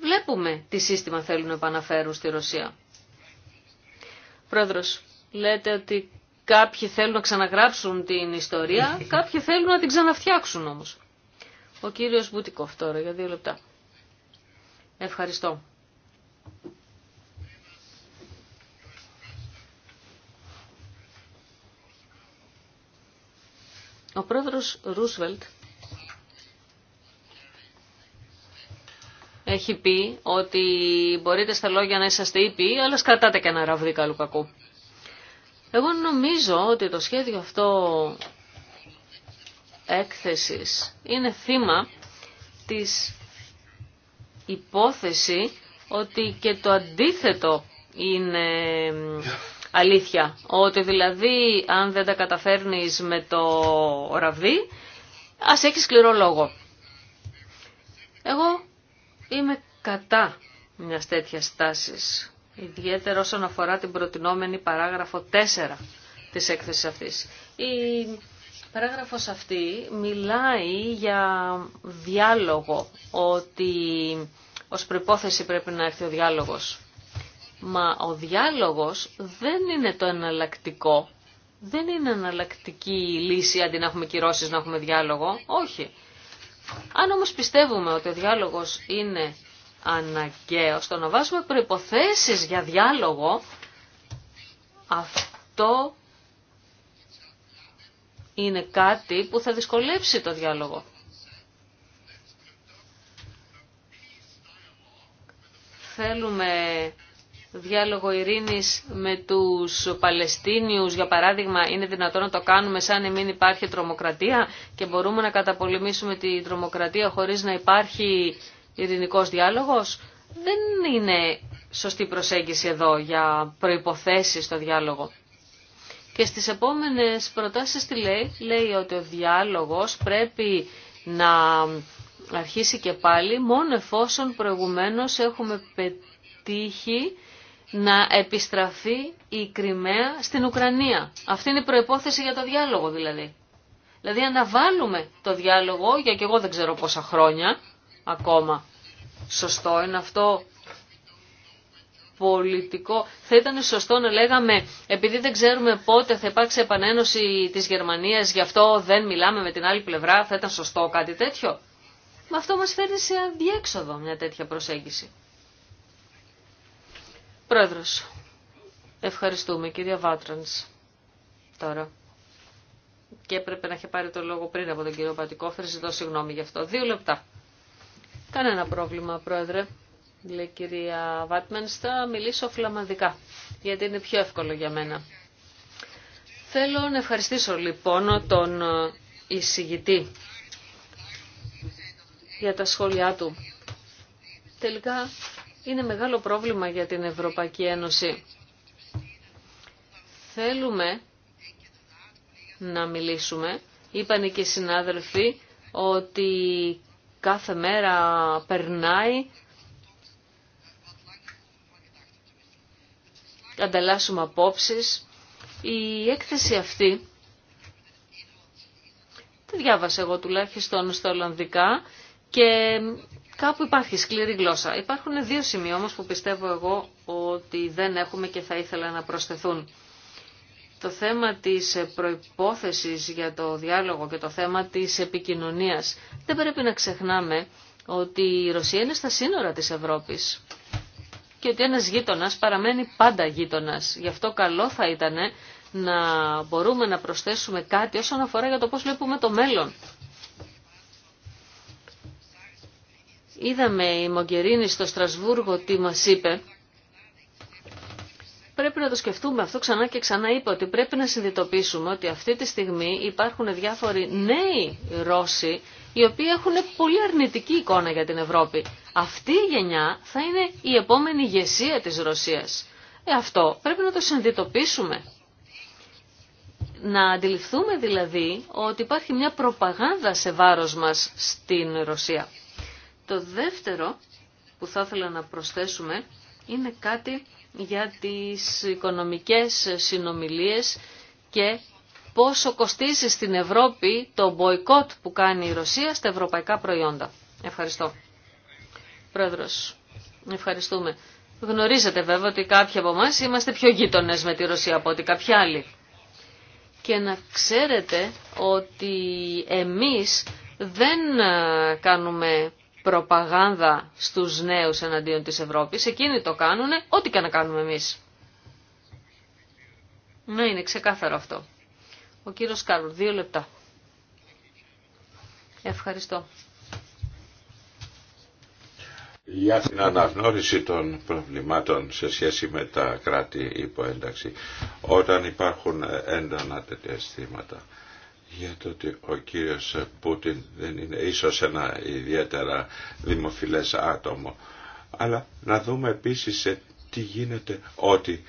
Βλέπουμε τι σύστημα θέλουν να επαναφέρουν στη Ρωσία. Πρόεδρος, λέτε ότι κάποιοι θέλουν να ξαναγράψουν την ιστορία, κάποιοι θέλουν να την ξαναφτιάξουν όμως. Ο κύριος Μπουτικόφ τώρα για δύο λεπτά. Ευχαριστώ. Ο πρόεδρος Ρούσβελτ έχει πει ότι μπορείτε στα λόγια να είσαστε ήπιοι, αλλά σκατάτε και ένα ραβδί καλού κακού. Εγώ νομίζω ότι το σχέδιο αυτό έκθεσης είναι θύμα της υπόθεση ότι και το αντίθετο είναι αλήθεια. Ότι δηλαδή αν δεν τα καταφέρνεις με το ραβδί, ας έχεις σκληρό λόγο. Εγώ είμαι κατά μια τέτοια τάση, ιδιαίτερα όσον αφορά την προτινόμενη παράγραφο 4 της έκθεσης αυτής. Η παράγραφος αυτή μιλάει για διάλογο, ότι ως προϋπόθεση πρέπει να έρθει ο διάλογος. Μα ο διάλογος δεν είναι το εναλλακτικό. Δεν είναι εναλλακτική λύση αντί να έχουμε κυρώσεις να έχουμε διάλογο. Όχι. Αν όμως πιστεύουμε ότι ο διάλογος είναι αναγκαίος, το να βάζουμε προϋποθέσεις για διάλογο, αυτό είναι κάτι που θα δυσκολεύσει το διάλογο. Θέλουμε διάλογο ειρήνης με τους Παλαιστίνιους, για παράδειγμα, είναι δυνατόν να το κάνουμε σαν να μην υπάρχει τρομοκρατία και μπορούμε να καταπολεμήσουμε τη τρομοκρατία χωρίς να υπάρχει ειρηνικός διάλογος. Δεν είναι σωστή προσέγγιση εδώ για προϋποθέσεις στο διάλογο. Και στις επόμενες προτάσεις τι λέει, λέει ότι ο διάλογος πρέπει να αρχίσει και πάλι μόνο εφόσον προηγουμένως έχουμε πετύχει να επιστραφεί η Κρυμαία στην Ουκρανία. Αυτή είναι η προϋπόθεση για το διάλογο δηλαδή. Δηλαδή αναβάλουμε το διάλογο για και εγώ δεν ξέρω πόσα χρόνια ακόμα. Σωστό είναι αυτό πολιτικό. Θα ήταν σωστό να λέγαμε, επειδή δεν ξέρουμε πότε θα υπάρξει επανένωση της Γερμανίας, γι' αυτό δεν μιλάμε με την άλλη πλευρά, θα ήταν σωστό κάτι τέτοιο. Με αυτό μας φέρνει σε αδιέξοδο μια τέτοια προσέγγιση. Πρόεδρος, ευχαριστούμε κυρία Βάτρανς τώρα. Και έπρεπε να είχε πάρει το λόγο πριν από τον κύριο Πατικόφερ, ζητώ συγγνώμη γι' αυτό. Δύο λεπτά. Κανένα πρόβλημα, Πρόεδρε λέει η κυρία Βάτμενς, θα μιλήσω φλαμανδικά, γιατί είναι πιο εύκολο για μένα. Θέλω να ευχαριστήσω λοιπόν τον ε, εισηγητή για τα σχόλιά του. Τελικά είναι μεγάλο πρόβλημα για την Ευρωπαϊκή Ένωση. Θέλουμε να μιλήσουμε. Είπαν και οι συνάδελφοι ότι κάθε μέρα περνάει ανταλλάσσουμε απόψεις. Η έκθεση αυτή, τη διάβασα εγώ τουλάχιστον στα Ολλανδικά και κάπου υπάρχει σκληρή γλώσσα. Υπάρχουν δύο σημεία όμως που πιστεύω εγώ ότι δεν έχουμε και θα ήθελα να προσθεθούν. Το θέμα της προϋπόθεσης για το διάλογο και το θέμα της επικοινωνίας. Δεν πρέπει να ξεχνάμε ότι η Ρωσία είναι στα σύνορα της Ευρώπης και ότι ένας γείτονας παραμένει πάντα γείτονας. Γι' αυτό καλό θα ήταν να μπορούμε να προσθέσουμε κάτι όσον αφορά για το πώς βλέπουμε το μέλλον. Είδαμε η Μογκερίνη στο Στρασβούργο τι μας είπε πρέπει να το σκεφτούμε αυτό ξανά και ξανά είπα ότι πρέπει να συνειδητοποιήσουμε ότι αυτή τη στιγμή υπάρχουν διάφοροι νέοι Ρώσοι οι οποίοι έχουν πολύ αρνητική εικόνα για την Ευρώπη. Αυτή η γενιά θα είναι η επόμενη ηγεσία της Ρωσίας. Ε, αυτό πρέπει να το συνειδητοποιήσουμε. Να αντιληφθούμε δηλαδή ότι υπάρχει μια προπαγάνδα σε βάρος μας στην Ρωσία. Το δεύτερο που θα ήθελα να προσθέσουμε είναι κάτι για τις οικονομικές συνομιλίες και πόσο κοστίζει στην Ευρώπη το μποϊκότ που κάνει η Ρωσία στα ευρωπαϊκά προϊόντα. Ευχαριστώ. Πρόεδρος, ευχαριστούμε. Γνωρίζετε βέβαια ότι κάποιοι από εμά είμαστε πιο γείτονε με τη Ρωσία από ότι κάποιοι άλλοι. Και να ξέρετε ότι εμείς δεν ε, κάνουμε προπαγάνδα στους νέους εναντίον της Ευρώπης. Εκείνοι το κάνουν, ό,τι και να κάνουμε εμείς. Ναι, είναι ξεκάθαρο αυτό. Ο κύριος Κάρλουρ, δύο λεπτά. Ευχαριστώ. Για την αναγνώριση των προβλημάτων σε σχέση με τα κράτη υπό ένταξη, όταν υπάρχουν έντονα τέτοια αισθήματα για το ότι ο κύριος Πούτιν δεν είναι ίσως ένα ιδιαίτερα δημοφιλές άτομο. Αλλά να δούμε επίσης τι γίνεται ότι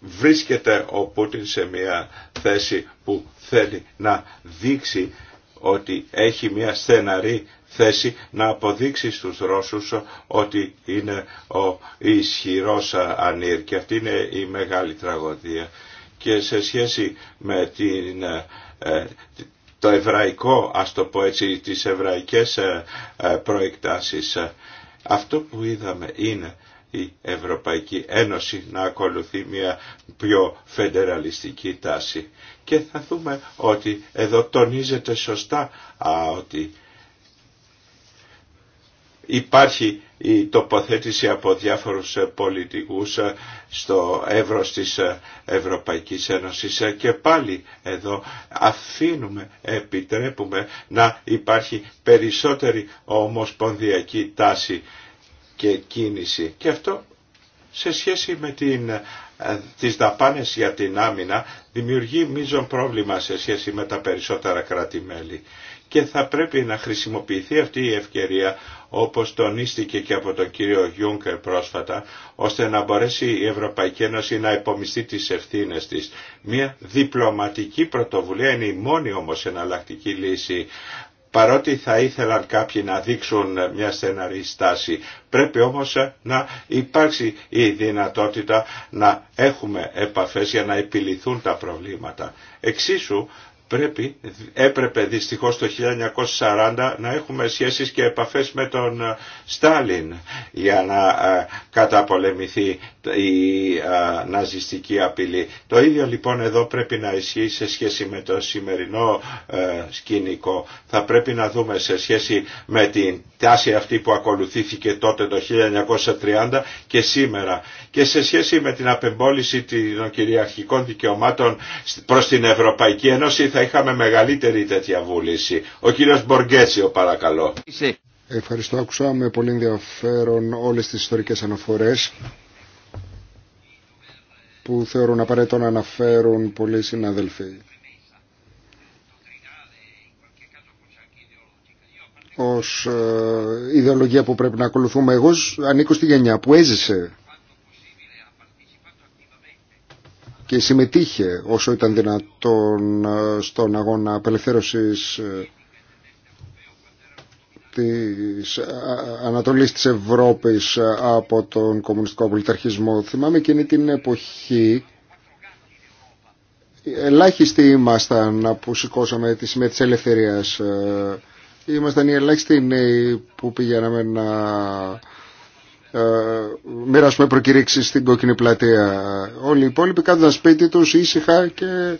βρίσκεται ο Πούτιν σε μια θέση που θέλει να δείξει ότι έχει μια στεναρή θέση να αποδείξει στους Ρώσους ότι είναι ο ισχυρός ανήρ και αυτή είναι η μεγάλη τραγωδία και σε σχέση με την, ε, ε, το εβραϊκό, ας το πω έτσι, τις εβραϊκές ε, προεκτάσεις. Αυτό που είδαμε είναι η Ευρωπαϊκή Ένωση να ακολουθεί μια πιο φεντεραλιστική τάση. Και θα δούμε ότι εδώ τονίζεται σωστά ότι Υπάρχει η τοποθέτηση από διάφορους ε, πολιτικούς ε, στο εύρος της ε, Ευρωπαϊκής Ένωσης και πάλι εδώ αφήνουμε, επιτρέπουμε να υπάρχει περισσότερη ομοσπονδιακή τάση και κίνηση και αυτό σε σχέση με την, τις δαπάνες για την άμυνα δημιουργεί μείζον πρόβλημα σε σχέση με τα περισσότερα κράτη-μέλη και θα πρέπει να χρησιμοποιηθεί αυτή η ευκαιρία όπως τονίστηκε και από τον κύριο Γιούγκερ πρόσφατα, ώστε να μπορέσει η Ευρωπαϊκή Ένωση να υπομειστεί τις ευθύνες της. Μια διπλωματική πρωτοβουλία είναι η μόνη όμως εναλλακτική λύση παρότι θα ήθελαν κάποιοι να δείξουν μια στεναρή στάση. Πρέπει όμως να υπάρξει η δυνατότητα να έχουμε επαφές για να επιληθούν τα προβλήματα. Εξίσου πρέπει, έπρεπε δυστυχώς το 1940 να έχουμε σχέσεις και επαφές με τον ε, Στάλιν για να ε, καταπολεμηθεί η ε, ναζιστική απειλή. Το ίδιο λοιπόν εδώ πρέπει να ισχύει σε σχέση με το σημερινό σκηνικό. Θα πρέπει να δούμε σε σχέση με την τάση αυτή που ακολουθήθηκε τότε το 1930 και σήμερα και σε σχέση με την απεμπόληση των κυριαρχικών δικαιωμάτων προς την Ευρωπαϊκή Ένωση θα είχαμε μεγαλύτερη τέτοια βούληση. Ο κύριος Μποργέτσιο παρακαλώ. Ευχαριστώ. Άκουσα με πολύ ενδιαφέρον όλες τις ιστορικές αναφορές που θεωρούν απαραίτητο να αναφέρουν πολλοί συναδελφοί. Ως ε, ιδεολογία που πρέπει να ακολουθούμε. Εγώ ανήκω στη γενιά που έζησε και συμμετείχε όσο ήταν δυνατόν ε, στον αγώνα απελευθέρωσης ε, της ε, Ανατολής της Ευρώπης από τον κομμουνιστικό πολιταρχισμό. Θυμάμαι εκείνη την εποχή ελάχιστοι ήμασταν που σηκώσαμε τη σημαία της ελευθερίας. Ήμασταν οι ελάχιστοι νέοι που πηγαίναμε να ε, μοιράσουμε προκηρύξει στην κόκκινη πλατεία. Όλοι οι υπόλοιποι κάθονταν σπίτι τους ήσυχα και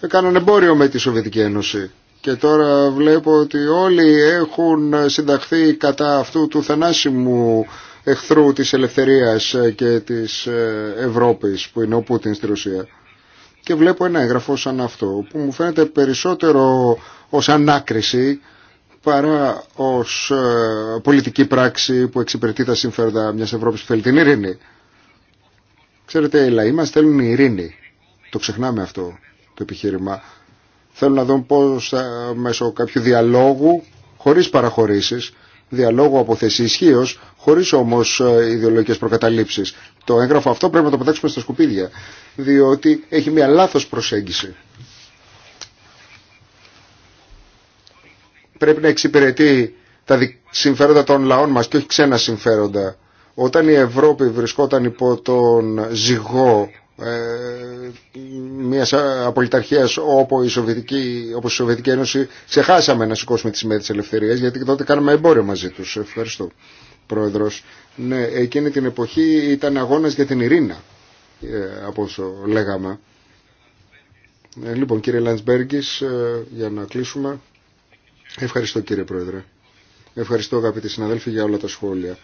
έκαναν εμπόριο με τη Σοβιετική Ένωση. Και τώρα βλέπω ότι όλοι έχουν συνταχθεί κατά αυτού του θανάσιμου εχθρού της ελευθερίας και της ε, Ευρώπης που είναι ο Πούτιν στη Ρωσία. Και βλέπω ένα έγγραφο σαν αυτό που μου φαίνεται περισσότερο ως ανάκριση παρά ως ε, πολιτική πράξη που εξυπηρετεί τα συμφέροντα μιας Ευρώπης που θέλει την ειρήνη. Ξέρετε, οι λαοί μας θέλουν ειρήνη. Το ξεχνάμε αυτό το επιχείρημα. Θέλουν να δουν πώς ε, μέσω κάποιου διαλόγου, χωρίς παραχωρήσεις, διαλόγου από θέση ισχύω, χωρί όμω ε, ιδεολογικέ προκαταλήψει. Το έγγραφο αυτό πρέπει να το πετάξουμε στα σκουπίδια, διότι έχει μια λάθο προσέγγιση πρέπει να εξυπηρετεί τα συμφέροντα των λαών μας και όχι ξένα συμφέροντα. Όταν η Ευρώπη βρισκόταν υπό τον ζυγό ε, μιας απολυταρχίας η Σοβιετική, όπως η Σοβιετική Ένωση ξεχάσαμε να σηκώσουμε τη σημαία της ελευθερίας γιατί τότε κάναμε εμπόριο μαζί τους. Ευχαριστώ. Πρόεδρος. Ναι, εκείνη την εποχή ήταν αγώνας για την ειρήνα, ε, από όσο λέγαμε. Ε, λοιπόν, κύριε Λαντσμπέργκης, ε, για να κλείσουμε. Ευχαριστώ κύριε Πρόεδρε. Ευχαριστώ αγαπητοί συναδέλφοι για όλα τα σχόλια.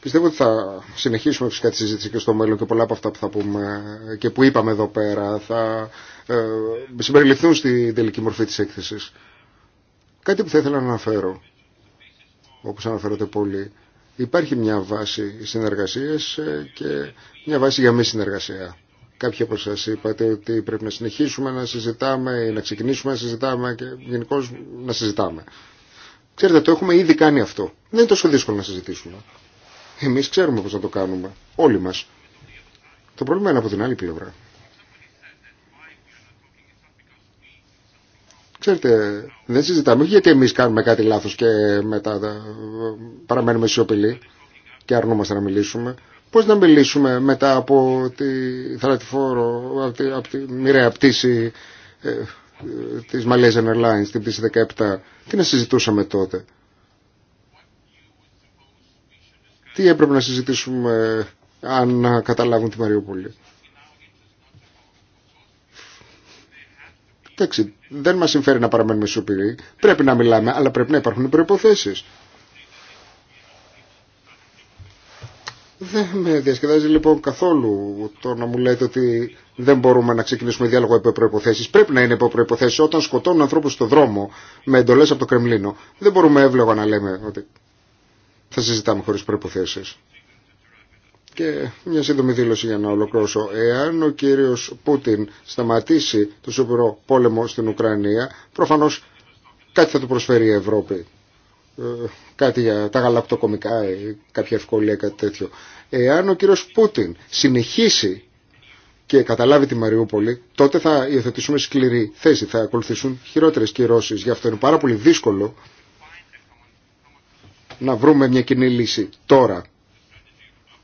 Πιστεύω ότι θα συνεχίσουμε φυσικά τη συζήτηση και στο μέλλον και πολλά από αυτά που θα πούμε και που είπαμε εδώ πέρα θα ε, συμπεριληφθούν στη τελική μορφή της έκθεσης. Κάτι που θα ήθελα να αναφέρω, όπως αναφέρονται πολλοί, υπάρχει μια βάση συνεργασίες ε, και μια βάση για μη συνεργασία. Κάποιοι από σας είπατε ότι πρέπει να συνεχίσουμε να συζητάμε ή να ξεκινήσουμε να συζητάμε και γενικώ να συζητάμε. Ξέρετε, το έχουμε ήδη κάνει αυτό. Δεν είναι τόσο δύσκολο να συζητήσουμε. Εμείς ξέρουμε πώς να το κάνουμε. Όλοι μας. Το πρόβλημα είναι από την άλλη πλευρά. Ξέρετε, δεν συζητάμε γιατί εμείς κάνουμε κάτι λάθος και μετά παραμένουμε σιωπηλοί και αρνούμαστε να μιλήσουμε. Πώς να μιλήσουμε μετά από τη θαλατηφόρο, από τη, από τη μοιραία πτήση ε, της Malaysian Airlines, την πτήση 17. Τι να συζητούσαμε τότε. Τι έπρεπε να συζητήσουμε αν καταλάβουν τη Μαριούπολη. Εντάξει, δεν μας συμφέρει να παραμένουμε σούπηροι. Πρέπει να μιλάμε, αλλά πρέπει να υπάρχουν προϋποθέσεις. Δεν με διασκεδάζει λοιπόν καθόλου το να μου λέτε ότι δεν μπορούμε να ξεκινήσουμε διάλογο υπό προποθέσει. Πρέπει να είναι υπό προποθέσει. Όταν σκοτώνουν ανθρώπου στον δρόμο με εντολέ από το Κρεμλίνο, δεν μπορούμε εύλογα να λέμε ότι θα συζητάμε χωρί προποθέσει. Και μια σύντομη δήλωση για να ολοκλώσω. Εάν ο κύριο Πούτιν σταματήσει το σοβαρό πόλεμο στην Ουκρανία, προφανώ κάτι θα του προσφέρει η Ευρώπη. Ε, κάτι για τα γαλακτοκομικά ή κάποια ευκολία κάτι τέτοιο. Εάν ο κύριος Πούτιν συνεχίσει και καταλάβει τη Μαριούπολη, τότε θα υιοθετήσουμε σκληρή θέση, θα ακολουθήσουν χειρότερες κυρώσεις. Γι' αυτό είναι πάρα πολύ δύσκολο να βρούμε μια κοινή λύση τώρα,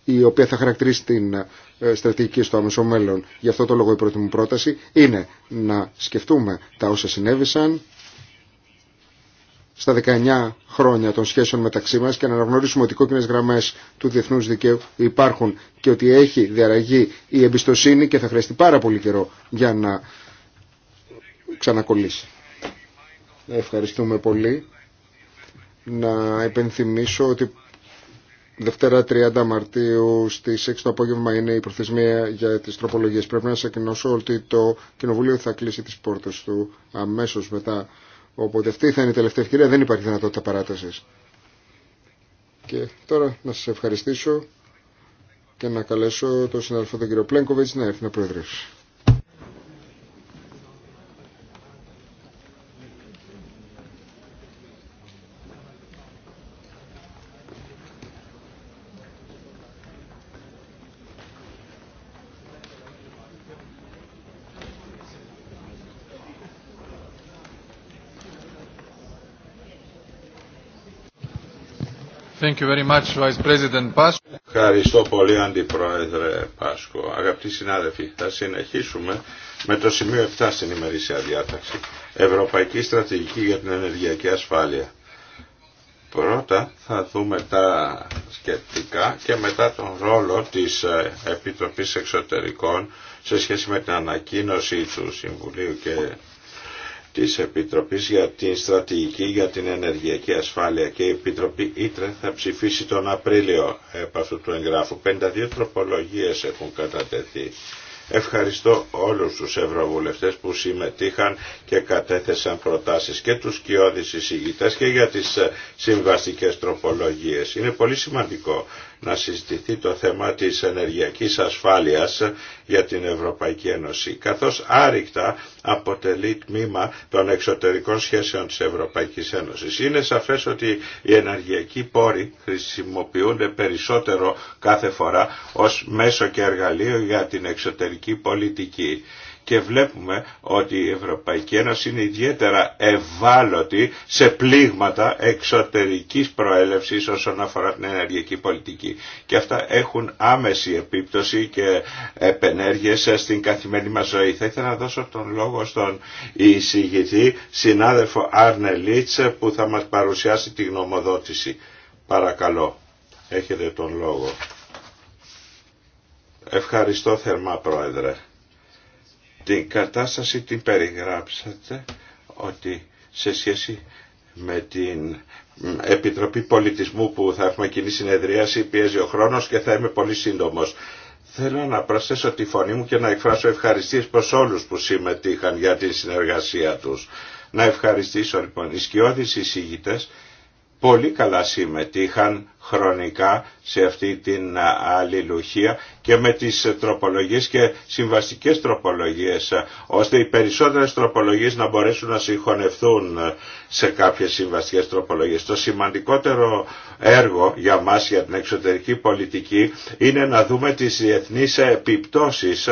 η οποία θα χαρακτηρίσει την ε, στρατηγική στο άμεσο μέλλον. Γι' αυτό το λόγο η πρώτη μου πρόταση είναι να σκεφτούμε τα όσα συνέβησαν, στα 19 χρόνια των σχέσεων μεταξύ μας και να αναγνωρίσουμε ότι οι κόκκινες γραμμές του διεθνούς δικαίου υπάρχουν και ότι έχει διαραγεί η εμπιστοσύνη και θα χρειαστεί πάρα πολύ καιρό για να ξανακολλήσει. Ευχαριστούμε πολύ. Να επενθυμίσω ότι Δευτέρα 30 Μαρτίου στι 6 το απόγευμα είναι η προθεσμία για τι τροπολογίε. Πρέπει να σα ανακοινώσω ότι το Κοινοβούλιο θα κλείσει τι πόρτε του Αμέσω μετά Οπότε αυτή θα είναι η τελευταία ευκαιρία, δεν υπάρχει δυνατότητα παράταση. Και τώρα να σα ευχαριστήσω και να καλέσω τον συνάδελφο τον κύριο Πλένκοβιτς να έρθει να προεδρεύσει. Ευχαριστώ πολύ Αντιπρόεδρε Πάσκο. Αγαπητοί συνάδελφοι, θα συνεχίσουμε με το σημείο 7 στην ημερήσια διάταξη. Ευρωπαϊκή Στρατηγική για την Ενεργειακή Ασφάλεια. Πρώτα θα δούμε τα σκεπτικά και μετά τον ρόλο της ε, Επιτροπής Εξωτερικών σε σχέση με την ανακοίνωση του Συμβουλίου και της Επιτροπής για την Στρατηγική για την Ενεργειακή Ασφάλεια και η Επιτροπή Ήτρε θα ψηφίσει τον Απρίλιο από αυτού του εγγράφου. 52 τροπολογίες έχουν κατατεθεί. Ευχαριστώ όλους τους ευρωβουλευτές που συμμετείχαν και κατέθεσαν προτάσεις και τους κοιόδης εισηγητές και για τις συμβαστικές τροπολογίες. Είναι πολύ σημαντικό να συζητηθεί το θέμα της ενεργειακής ασφάλειας για την Ευρωπαϊκή Ένωση, καθώς άρρηκτα αποτελεί τμήμα των εξωτερικών σχέσεων της Ευρωπαϊκής Ένωσης. Είναι σαφές ότι οι ενεργειακοί πόροι χρησιμοποιούνται περισσότερο κάθε φορά ως μέσο και εργαλείο για την εξωτερική πολιτική και βλέπουμε ότι η Ευρωπαϊκή Ένωση είναι ιδιαίτερα ευάλωτη σε πλήγματα εξωτερικής προέλευσης όσον αφορά την ενεργειακή πολιτική. Και αυτά έχουν άμεση επίπτωση και επενέργειες στην καθημερινή μας ζωή. Θα ήθελα να δώσω τον λόγο στον εισηγητή συνάδελφο Άρνε Λίτσε που θα μας παρουσιάσει τη γνωμοδότηση. Παρακαλώ, έχετε τον λόγο. Ευχαριστώ θερμά Πρόεδρε. Την κατάσταση την περιγράψατε ότι σε σχέση με την Επιτροπή Πολιτισμού που θα έχουμε κοινή συνεδρίαση πιέζει ο χρόνος και θα είμαι πολύ σύντομος. Θέλω να προσθέσω τη φωνή μου και να εκφράσω ευχαριστίες προς όλους που συμμετείχαν για την συνεργασία τους. Να ευχαριστήσω λοιπόν οι σκιώδεις εισηγητές πολύ καλά συμμετείχαν χρονικά σε αυτή την αλληλουχία και με τις τροπολογίες και συμβαστικές τροπολογίες ώστε οι περισσότερες τροπολογίες να μπορέσουν να συγχωνευτούν σε κάποιες συμβαστικές τροπολογίες. Το σημαντικότερο έργο για μας για την εξωτερική πολιτική είναι να δούμε τις διεθνείς επιπτώσεις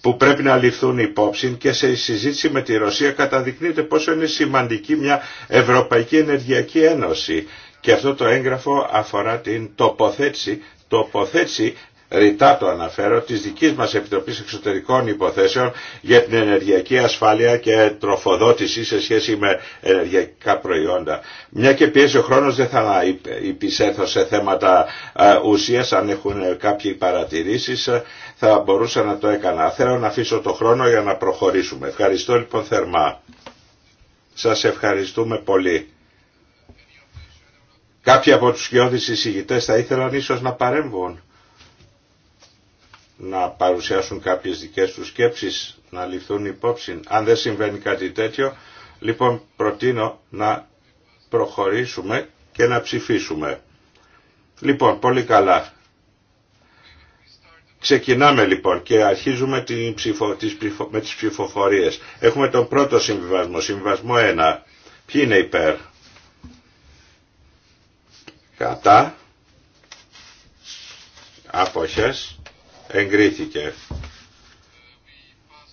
που πρέπει να ληφθούν υπόψη και σε συζήτηση με τη Ρωσία καταδεικνύεται πόσο είναι σημαντική μια Ευρωπαϊκή Ενεργειακή Ένωση και αυτό το έγγραφο αφορά την τοποθέτηση, τοποθέτηση ρητά το αναφέρω, της δικής μας Επιτροπής Εξωτερικών Υποθέσεων για την ενεργειακή ασφάλεια και τροφοδότηση σε σχέση με ενεργειακά προϊόντα. Μια και πιέζει ο χρόνος δεν θα υπησέθω σε θέματα ε, ουσίας αν έχουν κάποιοι παρατηρήσεις ε, θα μπορούσα να το έκανα. Θέλω να αφήσω το χρόνο για να προχωρήσουμε. Ευχαριστώ λοιπόν θερμά. Σας ευχαριστούμε πολύ. Κάποιοι από τους σκιώδεις εισηγητές θα ήθελαν ίσως να παρέμβουν, να παρουσιάσουν κάποιες δικές τους σκέψεις, να ληφθούν υπόψη. Αν δεν συμβαίνει κάτι τέτοιο, λοιπόν προτείνω να προχωρήσουμε και να ψηφίσουμε. Λοιπόν, πολύ καλά. Ξεκινάμε λοιπόν και αρχίζουμε την ψηφο, τις με τις ψηφοφορίες. Έχουμε τον πρώτο συμβιβασμό, συμβιβασμό 1. Ποιοι είναι υπέρ κατά άποχες εγκρίθηκε.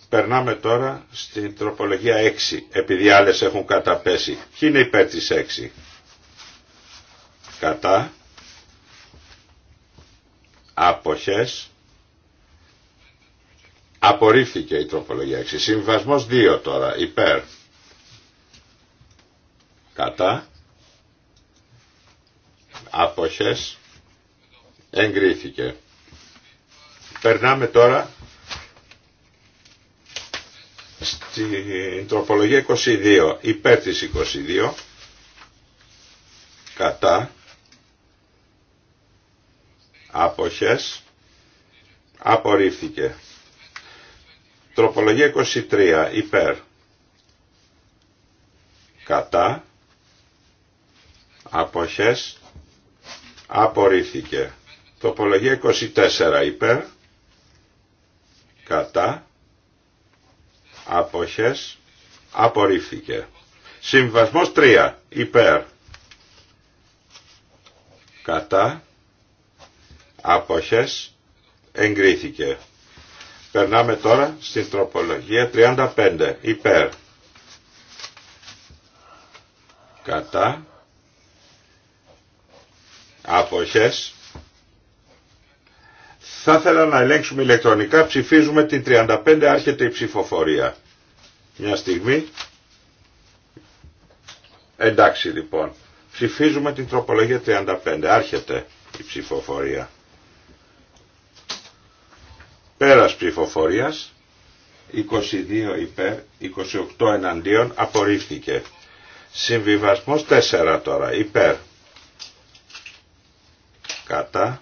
Περνάμε τώρα στην τροπολογία 6, επειδή άλλες έχουν καταπέσει. Ποιοι είναι υπέρ της 6. Κατά. Άποχες. Απορρίφθηκε η τροπολογία 6. Συμβασμός 2 τώρα. Υπέρ. Κατά αποχές εγκρίθηκε. Περνάμε τώρα στην τροπολογία 22, υπέρ της 22, κατά, άποχες, απορρίφθηκε. Τροπολογία 23, υπέρ, κατά, άποχες, Απορρίφθηκε. Τοπολογία 24 υπέρ. Κατά. Αποχές. Απορρίφθηκε. Συμβασμός 3 υπέρ. Κατά. Αποχές. Εγκρίθηκε. Περνάμε τώρα στην τροπολογία 35 υπέρ. Κατά αποχές. Θα ήθελα να ελέγξουμε ηλεκτρονικά, ψηφίζουμε την 35, άρχεται η ψηφοφορία. Μια στιγμή. Εντάξει λοιπόν, ψηφίζουμε την τροπολογία 35, άρχεται η ψηφοφορία. Πέρας ψηφοφορίας, 22 υπέρ, 28 εναντίον, απορρίφθηκε. Συμβιβασμός 4 τώρα, υπέρ, κατά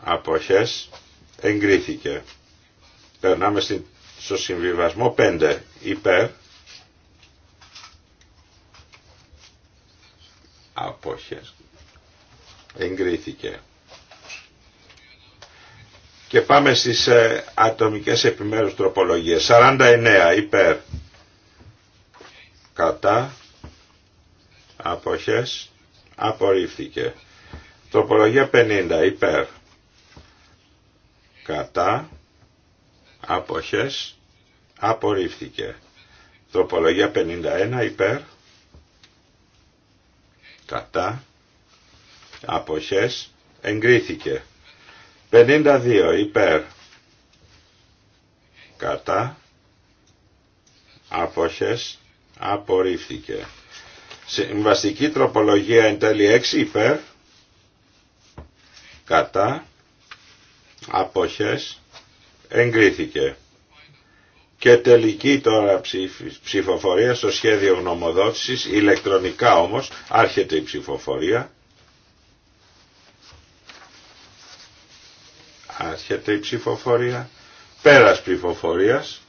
αποχές εγκρίθηκε. Περνάμε στο συμβιβασμό 5 υπέρ αποχές εγκρίθηκε. Και πάμε στις ε, ατομικές επιμέρους τροπολογίες. 49 υπέρ κατά αποχές απορρίφθηκε. Τροπολογία 50 υπέρ κατά άποχες απορρίφθηκε. Τροπολογία 51 υπέρ κατά άποχες εγκρίθηκε. 52 υπέρ κατά άποχες απορρίφθηκε. Συμβαστική τροπολογία εν τέλει 6 υπέρ κατά, αποχές, εγκρίθηκε. Και τελική τώρα ψηφοφορία στο σχέδιο γνωμοδότησης, ηλεκτρονικά όμως, άρχεται η ψηφοφορία. Άρχεται η ψηφοφορία, πέρας ψηφοφορίας.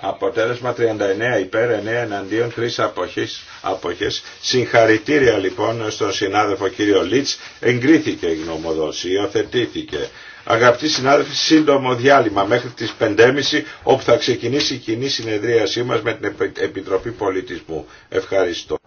Αποτέλεσμα 39 υπέρ 9 εναντίον 3 αποχης αποχές. Συγχαρητήρια λοιπόν στον συνάδελφο κύριο Λίτς. Εγκρίθηκε η γνωμοδόση, υιοθετήθηκε. Αγαπητοί συνάδελφοι, σύντομο διάλειμμα μέχρι τις 5.30 όπου θα ξεκινήσει η κοινή συνεδρίασή μας με την Επιτροπή Πολιτισμού. Ευχαριστώ.